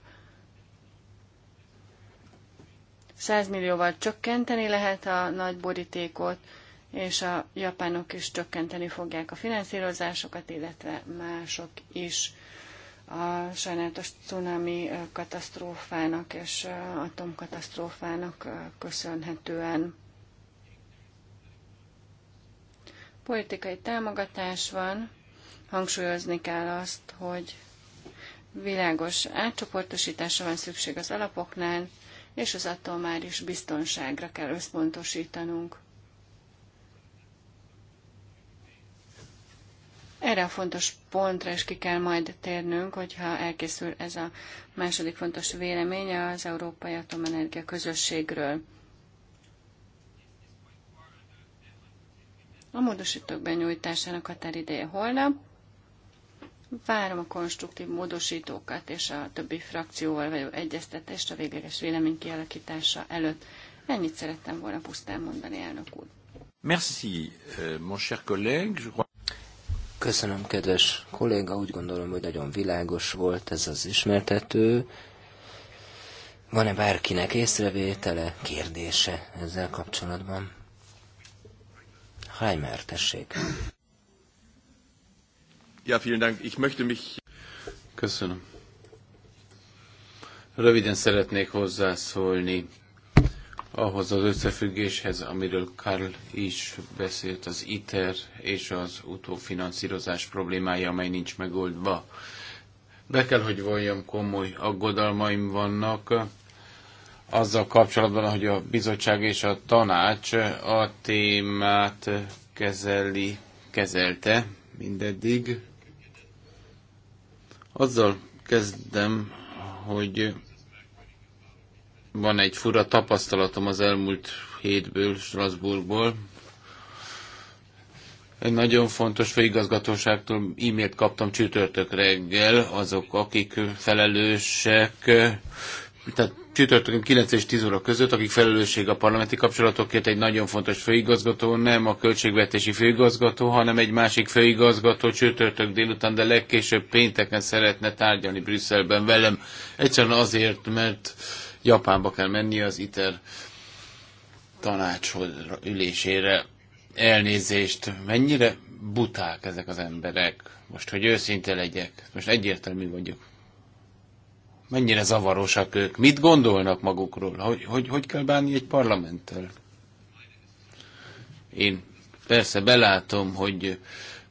C: 100 millióval csökkenteni lehet a nagy borítékot, és a japánok is csökkenteni fogják a finanszírozásokat, illetve mások is a sajnálatos cunami katasztrófának és atomkatasztrófának köszönhetően. Politikai támogatás van, hangsúlyozni kell azt, hogy világos átcsoportosításra van szükség az alapoknál, és az atomáris biztonságra kell összpontosítanunk. Erre a fontos pontra is ki kell majd térnünk, hogyha elkészül ez a második fontos véleménye az Európai Atomenergia Közösségről. A módosítók benyújtásának határideje holnap. Várom a konstruktív módosítókat és a többi frakcióval való egyeztetést a végleges vélemény kialakítása előtt. Ennyit szerettem volna pusztán mondani, elnök úr.
A: Merci, euh, mon cher collègue. Köszönöm,
B: kedves kolléga. Úgy gondolom, hogy nagyon világos volt ez az ismertető. Van-e bárkinek észrevétele, kérdése ezzel kapcsolatban? Heimer, tessék.
A: Ja, vielen Dank. Ich möchte mich...
B: Köszönöm.
D: Röviden szeretnék hozzászólni ahhoz az összefüggéshez, amiről Karl is beszélt, az ITER és az utófinanszírozás problémája, amely nincs megoldva. Be kell, hogy valljam, komoly aggodalmaim vannak azzal kapcsolatban, hogy a bizottság és a tanács a témát kezeli, kezelte mindeddig, azzal kezdem, hogy van egy fura tapasztalatom az elmúlt hétből, Strasbourgból. Egy nagyon fontos főigazgatóságtól e-mailt kaptam csütörtök reggel, azok, akik felelősek tehát csütörtökön 9 és 10 óra között, akik felelősség a parlamenti kapcsolatokért, egy nagyon fontos főigazgató, nem a költségvetési főigazgató, hanem egy másik főigazgató csütörtök délután, de legkésőbb pénteken szeretne tárgyalni Brüsszelben velem. Egyszerűen azért, mert Japánba kell menni az ITER tanács ülésére. Elnézést, mennyire buták ezek az emberek? Most, hogy őszinte legyek, most egyértelmű vagyok mennyire zavarosak ők, mit gondolnak magukról, hogy hogy, hogy kell bánni egy parlamenttel. Én persze belátom, hogy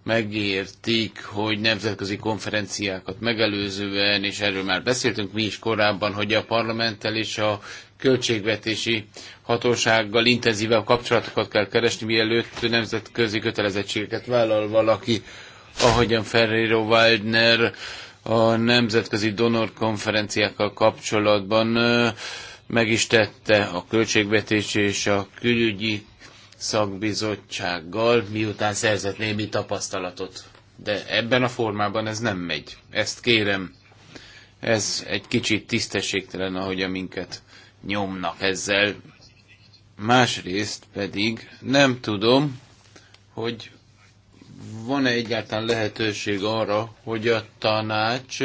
D: megértik, hogy nemzetközi konferenciákat megelőzően, és erről már beszéltünk mi is korábban, hogy a parlamenttel és a költségvetési hatósággal intenzívebb kapcsolatokat kell keresni, mielőtt nemzetközi kötelezettségeket vállal valaki, ahogyan Ferrero Waldner a nemzetközi donor konferenciákkal kapcsolatban meg is tette a költségvetés és a külügyi szakbizottsággal, miután szerzett némi tapasztalatot. De ebben a formában ez nem megy. Ezt kérem. Ez egy kicsit tisztességtelen, ahogy a minket nyomnak ezzel. Másrészt pedig nem tudom, hogy van-e egyáltalán lehetőség arra, hogy a tanács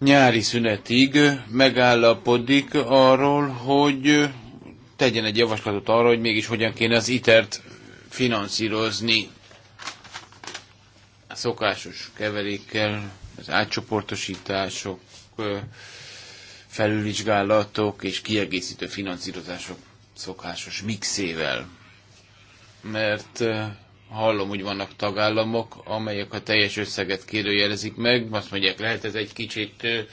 D: nyári szünetig megállapodik arról, hogy tegyen egy javaslatot arra, hogy mégis hogyan kéne az itert finanszírozni a szokásos keverékkel, az átcsoportosítások, felülvizsgálatok és kiegészítő finanszírozások szokásos mixével mert eh, hallom, hogy vannak tagállamok, amelyek a teljes összeget kérdőjelezik meg, azt mondják, lehet ez egy kicsit eh,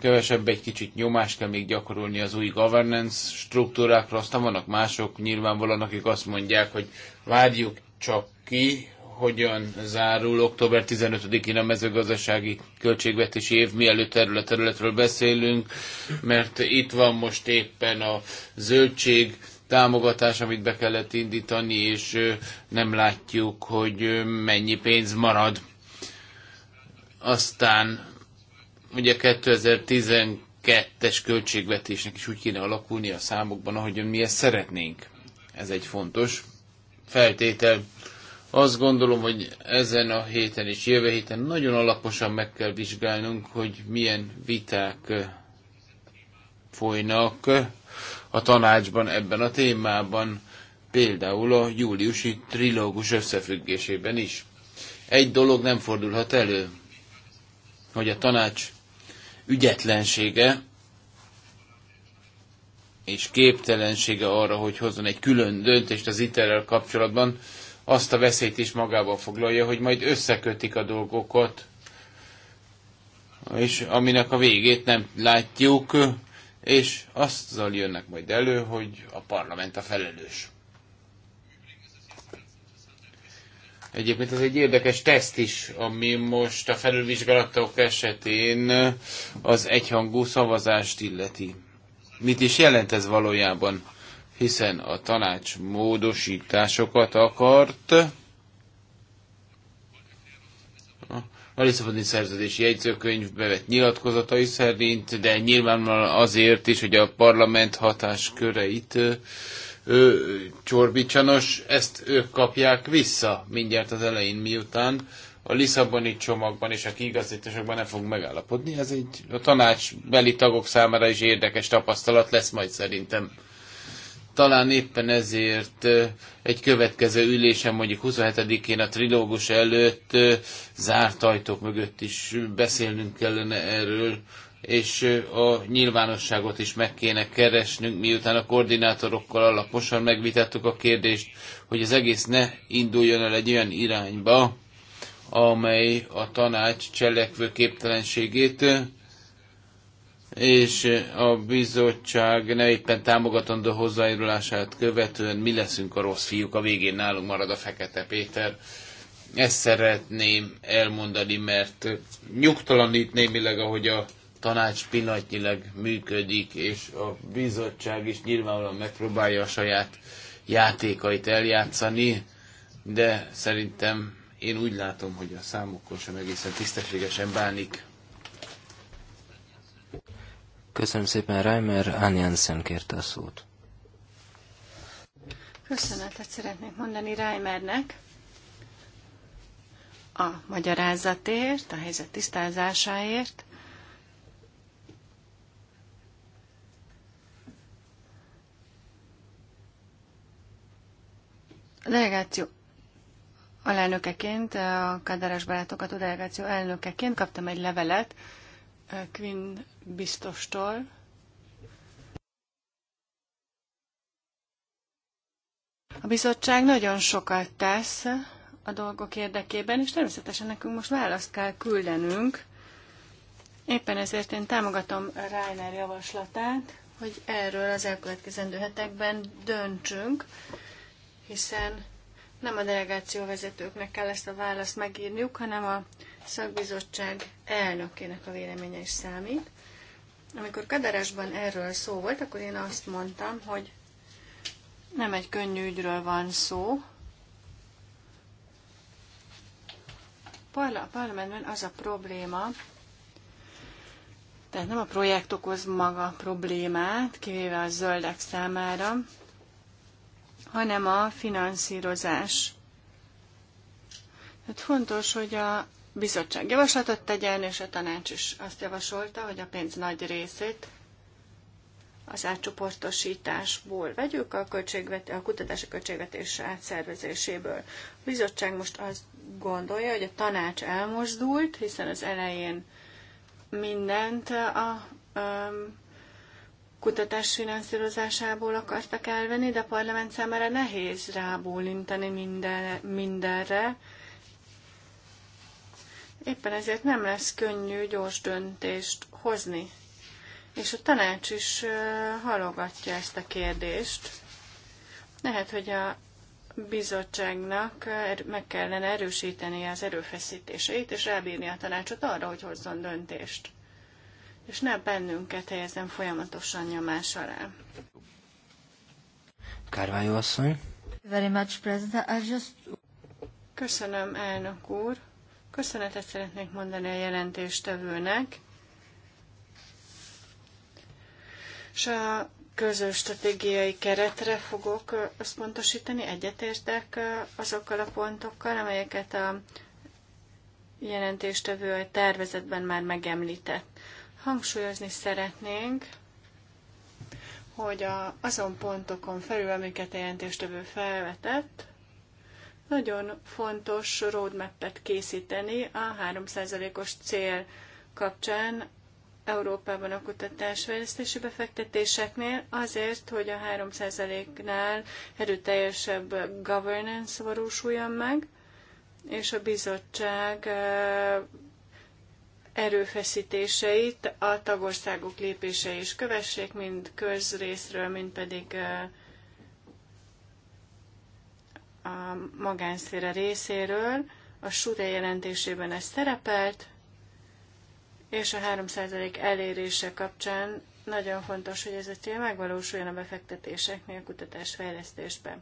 D: kevesebb, egy kicsit nyomást kell még gyakorolni az új governance struktúrákra, aztán vannak mások nyilvánvalóan, akik azt mondják, hogy várjuk csak ki, hogyan zárul október 15-én a mezőgazdasági költségvetési év, mielőtt erről a területről beszélünk, mert itt van most éppen a zöldség támogatás, amit be kellett indítani, és nem látjuk, hogy mennyi pénz marad. Aztán ugye 2012-es költségvetésnek is úgy kéne alakulni a számokban, ahogy mi ezt szeretnénk. Ez egy fontos feltétel. Azt gondolom, hogy ezen a héten és jövő héten nagyon alaposan meg kell vizsgálnunk, hogy milyen viták folynak a tanácsban ebben a témában, például a júliusi trilógus összefüggésében is. Egy dolog nem fordulhat elő, hogy a tanács ügyetlensége és képtelensége arra, hogy hozzon egy külön döntést az iterrel kapcsolatban, azt a veszélyt is magában foglalja, hogy majd összekötik a dolgokat, és aminek a végét nem látjuk, és azzal jönnek majd elő, hogy a parlament a felelős. Egyébként ez egy érdekes teszt is, ami most a felülvizsgálatok esetén az egyhangú szavazást illeti. Mit is jelent ez valójában? Hiszen a tanács módosításokat akart, a Lisszaboni szerződési jegyzőkönyv bevett nyilatkozatai szerint, de nyilvánvalóan azért is, hogy a parlament hatásköreit ő, csorbítsanos, ezt ők kapják vissza mindjárt az elején, miután a Lisszaboni csomagban és a kiigazításokban nem fog megállapodni. Ez egy a tanács beli tagok számára is érdekes tapasztalat lesz majd szerintem. Talán éppen ezért egy következő ülésen, mondjuk 27-én a trilógus előtt zárt ajtók mögött is beszélnünk kellene erről, és a nyilvánosságot is meg kéne keresnünk, miután a koordinátorokkal alaposan megvitattuk a kérdést, hogy az egész ne induljon el egy olyan irányba, amely a tanács cselekvő képtelenségét és a bizottság ne éppen támogatandó hozzájárulását követően mi leszünk a rossz fiúk, a végén nálunk marad a Fekete Péter. Ezt szeretném elmondani, mert nyugtalanít némileg, ahogy a tanács pillanatnyilag működik, és a bizottság is nyilvánvalóan megpróbálja a saját játékait eljátszani, de szerintem én úgy látom, hogy a számokkal sem egészen tisztességesen bánik.
B: Köszönöm szépen, Reimer. Anjansen kérte a szót.
C: Köszönetet szeretnék mondani Reimernek a magyarázatért, a helyzet tisztázásáért. A delegáció alelnökeként, a kaderes barátokat a delegáció elnökeként kaptam egy levelet, Quinn biztostól. A bizottság nagyon sokat tesz a dolgok érdekében, és természetesen nekünk most választ kell küldenünk. Éppen ezért én támogatom Reiner javaslatát, hogy erről az elkövetkezendő hetekben döntsünk, hiszen nem a delegáció vezetőknek kell ezt a választ megírniuk, hanem a szakbizottság elnökének a véleménye is számít. Amikor Kadarásban erről szó volt, akkor én azt mondtam, hogy nem egy könnyű ügyről van szó. A parlamentben az a probléma, tehát nem a projekt okoz maga problémát, kivéve a zöldek számára, hanem a finanszírozás. Tehát fontos, hogy a bizottság javaslatot tegyen, és a tanács is azt javasolta, hogy a pénz nagy részét az átcsoportosításból vegyük a, költségvet, a kutatási költségvetés átszervezéséből. A bizottság most azt gondolja, hogy a tanács elmozdult, hiszen az elején mindent a a kutatás finanszírozásából akartak elvenni, de a parlament számára nehéz rábólintani minden, mindenre, Éppen ezért nem lesz könnyű gyors döntést hozni. És a tanács is halogatja ezt a kérdést. Lehet, hogy a bizottságnak er-, meg kellene erősíteni az erőfeszítéseit, és rábírni a tanácsot arra, hogy hozzon döntést. És ne bennünket helyezzen folyamatosan nyomás alá.
B: Kárvályó asszony.
C: Very much, President. I just... Köszönöm, elnök úr. Köszönetet szeretnék mondani a jelentéstevőnek, és a közös stratégiai keretre fogok összpontosítani, egyetértek azokkal a pontokkal, amelyeket a jelentéstevő a tervezetben már megemlített. Hangsúlyozni szeretnénk, hogy a, azon pontokon felül, amiket a jelentéstevő felvetett, nagyon fontos roadmap-et készíteni a 3%-os cél kapcsán Európában a kutatásfejlesztési befektetéseknél azért, hogy a 3%-nál erőteljesebb governance valósuljon meg, és a bizottság erőfeszítéseit a tagországok lépései is kövessék, mind közrészről, mind pedig a magánszféra részéről, a SURE jelentésében ez szerepelt, és a 3% elérése kapcsán nagyon fontos, hogy ez a cél megvalósuljon a befektetéseknél, a kutatás fejlesztésben.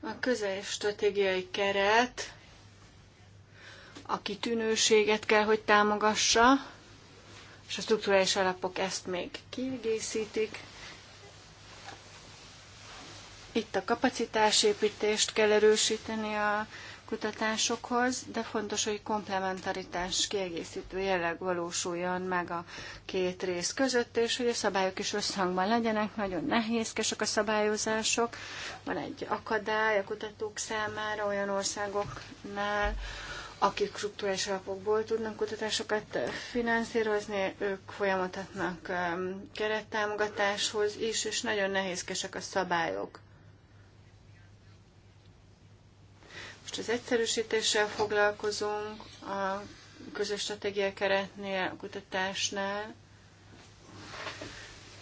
C: A közeli stratégiai keret a kitűnőséget kell, hogy támogassa, és a struktúrális alapok ezt még kiegészítik. Itt a kapacitásépítést kell erősíteni a kutatásokhoz, de fontos, hogy komplementaritás kiegészítő jelleg valósuljon meg a két rész között, és hogy a szabályok is összhangban legyenek, nagyon nehézkesek a szabályozások. Van egy akadály a kutatók számára olyan országoknál, akik struktúrás alapokból tudnak kutatásokat finanszírozni, ők folyamodhatnak um, kerettámogatáshoz is, és nagyon nehézkesek a szabályok. Most az egyszerűsítéssel foglalkozunk a közös stratégia keretnél, a kutatásnál.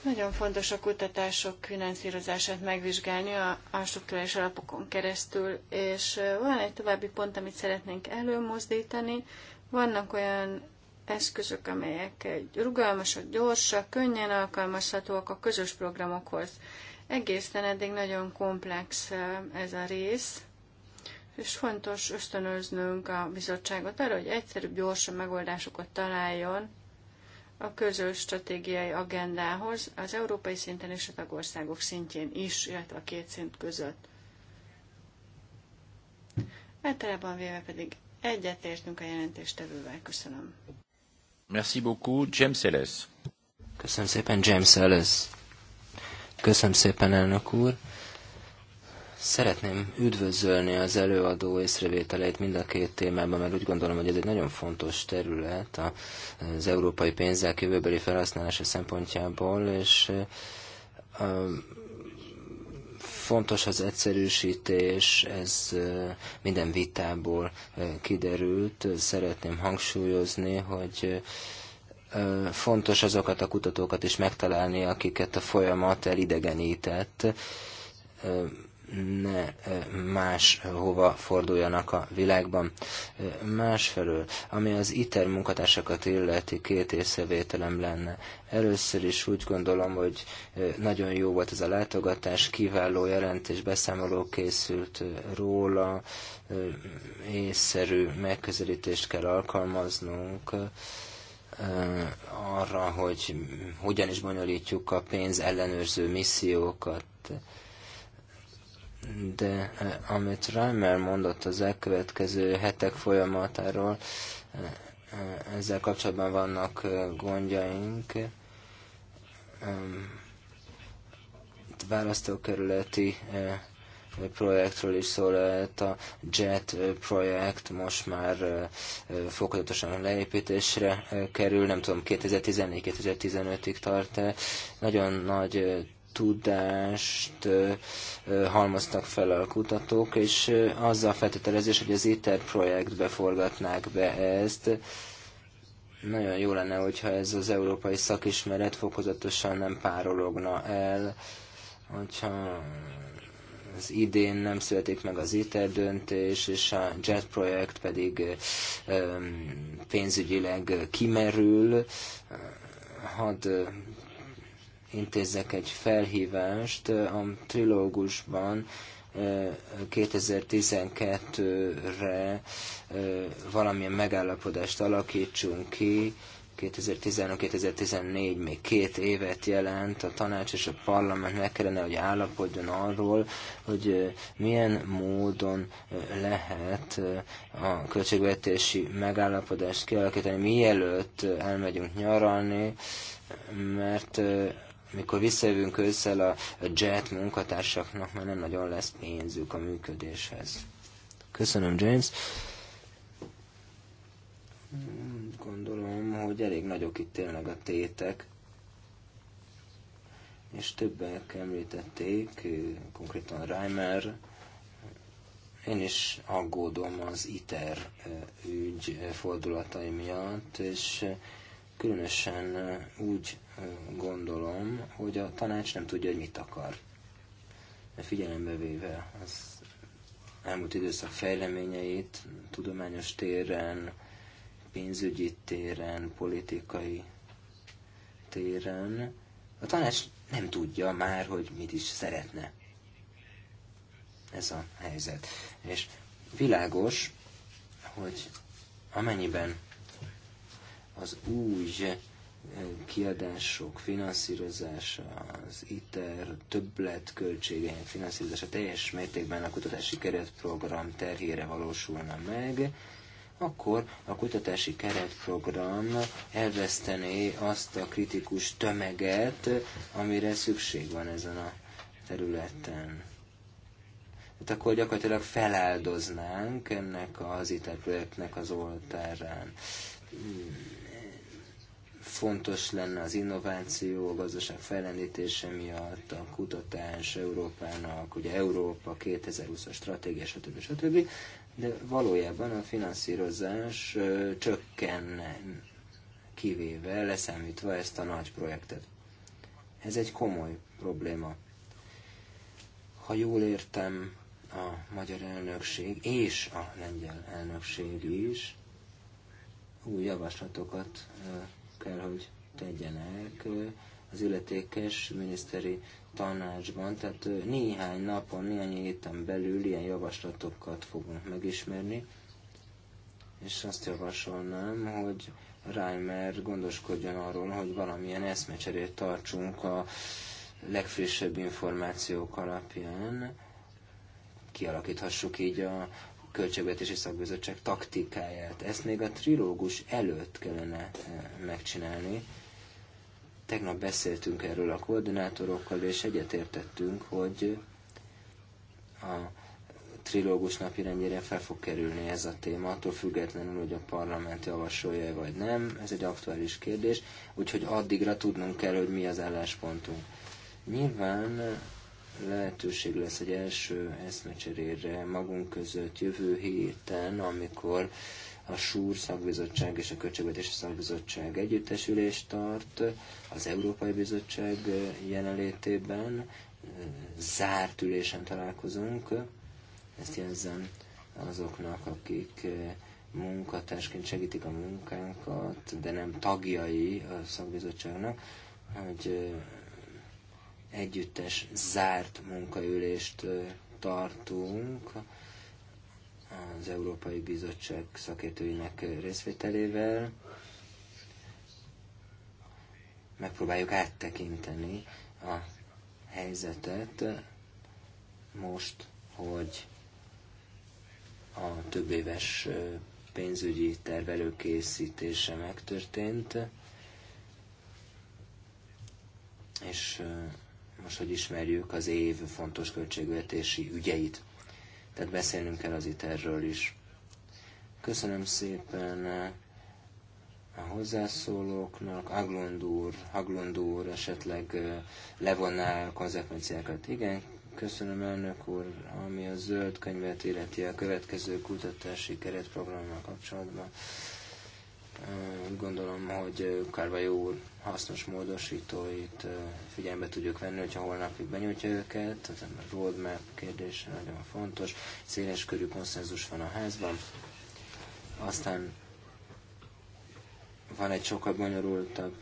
C: Nagyon fontos a kutatások finanszírozását megvizsgálni a, a struktúrális alapokon keresztül, és van egy további pont, amit szeretnénk előmozdítani. Vannak olyan eszközök, amelyek rugalmasak, gyorsak, könnyen alkalmazhatóak a közös programokhoz. Egészen eddig nagyon komplex ez a rész, és fontos ösztönöznünk a bizottságot arra, hogy egyszerűbb, gyorsabb megoldásokat találjon a közös stratégiai agendához az európai szinten és a tagországok szintjén is, illetve a két szint között. Általában véve pedig egyetértünk a jelentéstevővel. Köszönöm.
A: Merci beaucoup, James Ellis. Köszönöm
B: szépen, James Ellis. Köszönöm szépen, elnök úr. Szeretném üdvözölni az előadó észrevételeit mind a két témában, mert úgy gondolom, hogy ez egy nagyon fontos terület az európai pénzzel jövőbeli felhasználása szempontjából, és fontos az egyszerűsítés, ez minden vitából kiderült. Szeretném hangsúlyozni, hogy fontos azokat a kutatókat is megtalálni, akiket a folyamat elidegenített ne eh, más hova forduljanak a világban. Eh, másfelől, ami az ITER munkatársakat illeti, két észrevételem lenne. Először is úgy gondolom, hogy eh, nagyon jó volt ez a látogatás, kiváló jelentés, beszámoló készült róla, észszerű megközelítést kell alkalmaznunk arra, hogy hogyan is bonyolítjuk a pénz ellenőrző missziókat de eh, amit Reimer mondott az elkövetkező hetek folyamatáról, eh, eh, ezzel kapcsolatban vannak gondjaink. Választókerületi projektről is szól, lehet, a JET projekt most már fokozatosan leépítésre kerül, nem tudom, 2014-2015-ig tart -e. Nagyon nagy tudást halmoztak fel a kutatók, és azzal feltételezés, hogy az ITER projektbe forgatnák be ezt, nagyon jó lenne, hogyha ez az európai szakismeret fokozatosan nem párologna el, hogyha az idén nem születik meg az ITER döntés, és a JET projekt pedig pénzügyileg kimerül. Hadd intézzek egy felhívást a trilógusban 2012-re valamilyen megállapodást alakítsunk ki, 2013-2014 még két évet jelent, a tanács és a parlament meg kellene, hogy állapodjon arról, hogy milyen módon lehet a költségvetési megállapodást kialakítani, mielőtt elmegyünk nyaralni, mert mikor visszajövünk ősszel a JET munkatársaknak, már nem nagyon lesz pénzük a működéshez. Köszönöm, James. Gondolom, hogy elég nagyok itt tényleg a tétek és többek említették, konkrétan Reimer, én is aggódom az ITER ügy fordulatai miatt, és különösen úgy gondolom, hogy a tanács nem tudja, hogy mit akar. De figyelembe véve az elmúlt időszak fejleményeit tudományos téren, pénzügyi téren, politikai téren, a tanács nem tudja már, hogy mit is szeretne. Ez a helyzet. És világos, hogy amennyiben az új kiadások finanszírozása, az ITER többletköltségeinek finanszírozása teljes mértékben a kutatási keretprogram terhére valósulna meg, akkor a kutatási keretprogram elvesztené azt a kritikus tömeget, amire szükség van ezen a területen. Hát akkor gyakorlatilag feláldoznánk ennek az ITER projektnek az oltárán. Hmm fontos lenne az innováció, a gazdaság fejlendítése miatt, a kutatás Európának, ugye Európa 2020-as stratégia, stb. stb. De valójában a finanszírozás csökkenne kivéve, leszámítva ezt a nagy projektet. Ez egy komoly probléma. Ha jól értem, a magyar elnökség és a lengyel elnökség is új javaslatokat kell, hogy tegyenek az illetékes miniszteri tanácsban, tehát néhány napon, néhány héten belül ilyen javaslatokat fogunk megismerni, és azt javasolnám, hogy Reimer gondoskodjon arról, hogy valamilyen eszmecserét tartsunk a legfrissebb információk alapján, kialakíthassuk így a költségvetési szakbizottság taktikáját. Ezt még a trilógus előtt kellene eh, megcsinálni. Tegnap beszéltünk erről a koordinátorokkal, és egyetértettünk, hogy a trilógus napirendjére fel fog kerülni ez a téma, attól függetlenül, hogy a parlament javasolja vagy nem, ez egy aktuális kérdés, úgyhogy addigra tudnunk kell, hogy mi az álláspontunk. Nyilván lehetőség lesz egy első eszmecserére magunk között jövő héten, amikor a SUR szakbizottság és a Költségvetési Szakbizottság együttesülést tart az Európai Bizottság jelenlétében. Zárt ülésen találkozunk, ezt jelzem azoknak, akik munkatársként segítik a munkánkat, de nem tagjai a szakbizottságnak, hogy együttes zárt munkaülést tartunk az Európai Bizottság szakértőinek részvételével. Megpróbáljuk áttekinteni a helyzetet most, hogy a több éves pénzügyi tervelőkészítése megtörtént, és most, hogy ismerjük az év fontos költségvetési ügyeit. Tehát beszélnünk kell az iterről is. Köszönöm szépen a hozzászólóknak, Haglund úr, Haglund úr esetleg levonná a konzekvenciákat. Igen, köszönöm elnök úr, ami a zöld könyvet illeti a következő kutatási keretprogrammal kapcsolatban. Gondolom, hogy Kárvajó úr hasznos módosítóit figyelme tudjuk venni, hogyha holnapig benyújtja őket. Az a roadmap kérdése nagyon fontos. Széles körű konszenzus van a házban. Aztán van egy sokkal bonyolultabb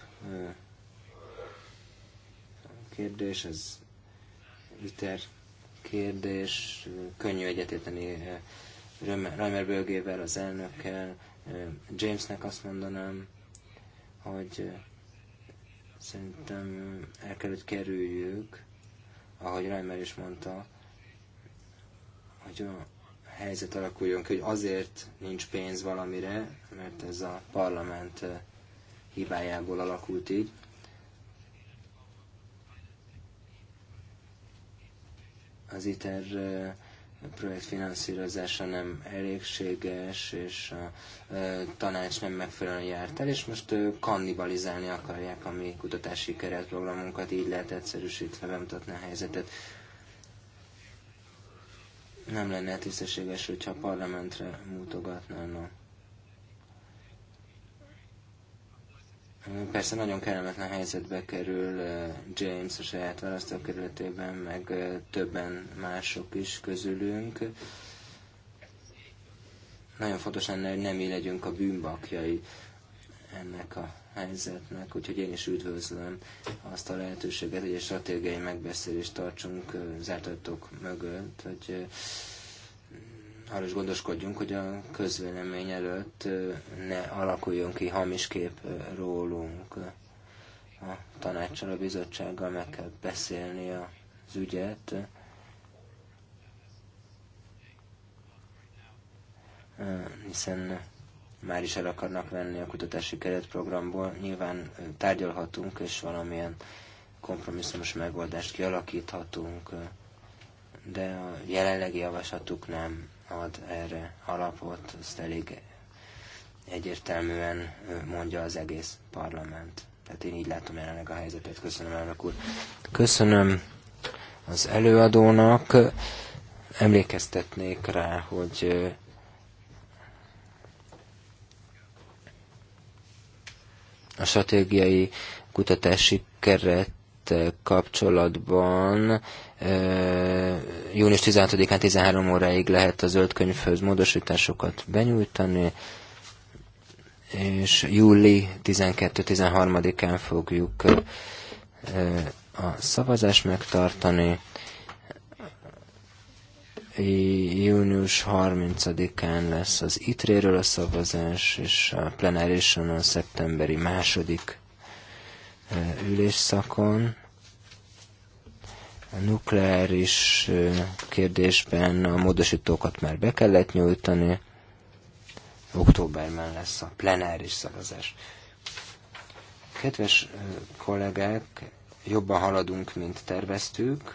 B: kérdés, ez liter kérdés, könnyű egyetérteni Römer Bölgével, az elnökkel, Jamesnek azt mondanám, hogy szerintem el kell, hogy kerüljük, ahogy Reimer is mondta, hogy a helyzet alakuljon ki, hogy azért nincs pénz valamire, mert ez a parlament hibájából alakult így. Az ITER projekt finanszírozása nem elégséges, és a tanács nem megfelelően járt el, és most kannibalizálni akarják a mi kutatási keretprogramunkat, így lehet egyszerűsítve bemutatni a helyzetet. Nem lenne tisztességes, hogyha a parlamentre mutogatnának. Persze nagyon kellemetlen helyzetbe kerül eh, James a saját választókerületében, meg eh, többen mások is közülünk. Nagyon fontos lenne, hogy nem mi legyünk a bűnbakjai ennek a helyzetnek, úgyhogy én is üdvözlöm azt a lehetőséget, hogy egy stratégiai megbeszélést tartsunk eh, zártatok mögött, hogy arra is gondoskodjunk, hogy a közvélemény előtt ne alakuljon ki hamis kép rólunk. A tanácsal, a bizottsággal meg kell beszélni az ügyet. Hiszen már is el akarnak venni a kutatási keretprogramból. Nyilván tárgyalhatunk, és valamilyen kompromisszumos megoldást kialakíthatunk, de a jelenlegi javaslatuk nem ad erre alapot, ezt elég egyértelműen mondja az egész parlament. Tehát én így látom jelenleg a helyzetet. Köszönöm, elnök úr. Köszönöm az előadónak. Emlékeztetnék rá, hogy a stratégiai kutatási keret Eh, kapcsolatban eh, június 16-án 13 óráig lehet a zöld könyvhöz módosításokat benyújtani, és júli 12-13-án fogjuk eh, a szavazást megtartani. Június 30-án lesz az itre ről a szavazás, és a plenárison a szeptemberi második ülésszakon. A nukleáris kérdésben a módosítókat már be kellett nyújtani. Októberben lesz a plenáris szavazás. Kedves kollégák, jobban haladunk, mint terveztük,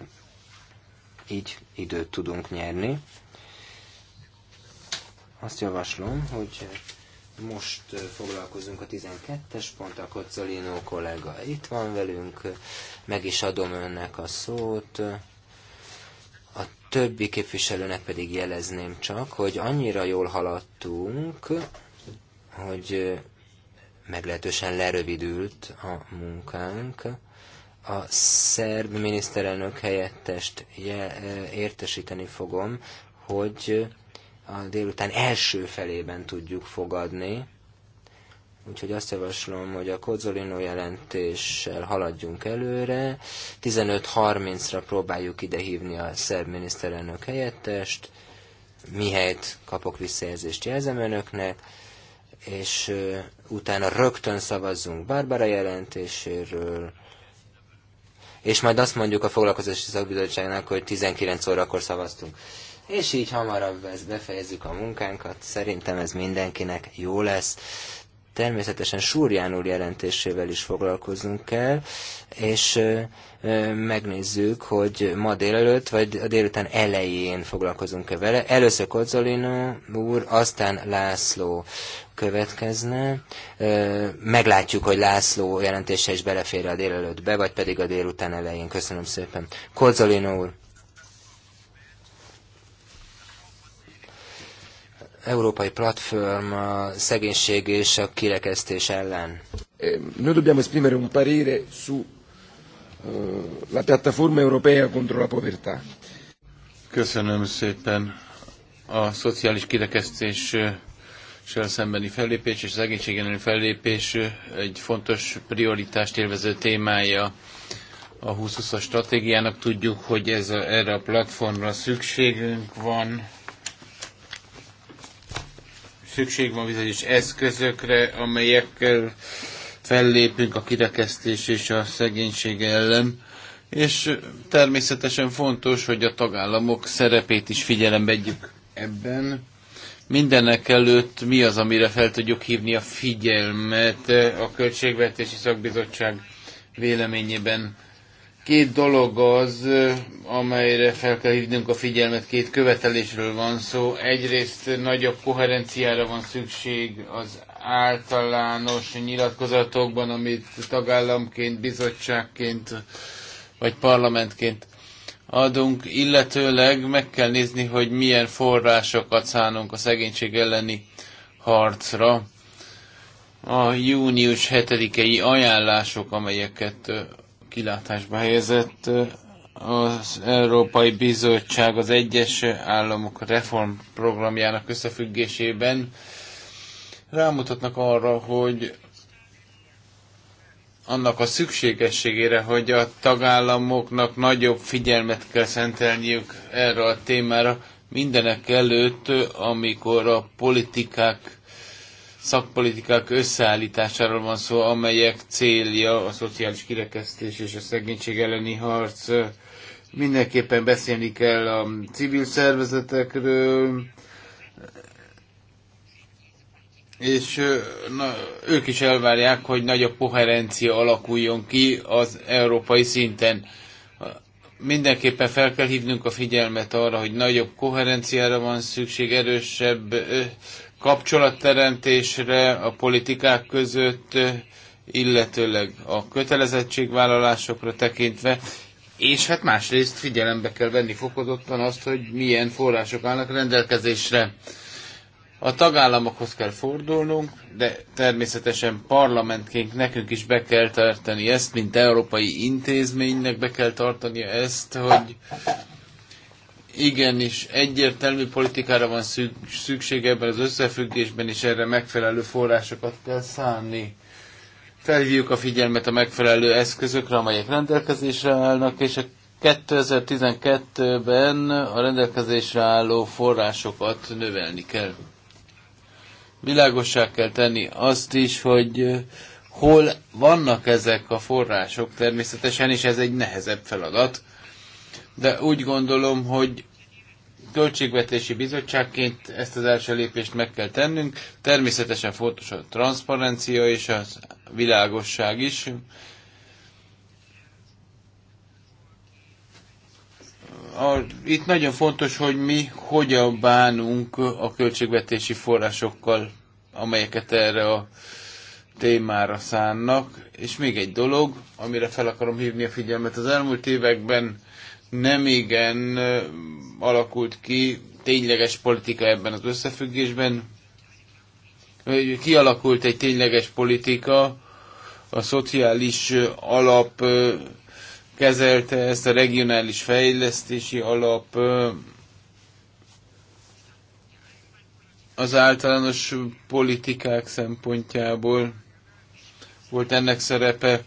B: így időt tudunk nyerni. Azt javaslom, hogy most foglalkozunk a 12-es a Kocolino kollega itt van velünk, meg is adom önnek a szót. A többi képviselőnek pedig jelezném csak, hogy annyira jól haladtunk, hogy meglehetősen lerövidült a munkánk. A szerb miniszterelnök helyettest értesíteni fogom, hogy a délután első felében tudjuk fogadni. Úgyhogy azt javaslom, hogy a Kozzolino jelentéssel haladjunk előre. 15.30-ra próbáljuk idehívni a szerb miniszterelnök helyettest. Mihelyt kapok visszajelzést jelzem önöknek, és utána rögtön szavazzunk Bárbara jelentéséről, és majd azt mondjuk a foglalkozási szakbizottságnak, hogy 19 órakor szavaztunk és így hamarabb ezt befejezzük a munkánkat. Szerintem ez mindenkinek jó lesz. Természetesen Súrján úr jelentésével is foglalkozunk kell, és megnézzük, hogy ma délelőtt, vagy a délután elején foglalkozunk-e vele. Először Kozzolino úr, aztán László következne. Meglátjuk, hogy László jelentése is belefér a délelőttbe, vagy pedig a délután elején. Köszönöm szépen. Kozzolino úr. európai platform a szegénység és a kirekesztés ellen. Eh,
D: noi dobbiamo esprimere un parere su eh, la piattaforma europea contro la povertà. Köszönöm szépen a szociális kirekesztés szembeni fellépés és az egészség fellépés egy fontos prioritást élvező témája a 2020-as stratégiának. Tudjuk, hogy ez a, erre a platformra szükségünk van szükség van bizonyos eszközökre, amelyekkel fellépünk a kirekesztés és a szegénység ellen. És természetesen fontos, hogy a tagállamok szerepét is figyelembe vegyük ebben. Mindenek előtt mi az, amire fel tudjuk hívni a figyelmet a Költségvetési Szakbizottság véleményében Két dolog az, amelyre fel kell hívnunk a figyelmet, két követelésről van szó. Egyrészt nagyobb koherenciára van szükség az általános nyilatkozatokban, amit tagállamként, bizottságként vagy parlamentként adunk, illetőleg meg kell nézni, hogy milyen forrásokat szánunk a szegénység elleni harcra. A június 7-i ajánlások, amelyeket kilátásba helyezett. Az Európai Bizottság az egyes államok reformprogramjának összefüggésében rámutatnak arra, hogy annak a szükségességére, hogy a tagállamoknak nagyobb figyelmet kell szentelniük erre a témára mindenek előtt, amikor a politikák szakpolitikák összeállításáról van szó, amelyek célja a szociális kirekesztés és a szegénység elleni harc. Mindenképpen beszélni kell a civil szervezetekről, és na, ők is elvárják, hogy nagyobb koherencia alakuljon ki az európai szinten. Mindenképpen fel kell hívnunk a figyelmet arra, hogy nagyobb koherenciára van szükség, erősebb kapcsolatteremtésre a politikák között, illetőleg a kötelezettségvállalásokra tekintve, és hát másrészt figyelembe kell venni fokozottan azt, hogy milyen források állnak rendelkezésre. A tagállamokhoz kell fordulnunk, de természetesen parlamentként nekünk is be kell tartani ezt, mint európai intézménynek be kell tartani ezt, hogy igenis egyértelmű politikára van szükség ebben az összefüggésben, és erre megfelelő forrásokat kell szánni. Felhívjuk a figyelmet a megfelelő eszközökre, amelyek rendelkezésre állnak, és a 2012-ben a rendelkezésre álló forrásokat növelni kell. Világosság kell tenni azt is, hogy hol vannak ezek a források természetesen, és ez egy nehezebb feladat. De úgy gondolom, hogy Költségvetési bizottságként ezt az első lépést meg kell tennünk. Természetesen fontos a transzparencia és a világosság is. a, itt nagyon fontos, hogy mi hogyan bánunk a költségvetési forrásokkal, amelyeket erre a témára szánnak. És még egy dolog, amire fel akarom hívni a figyelmet. Az elmúlt években nem igen alakult ki tényleges politika ebben az összefüggésben. Kialakult egy tényleges politika, a szociális alap kezelte ezt a regionális fejlesztési alap, az általános politikák szempontjából volt ennek szerepe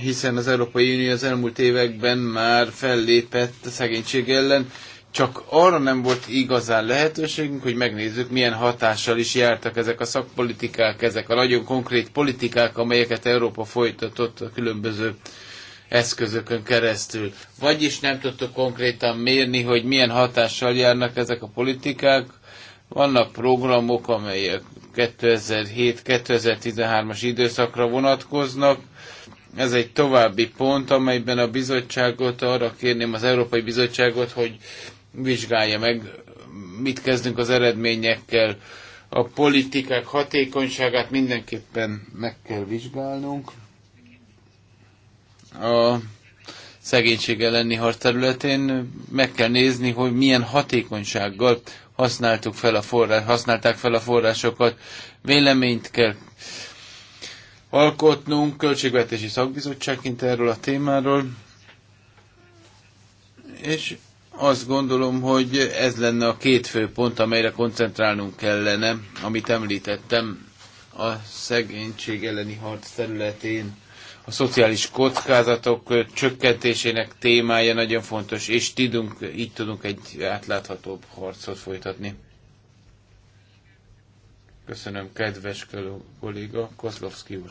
D: hiszen az Európai Unió az elmúlt években már fellépett a szegénység ellen, csak arra nem volt igazán lehetőségünk, hogy megnézzük, milyen hatással is jártak ezek a szakpolitikák, ezek a nagyon konkrét politikák, amelyeket Európa folytatott a különböző eszközökön keresztül. Vagyis nem tudtuk konkrétan mérni, hogy milyen hatással járnak ezek a politikák. Vannak programok, amelyek 2007-2013-as időszakra vonatkoznak, ez egy további pont, amelyben a bizottságot arra kérném az Európai Bizottságot, hogy vizsgálja meg, mit kezdünk az eredményekkel. A politikák hatékonyságát mindenképpen meg kell vizsgálnunk. A szegénység elleni harc területén meg kell nézni, hogy milyen hatékonysággal használtuk fel a forrás, használták fel a forrásokat. Véleményt kell alkotnunk költségvetési szakbizottságként erről a témáról, és azt gondolom, hogy ez lenne a két fő pont, amelyre koncentrálnunk kellene, amit említettem a szegénység elleni harc területén. A szociális kockázatok csökkentésének témája nagyon fontos, és tudunk, így tudunk egy átláthatóbb harcot folytatni. Köszönöm, kedves kolléga, Kozlovszki úr.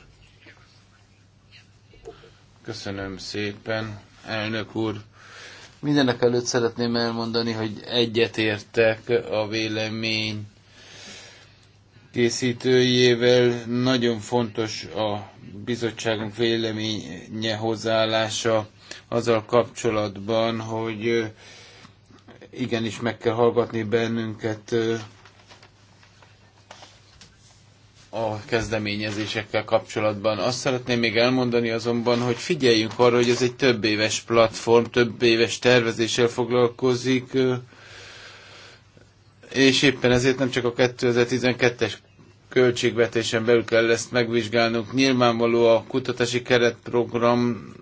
D: Köszönöm szépen, elnök úr. Mindenek előtt szeretném elmondani, hogy egyetértek a vélemény készítőjével. Nagyon fontos a bizottságunk véleménye hozzáállása azzal kapcsolatban, hogy igenis meg kell hallgatni bennünket a kezdeményezésekkel kapcsolatban. Azt szeretném még elmondani azonban, hogy figyeljünk arra, hogy ez egy több éves platform, több éves tervezéssel foglalkozik, és éppen ezért nem csak a 2012-es költségvetésen belül kell ezt megvizsgálnunk. Nyilvánvaló a kutatási keretprogram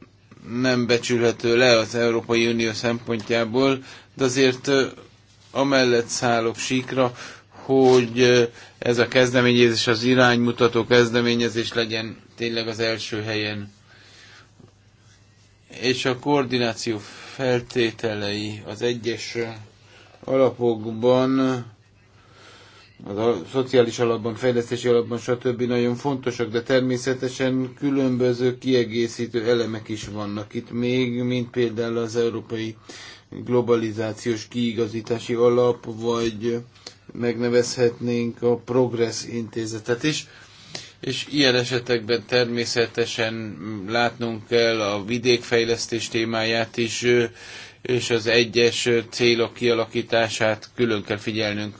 D: nem becsülhető le az Európai Unió szempontjából, de azért amellett szállok síkra, hogy ez a kezdeményezés, az iránymutató kezdeményezés legyen tényleg az első helyen. És a koordináció feltételei az egyes alapokban, az a szociális alapban, fejlesztési alapban, stb. nagyon fontosak, de természetesen különböző kiegészítő elemek is vannak itt még, mint például az európai globalizációs kiigazítási alap, vagy megnevezhetnénk a Progress Intézetet is, és ilyen esetekben természetesen látnunk kell a vidékfejlesztés témáját is, és az egyes célok kialakítását külön kell figyelnünk,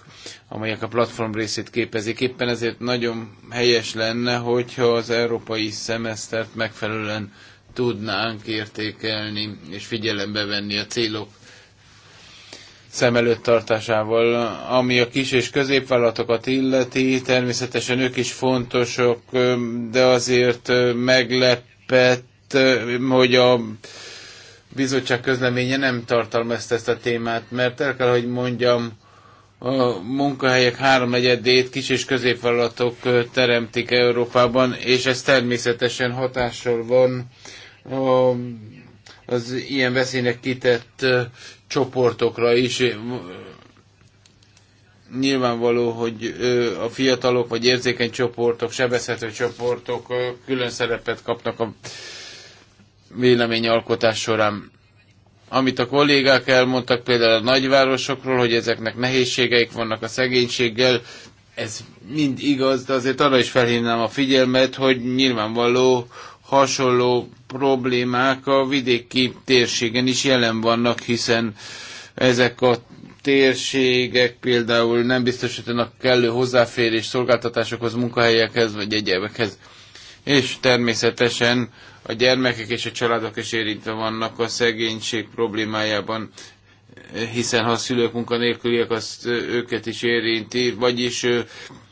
D: amelyek a platform részét képezik. Éppen ezért nagyon helyes lenne, hogyha az európai szemesztert megfelelően tudnánk értékelni és figyelembe venni a célok szem előtt tartásával. Ami a kis és középvállalatokat illeti, természetesen ők is fontosok, de azért meglepett, hogy a bizottság közleménye nem tartalmazta ezt a témát, mert el kell, hogy mondjam, a munkahelyek háromnegyedét kis és középvállalatok teremtik Európában, és ez természetesen hatással van a az ilyen veszélynek kitett csoportokra is. Nyilvánvaló, hogy a fiatalok vagy érzékeny csoportok, sebezhető csoportok külön szerepet kapnak a véleményalkotás során. Amit a kollégák elmondtak például a nagyvárosokról, hogy ezeknek nehézségeik vannak a szegénységgel, ez mind igaz, de azért arra is felhívnám a figyelmet, hogy nyilvánvaló, hasonló problémák a vidéki térségen is jelen vannak, hiszen ezek a térségek például nem biztosítanak kellő hozzáférés szolgáltatásokhoz, munkahelyekhez vagy egyebekhez. És természetesen a gyermekek és a családok is érintve vannak a szegénység problémájában, hiszen ha a szülők munkanélküliek, azt őket is érinti, vagyis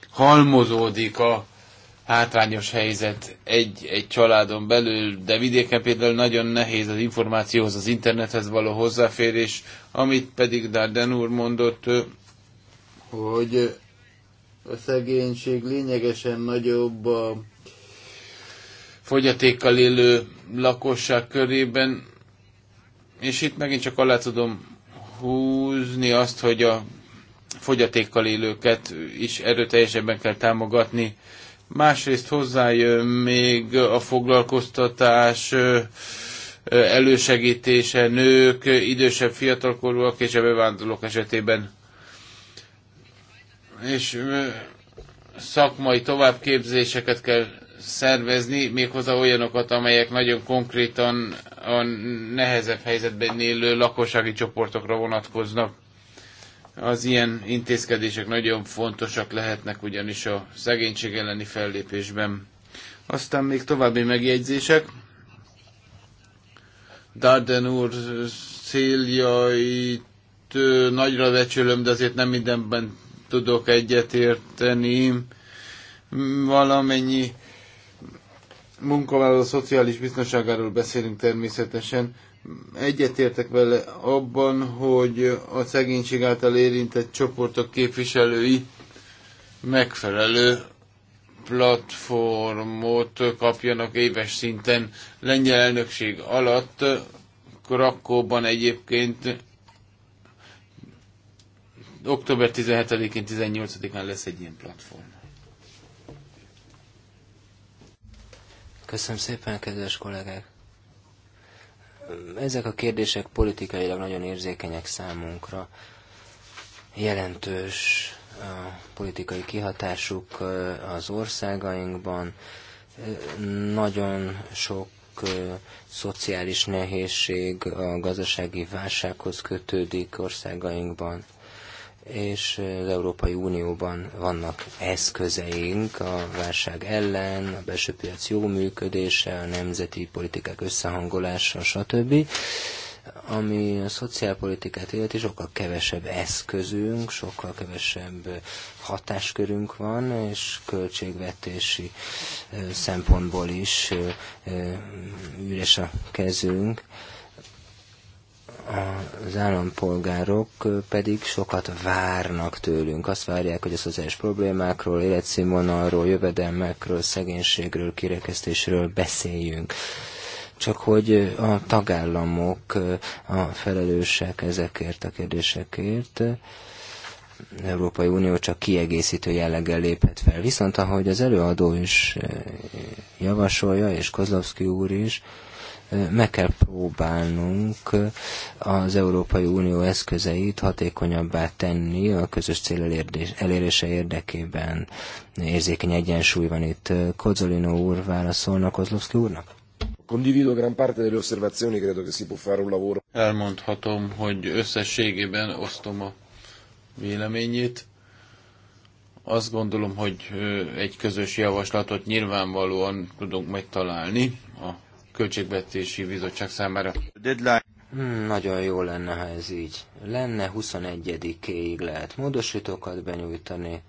D: halmozódik a hátrányos helyzet egy, egy családon belül, de vidéken például nagyon nehéz az információhoz, az internethez való hozzáférés, amit pedig Darden úr mondott,
B: hogy a
D: szegénység lényegesen nagyobb a fogyatékkal élő lakosság körében, és itt megint csak alá tudom húzni azt, hogy a fogyatékkal élőket is erőteljesebben kell támogatni, Másrészt hozzájön még a foglalkoztatás elősegítése nők, idősebb fiatalkorúak és a bevándorlók esetében. És szakmai továbbképzéseket kell szervezni, méghozzá olyanokat, amelyek nagyon konkrétan a nehezebb helyzetben élő lakossági csoportokra vonatkoznak. Az ilyen intézkedések nagyon fontosak lehetnek ugyanis a szegénység elleni fellépésben. Aztán még további megjegyzések. Darden úr céljait nagyra becsülöm, de azért nem mindenben tudok egyetérteni. Valamennyi munkavállaló szociális biztonságáról beszélünk természetesen, egyetértek vele abban, hogy a szegénység által érintett csoportok képviselői megfelelő platformot kapjanak éves szinten. Lengyel elnökség alatt Krakóban egyébként október 17-én, 18-án lesz egy ilyen platform.
B: Köszönöm szépen, kedves kollégák! Ezek a kérdések politikailag nagyon érzékenyek számunkra. Jelentős a politikai kihatásuk az országainkban. Nagyon sok szociális nehézség a gazdasági válsághoz kötődik országainkban és az Európai Unióban vannak eszközeink a válság ellen, a belső piac jó működése, a nemzeti politikák összehangolása, stb. Ami a szociálpolitikát illeti, sokkal kevesebb eszközünk, sokkal kevesebb hatáskörünk van, és költségvetési szempontból is üres a kezünk az állampolgárok pedig sokat várnak tőlünk. Azt várják, hogy a szociális problémákról, életszínvonalról, jövedelmekről, szegénységről, kirekesztésről beszéljünk. Csak hogy a tagállamok a felelősek ezekért a kérdésekért, az Európai Unió csak kiegészítő jelleggel léphet fel. Viszont ahogy az előadó is eh, javasolja, és Kozlovszki úr is, meg kell próbálnunk az Európai Unió eszközeit hatékonyabbá tenni a közös cél elérése érdekében. Érzékeny egyensúly van itt. Kozolino úr válaszolna Kozlovszki úrnak?
D: gran parte delle osservazioni, credo che si può fare un lavoro. Elmondhatom, hogy összességében osztom a véleményét. Azt gondolom, hogy egy közös javaslatot nyilvánvalóan tudunk megtalálni
B: Költségvetési Bizottság számára. Deadline. Hmm, nagyon jó lenne, ha ez így lenne. 21-éig lehet módosítókat benyújtani.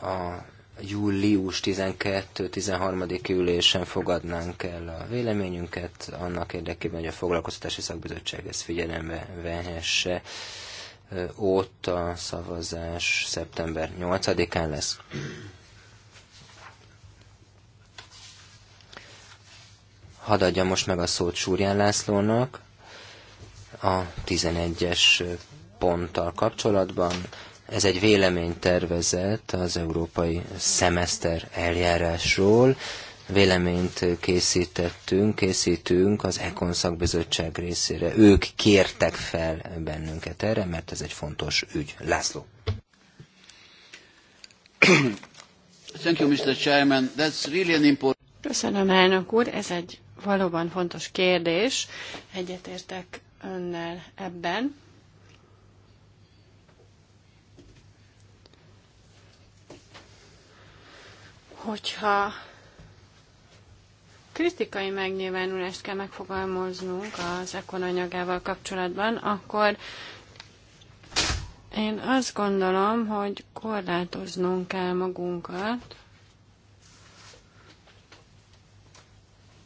B: A július 12-13. ülésen fogadnánk el a véleményünket, annak érdekében, hogy a foglalkoztatási szakbizottság ezt figyelembe vehesse. Ott a szavazás szeptember 8-án lesz. Hadd adja most meg a szót Súrján Lászlónak a 11-es ponttal kapcsolatban. Ez egy véleménytervezet az európai szemeszter eljárásról. Véleményt készítettünk, készítünk az Ekon szakbizottság részére. Ők kértek fel bennünket erre, mert ez egy fontos ügy. László.
D: Thank you, Mr. Chairman. That's really an important...
C: Köszönöm, elnök úr. Ez egy valóban fontos kérdés, egyetértek önnel ebben. Hogyha kritikai megnyilvánulást kell megfogalmaznunk az ekonanyagával kapcsolatban, akkor én azt gondolom, hogy korlátoznunk kell magunkat,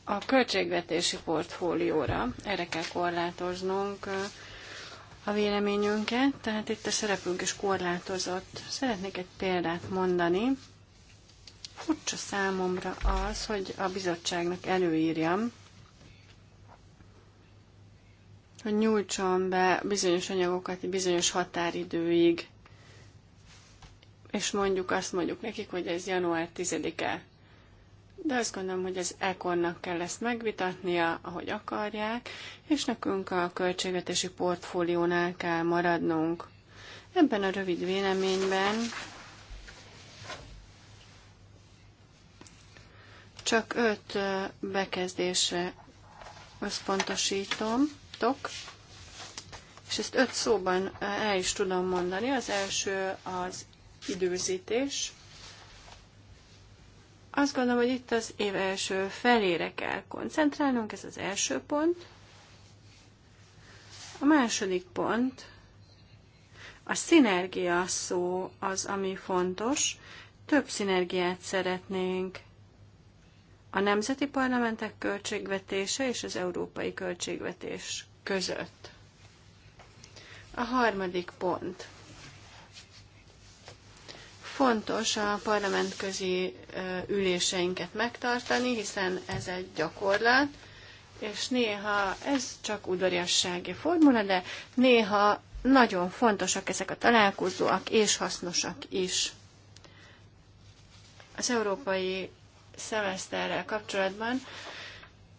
C: a költségvetési portfólióra, erre kell korlátoznunk a véleményünket, tehát itt a szerepünk is korlátozott. Szeretnék egy példát mondani. Furcsa számomra az, hogy a bizottságnak előírjam, hogy nyújtson be bizonyos anyagokat bizonyos határidőig, és mondjuk azt mondjuk nekik, hogy ez január 10-e de azt gondolom, hogy az ekornak kell ezt megvitatnia, ahogy akarják, és nekünk a költségvetési portfóliónál kell maradnunk. Ebben a rövid véleményben csak öt bekezdésre összpontosítom, tok, és ezt öt szóban el is tudom mondani. Az első az időzítés. Azt gondolom, hogy itt az év első felére kell koncentrálnunk, ez az első pont. A második pont, a szinergia szó az, ami fontos. Több szinergiát szeretnénk a nemzeti parlamentek költségvetése és az európai költségvetés között. A harmadik pont. Fontos a parlamentközi üléseinket megtartani, hiszen ez egy gyakorlat, és néha ez csak udvariassági formula, de néha nagyon fontosak ezek a találkozóak, és hasznosak is. Az európai szemeszterrel kapcsolatban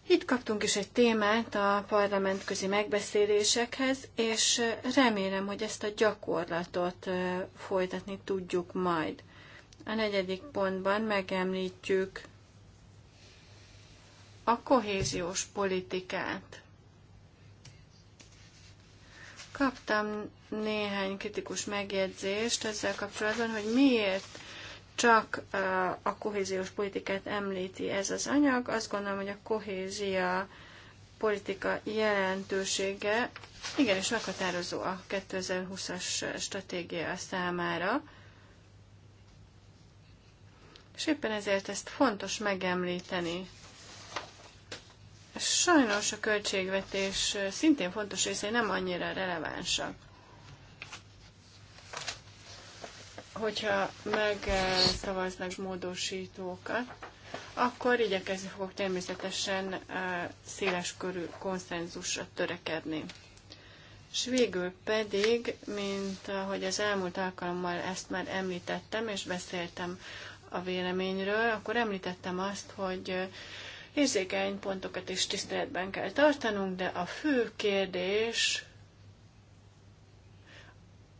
C: itt kaptunk is egy témát a parlamentközi megbeszélésekhez, és remélem, hogy ezt a gyakorlatot folytatni tudjuk majd. A negyedik pontban megemlítjük a kohéziós politikát. Kaptam néhány kritikus megjegyzést ezzel kapcsolatban, hogy miért csak a kohéziós politikát említi ez az anyag. Azt gondolom, hogy a kohézia politika jelentősége igenis meghatározó a 2020-as stratégia számára. És éppen ezért ezt fontos megemlíteni. Sajnos a költségvetés szintén fontos része, nem annyira relevánsak. hogyha megszavaznak módosítókat, akkor igyekezni fogok természetesen széles körű konszenzusra törekedni. És végül pedig, mint ahogy az elmúlt alkalommal ezt már említettem, és beszéltem a véleményről, akkor említettem azt, hogy érzékeny pontokat is tiszteletben kell tartanunk, de a fő kérdés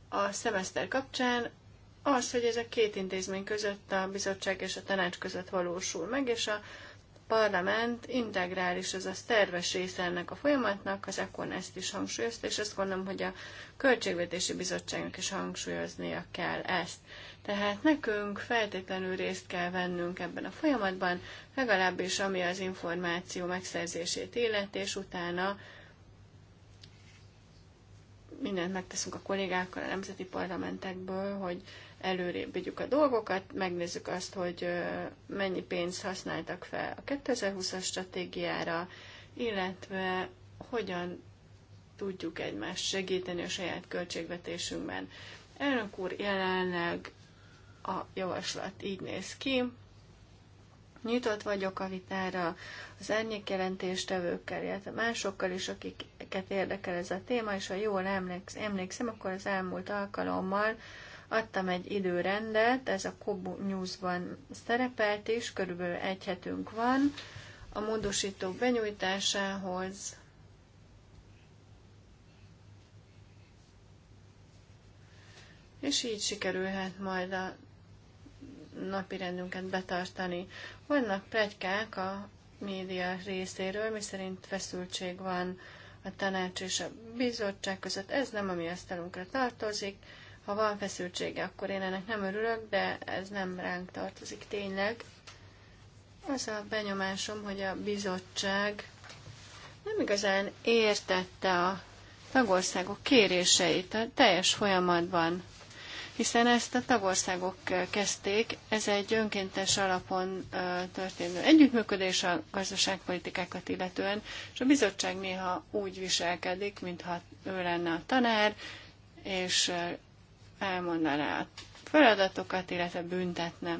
C: a szemeszter kapcsán az, hogy ez a két intézmény között, a bizottság és a tanács között valósul meg, és a parlament integrális, a szerves része ennek a folyamatnak, az ECON ezt is hangsúlyozta, és azt gondolom, hogy a Költségvetési Bizottságnak is hangsúlyoznia kell ezt. Tehát nekünk feltétlenül részt kell vennünk ebben a folyamatban, legalábbis ami az információ megszerzését illeti, és utána mindent megteszünk a kollégákkal a nemzeti parlamentekből, hogy előrébb vigyük a dolgokat, megnézzük azt, hogy mennyi pénzt használtak fel a 2020-as stratégiára, illetve hogyan tudjuk egymást segíteni a saját költségvetésünkben. Elnök úr, jelenleg a javaslat így néz ki. Nyitott vagyok a vitára az árnyékjelentéstevőkkel, illetve másokkal is, akiket érdekel ez a téma, és ha jól emlékszem, akkor az elmúlt alkalommal Adtam egy időrendet, ez a Kobu News-ban szerepelt is, körülbelül egy hetünk van a módosító benyújtásához. És így sikerülhet majd a napi rendünket betartani. Vannak pregykák a média részéről, miszerint feszültség van a tanács és a bizottság között. Ez nem a mi asztalunkra tartozik. Ha van feszültsége, akkor én ennek nem örülök, de ez nem ránk tartozik tényleg. Az a benyomásom, hogy a bizottság nem igazán értette a tagországok kéréseit a teljes folyamatban, hiszen ezt a tagországok kezdték, ez egy önkéntes alapon történő együttműködés a gazdaságpolitikákat illetően, és a bizottság néha úgy viselkedik, mintha ő lenne a tanár, és elmondaná a feladatokat, illetve büntetne.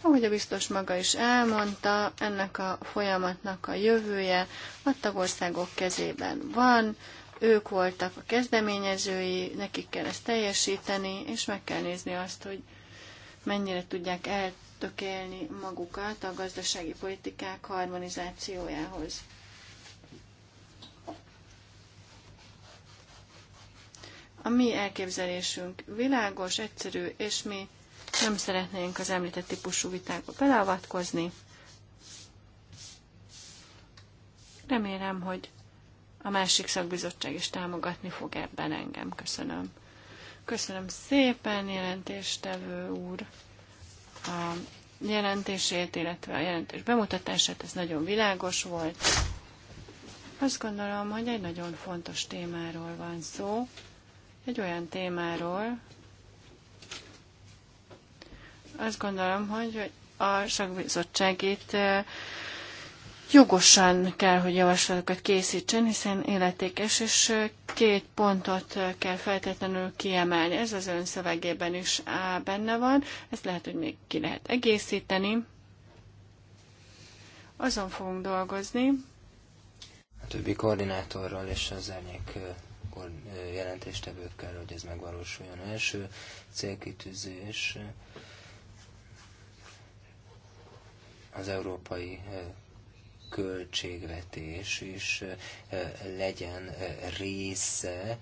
C: Ahogy a biztos maga is elmondta, ennek a folyamatnak a jövője a tagországok kezében van, ők voltak a kezdeményezői, nekik kell ezt teljesíteni, és meg kell nézni azt, hogy mennyire tudják eltökélni magukat a gazdasági politikák harmonizációjához. A mi elképzelésünk világos, egyszerű, és mi nem szeretnénk az említett típusú vitákba beleavatkozni. Remélem, hogy a másik szakbizottság is támogatni fog ebben engem. Köszönöm. Köszönöm szépen, jelentéstevő úr, a jelentését, illetve a jelentés bemutatását, ez nagyon világos volt. Azt gondolom, hogy egy nagyon fontos témáról van szó egy olyan témáról, azt gondolom, hogy a szakbizottság itt jogosan kell, hogy javaslatokat készítsen, hiszen életékes, és két pontot kell feltétlenül kiemelni. Ez az ön szövegében is á, benne van, ezt lehet, hogy még ki lehet egészíteni. Azon fogunk dolgozni.
B: A többi koordinátorral és az elnyék akkor kell, hogy ez megvalósuljon. Első célkitűzés az európai költségvetés is legyen része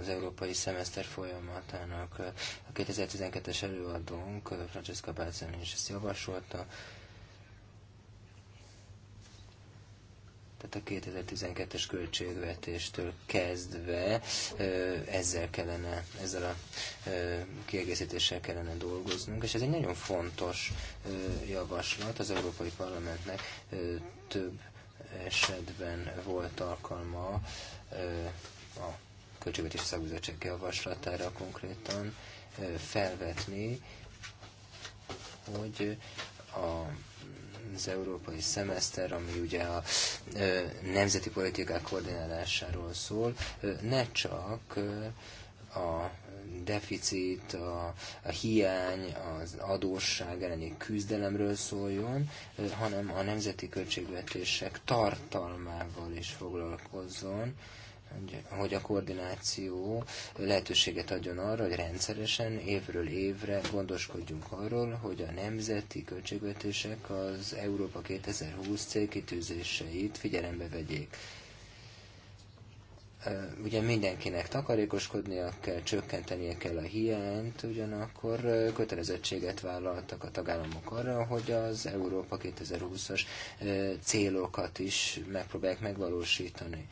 B: az európai szemeszter folyamatának. A 2012-es előadónk, Francesca Bácán is ezt javasolta, Tehát a 2012-es költségvetéstől kezdve ezzel kellene, ezzel a kiegészítéssel kellene dolgoznunk, és ez egy nagyon fontos javaslat az Európai Parlamentnek több esetben volt alkalma a költségvetési szakbizottság javaslatára konkrétan felvetni, hogy a az európai szemeszter, ami ugye a nemzeti politikák koordinálásáról szól, ne csak a deficit, a, a hiány, az adósság elleni küzdelemről szóljon, hanem a nemzeti költségvetések tartalmával is foglalkozzon, hogy a koordináció lehetőséget adjon arra, hogy rendszeresen évről évre gondoskodjunk arról, hogy a nemzeti költségvetések az Európa 2020 célkitűzéseit figyelembe vegyék ugye mindenkinek takarékoskodnia kell, csökkentenie kell a hiányt, ugyanakkor kötelezettséget vállaltak a tagállamok arra, hogy az Európa 2020-as célokat is megpróbálják megvalósítani.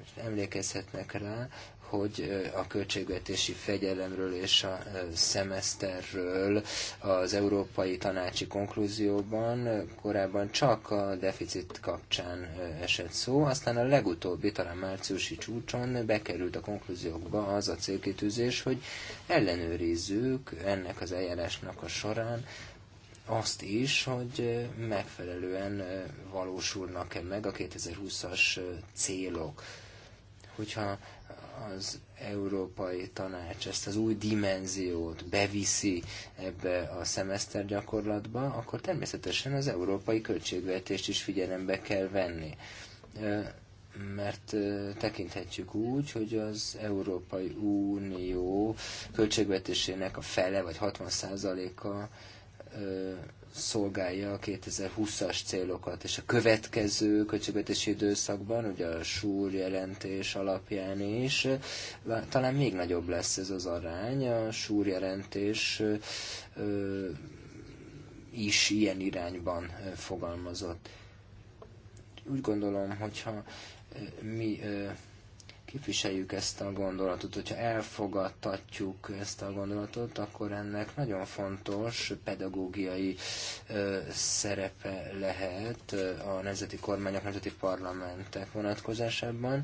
B: Most emlékezhetnek rá, hogy a költségvetési fegyelemről és a szemeszterről az Európai Tanácsi konklúzióban korábban csak a deficit kapcsán esett szó, aztán a legutóbbi, talán márciusi csúcson bekerült a konklúziókba az a célkitűzés, hogy ellenőrizzük ennek az eljárásnak a során, azt is, hogy megfelelően valósulnak-e meg a 2020-as célok hogyha az Európai Tanács ezt az új dimenziót beviszi ebbe a szemeszter gyakorlatba, akkor természetesen az európai költségvetést is figyelembe kell venni. Mert tekinthetjük úgy, hogy az Európai Unió költségvetésének a fele vagy 60%-a szolgálja a 2020-as célokat, és a következő költségvetési időszakban, ugye a súr jelentés alapján is, talán még nagyobb lesz ez az arány, a súr jelentés is ilyen irányban fogalmazott. Úgy gondolom, hogyha mi képviseljük ezt a gondolatot, hogyha elfogadtatjuk ezt a gondolatot, akkor ennek nagyon fontos pedagógiai ö, szerepe lehet a nemzeti kormányok, nemzeti parlamentek vonatkozásában,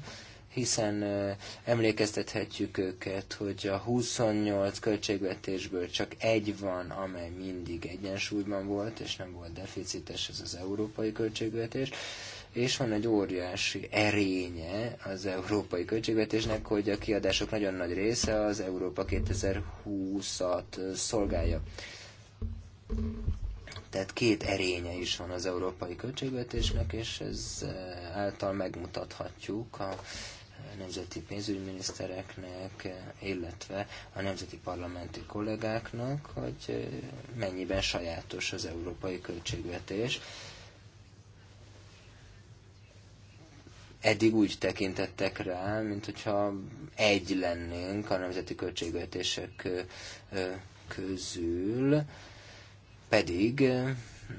B: hiszen ö, emlékeztethetjük őket, hogy a 28 költségvetésből csak egy van, amely mindig egyensúlyban volt, és nem volt deficites, ez az európai költségvetés. Ö, és van egy óriási erénye az európai költségvetésnek, hogy a kiadások nagyon nagy része az Európa 2020-at szolgálja. Tehát két erénye is van az európai költségvetésnek, és ez eh, által megmutathatjuk a eh, nemzeti pénzügyminisztereknek, eh, illetve a nemzeti parlamenti kollégáknak, hogy mennyiben sajátos az európai költségvetés eddig úgy tekintettek rá, mint hogyha egy lennénk a nemzeti költségvetések közül, pedig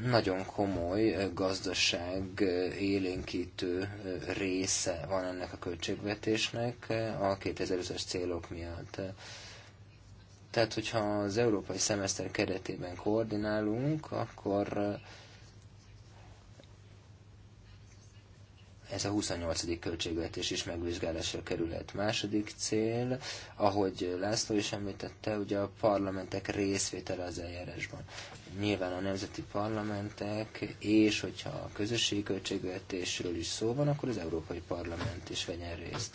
B: nagyon komoly gazdaság élénkítő része van ennek a költségvetésnek a 2005-es célok miatt. Tehát, hogyha az európai szemeszter keretében koordinálunk, akkor ez a 28. költségvetés is megvizsgálásra kerülhet. Második cél, ahogy László is említette, ugye a parlamentek részvétele az eljárásban. Nyilván a nemzeti parlamentek, és hogyha a közösségi költségvetésről is szó van, akkor az Európai Parlament is vegyen részt.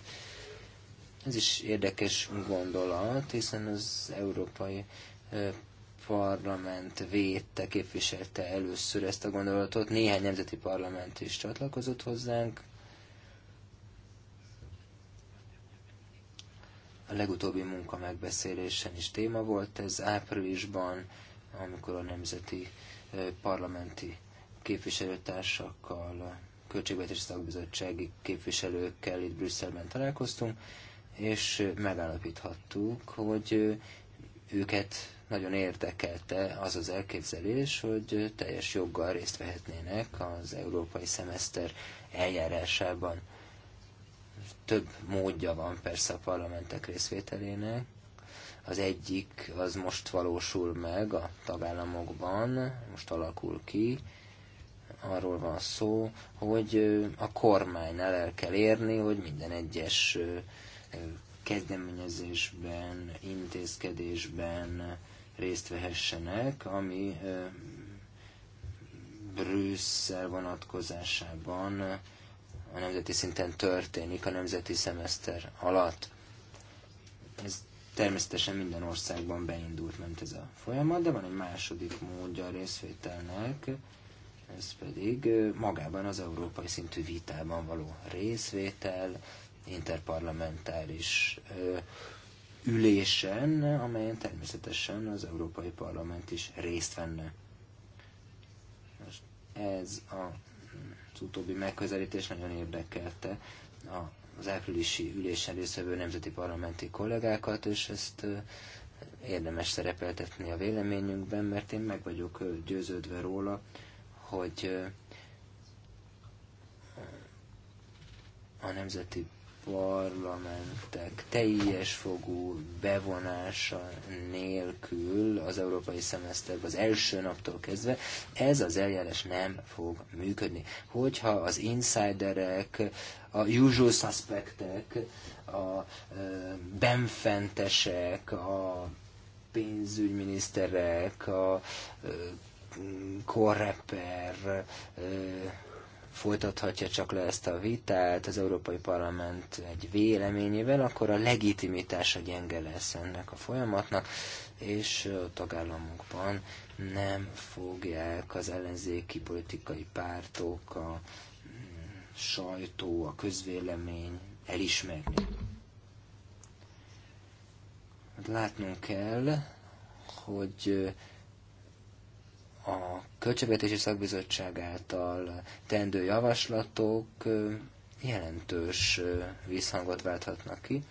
B: Ez is érdekes gondolat, hiszen az Európai parlament védte, képviselte először ezt a gondolatot, néhány nemzeti parlament is csatlakozott hozzánk, A legutóbbi munka megbeszélésen is téma volt ez áprilisban, amikor a nemzeti parlamenti képviselőtársakkal, költségvetési szakbizottsági képviselőkkel itt Brüsszelben találkoztunk, és megállapíthattuk, hogy őket nagyon érdekelte az az elképzelés, hogy teljes joggal részt vehetnének az európai szemeszter eljárásában. Több módja van persze a parlamentek részvételének. Az egyik az most valósul meg a tagállamokban, most alakul ki, arról van szó, hogy a kormánynál el kell érni, hogy minden egyes kezdeményezésben, intézkedésben részt vehessenek, ami Brüsszel vonatkozásában a nemzeti szinten történik a nemzeti szemeszter alatt. Ez természetesen minden országban beindult ment ez a folyamat, de van egy második módja a részvételnek, ez pedig magában az európai szintű vitában való részvétel, interparlamentáris ülésen, amelyen természetesen az Európai Parlament is részt venne. Most ez a az utóbbi megközelítés nagyon érdekelte az áprilisi ülésen részvevő nemzeti parlamenti kollégákat, és ezt érdemes szerepeltetni a véleményünkben, mert én meg vagyok győződve róla, hogy a nemzeti parlamentek teljes fogú bevonása nélkül az európai szemeszterbe az első naptól kezdve ez az eljárás nem fog működni. Hogyha az insiderek, a usual suspectek, a benfentesek, a pénzügyminiszterek, a korreper folytathatja csak le ezt a vitát az Európai Parlament egy véleményével, akkor a legitimitása gyenge lesz ennek a folyamatnak, és a tagállamokban nem fogják az ellenzéki politikai pártok, a sajtó, a közvélemény elismerni. Látnunk kell, hogy a Költségvetési Szakbizottság által tendő javaslatok jelentős visszhangot válthatnak ki.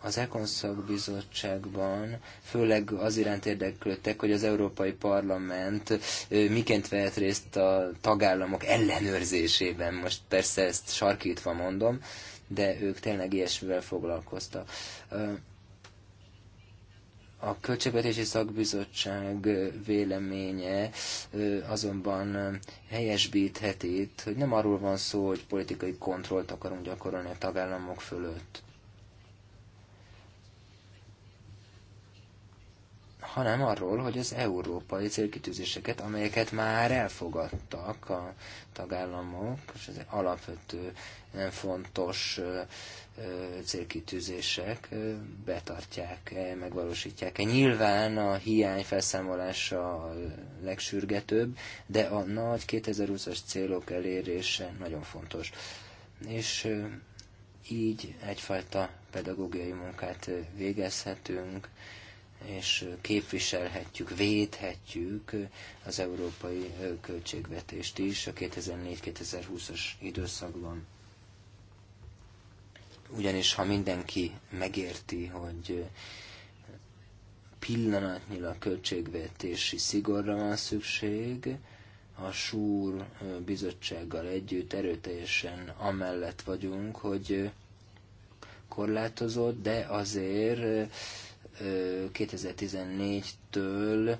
B: Az Econ szakbizottságban főleg az iránt érdeklődtek, hogy az Európai Parlament miként vehet részt a tagállamok ellenőrzésében. Most persze ezt sarkítva mondom, de ők tényleg ilyesmivel foglalkoztak. A Költségvetési Szakbizottság véleménye azonban helyesbíthet itt, hogy nem arról van szó, hogy politikai kontrollt akarunk gyakorolni a tagállamok fölött, hanem arról, hogy az európai célkitűzéseket, amelyeket már elfogadtak a tagállamok, és ez alapvetően fontos célkitűzések betartják-e, megvalósítják-e. Nyilván a hiány felszámolása a legsürgetőbb, de a nagy 2020-as célok elérése nagyon fontos. És így egyfajta pedagógiai munkát végezhetünk, és képviselhetjük, védhetjük az európai költségvetést is a 2004-2020-as időszakban. Ugyanis ha mindenki megérti, hogy pillanatnyilag költségvetési szigorra van szükség, a súr bizottsággal együtt erőteljesen amellett vagyunk, hogy korlátozott, de azért 2014-től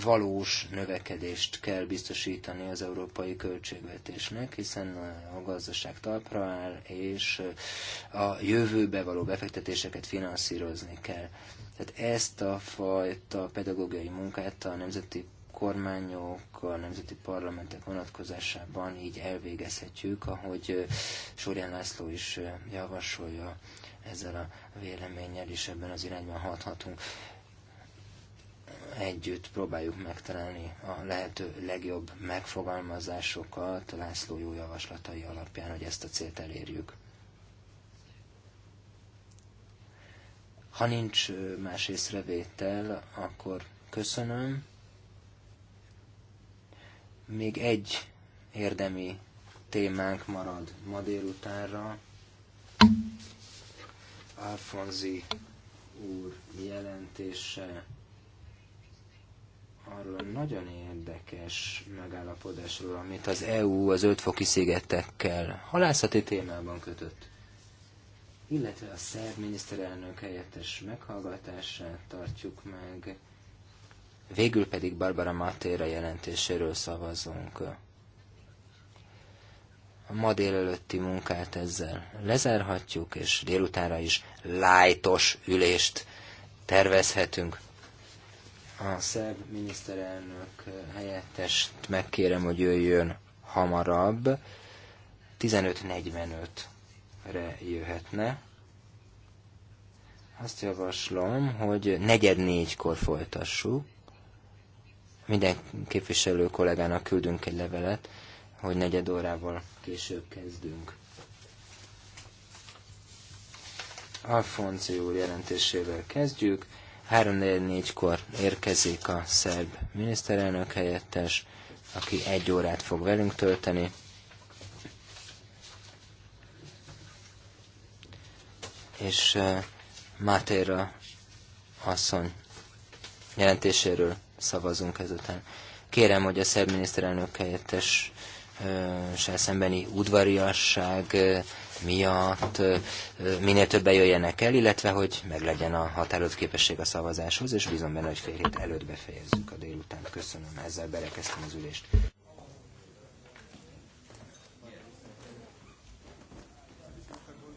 B: valós növekedést kell biztosítani az európai költségvetésnek, hiszen a gazdaság talpra áll, és a jövőbe való befektetéseket finanszírozni kell. Tehát ezt a fajta pedagógiai munkát a nemzeti kormányok, a nemzeti parlamentek vonatkozásában így elvégezhetjük, ahogy Sorján László is javasolja ezzel a véleménnyel is ebben az irányban hathatunk együtt próbáljuk megtalálni a lehető legjobb megfogalmazásokat László jó javaslatai alapján, hogy ezt a célt elérjük. Ha nincs más észrevétel, akkor köszönöm. Még egy érdemi témánk marad ma délutánra. Alfonzi úr jelentése arról a nagyon érdekes megállapodásról, amit az EU az ötfoki szigetekkel halászati témában kötött, illetve a szerb miniszterelnök helyettes meghallgatását tartjuk meg, végül pedig Barbara Matéra jelentéséről szavazunk. A ma délelőtti munkát ezzel lezárhatjuk, és délutára is lájtos ülést tervezhetünk a szerb miniszterelnök helyettest megkérem, hogy jöjjön hamarabb. 15.45-re jöhetne. Azt javaslom, hogy negyed négykor folytassuk. Minden képviselő kollégának küldünk egy levelet, hogy negyed órával később kezdünk. Alfonzi úr jelentésével kezdjük. 3-4-kor érkezik a szerb miniszterelnök helyettes, aki egy órát fog velünk tölteni. És Mátéra asszony jelentéséről szavazunk ezután. Kérem, hogy a szerb miniszterelnök helyettes szembeni udvariasság miatt minél többen jöjjenek el, illetve hogy meglegyen a határozott képesség a szavazáshoz, és bízom benne, hogy fél hét előtt befejezzük a délután Köszönöm, ezzel berekeztem az ülést.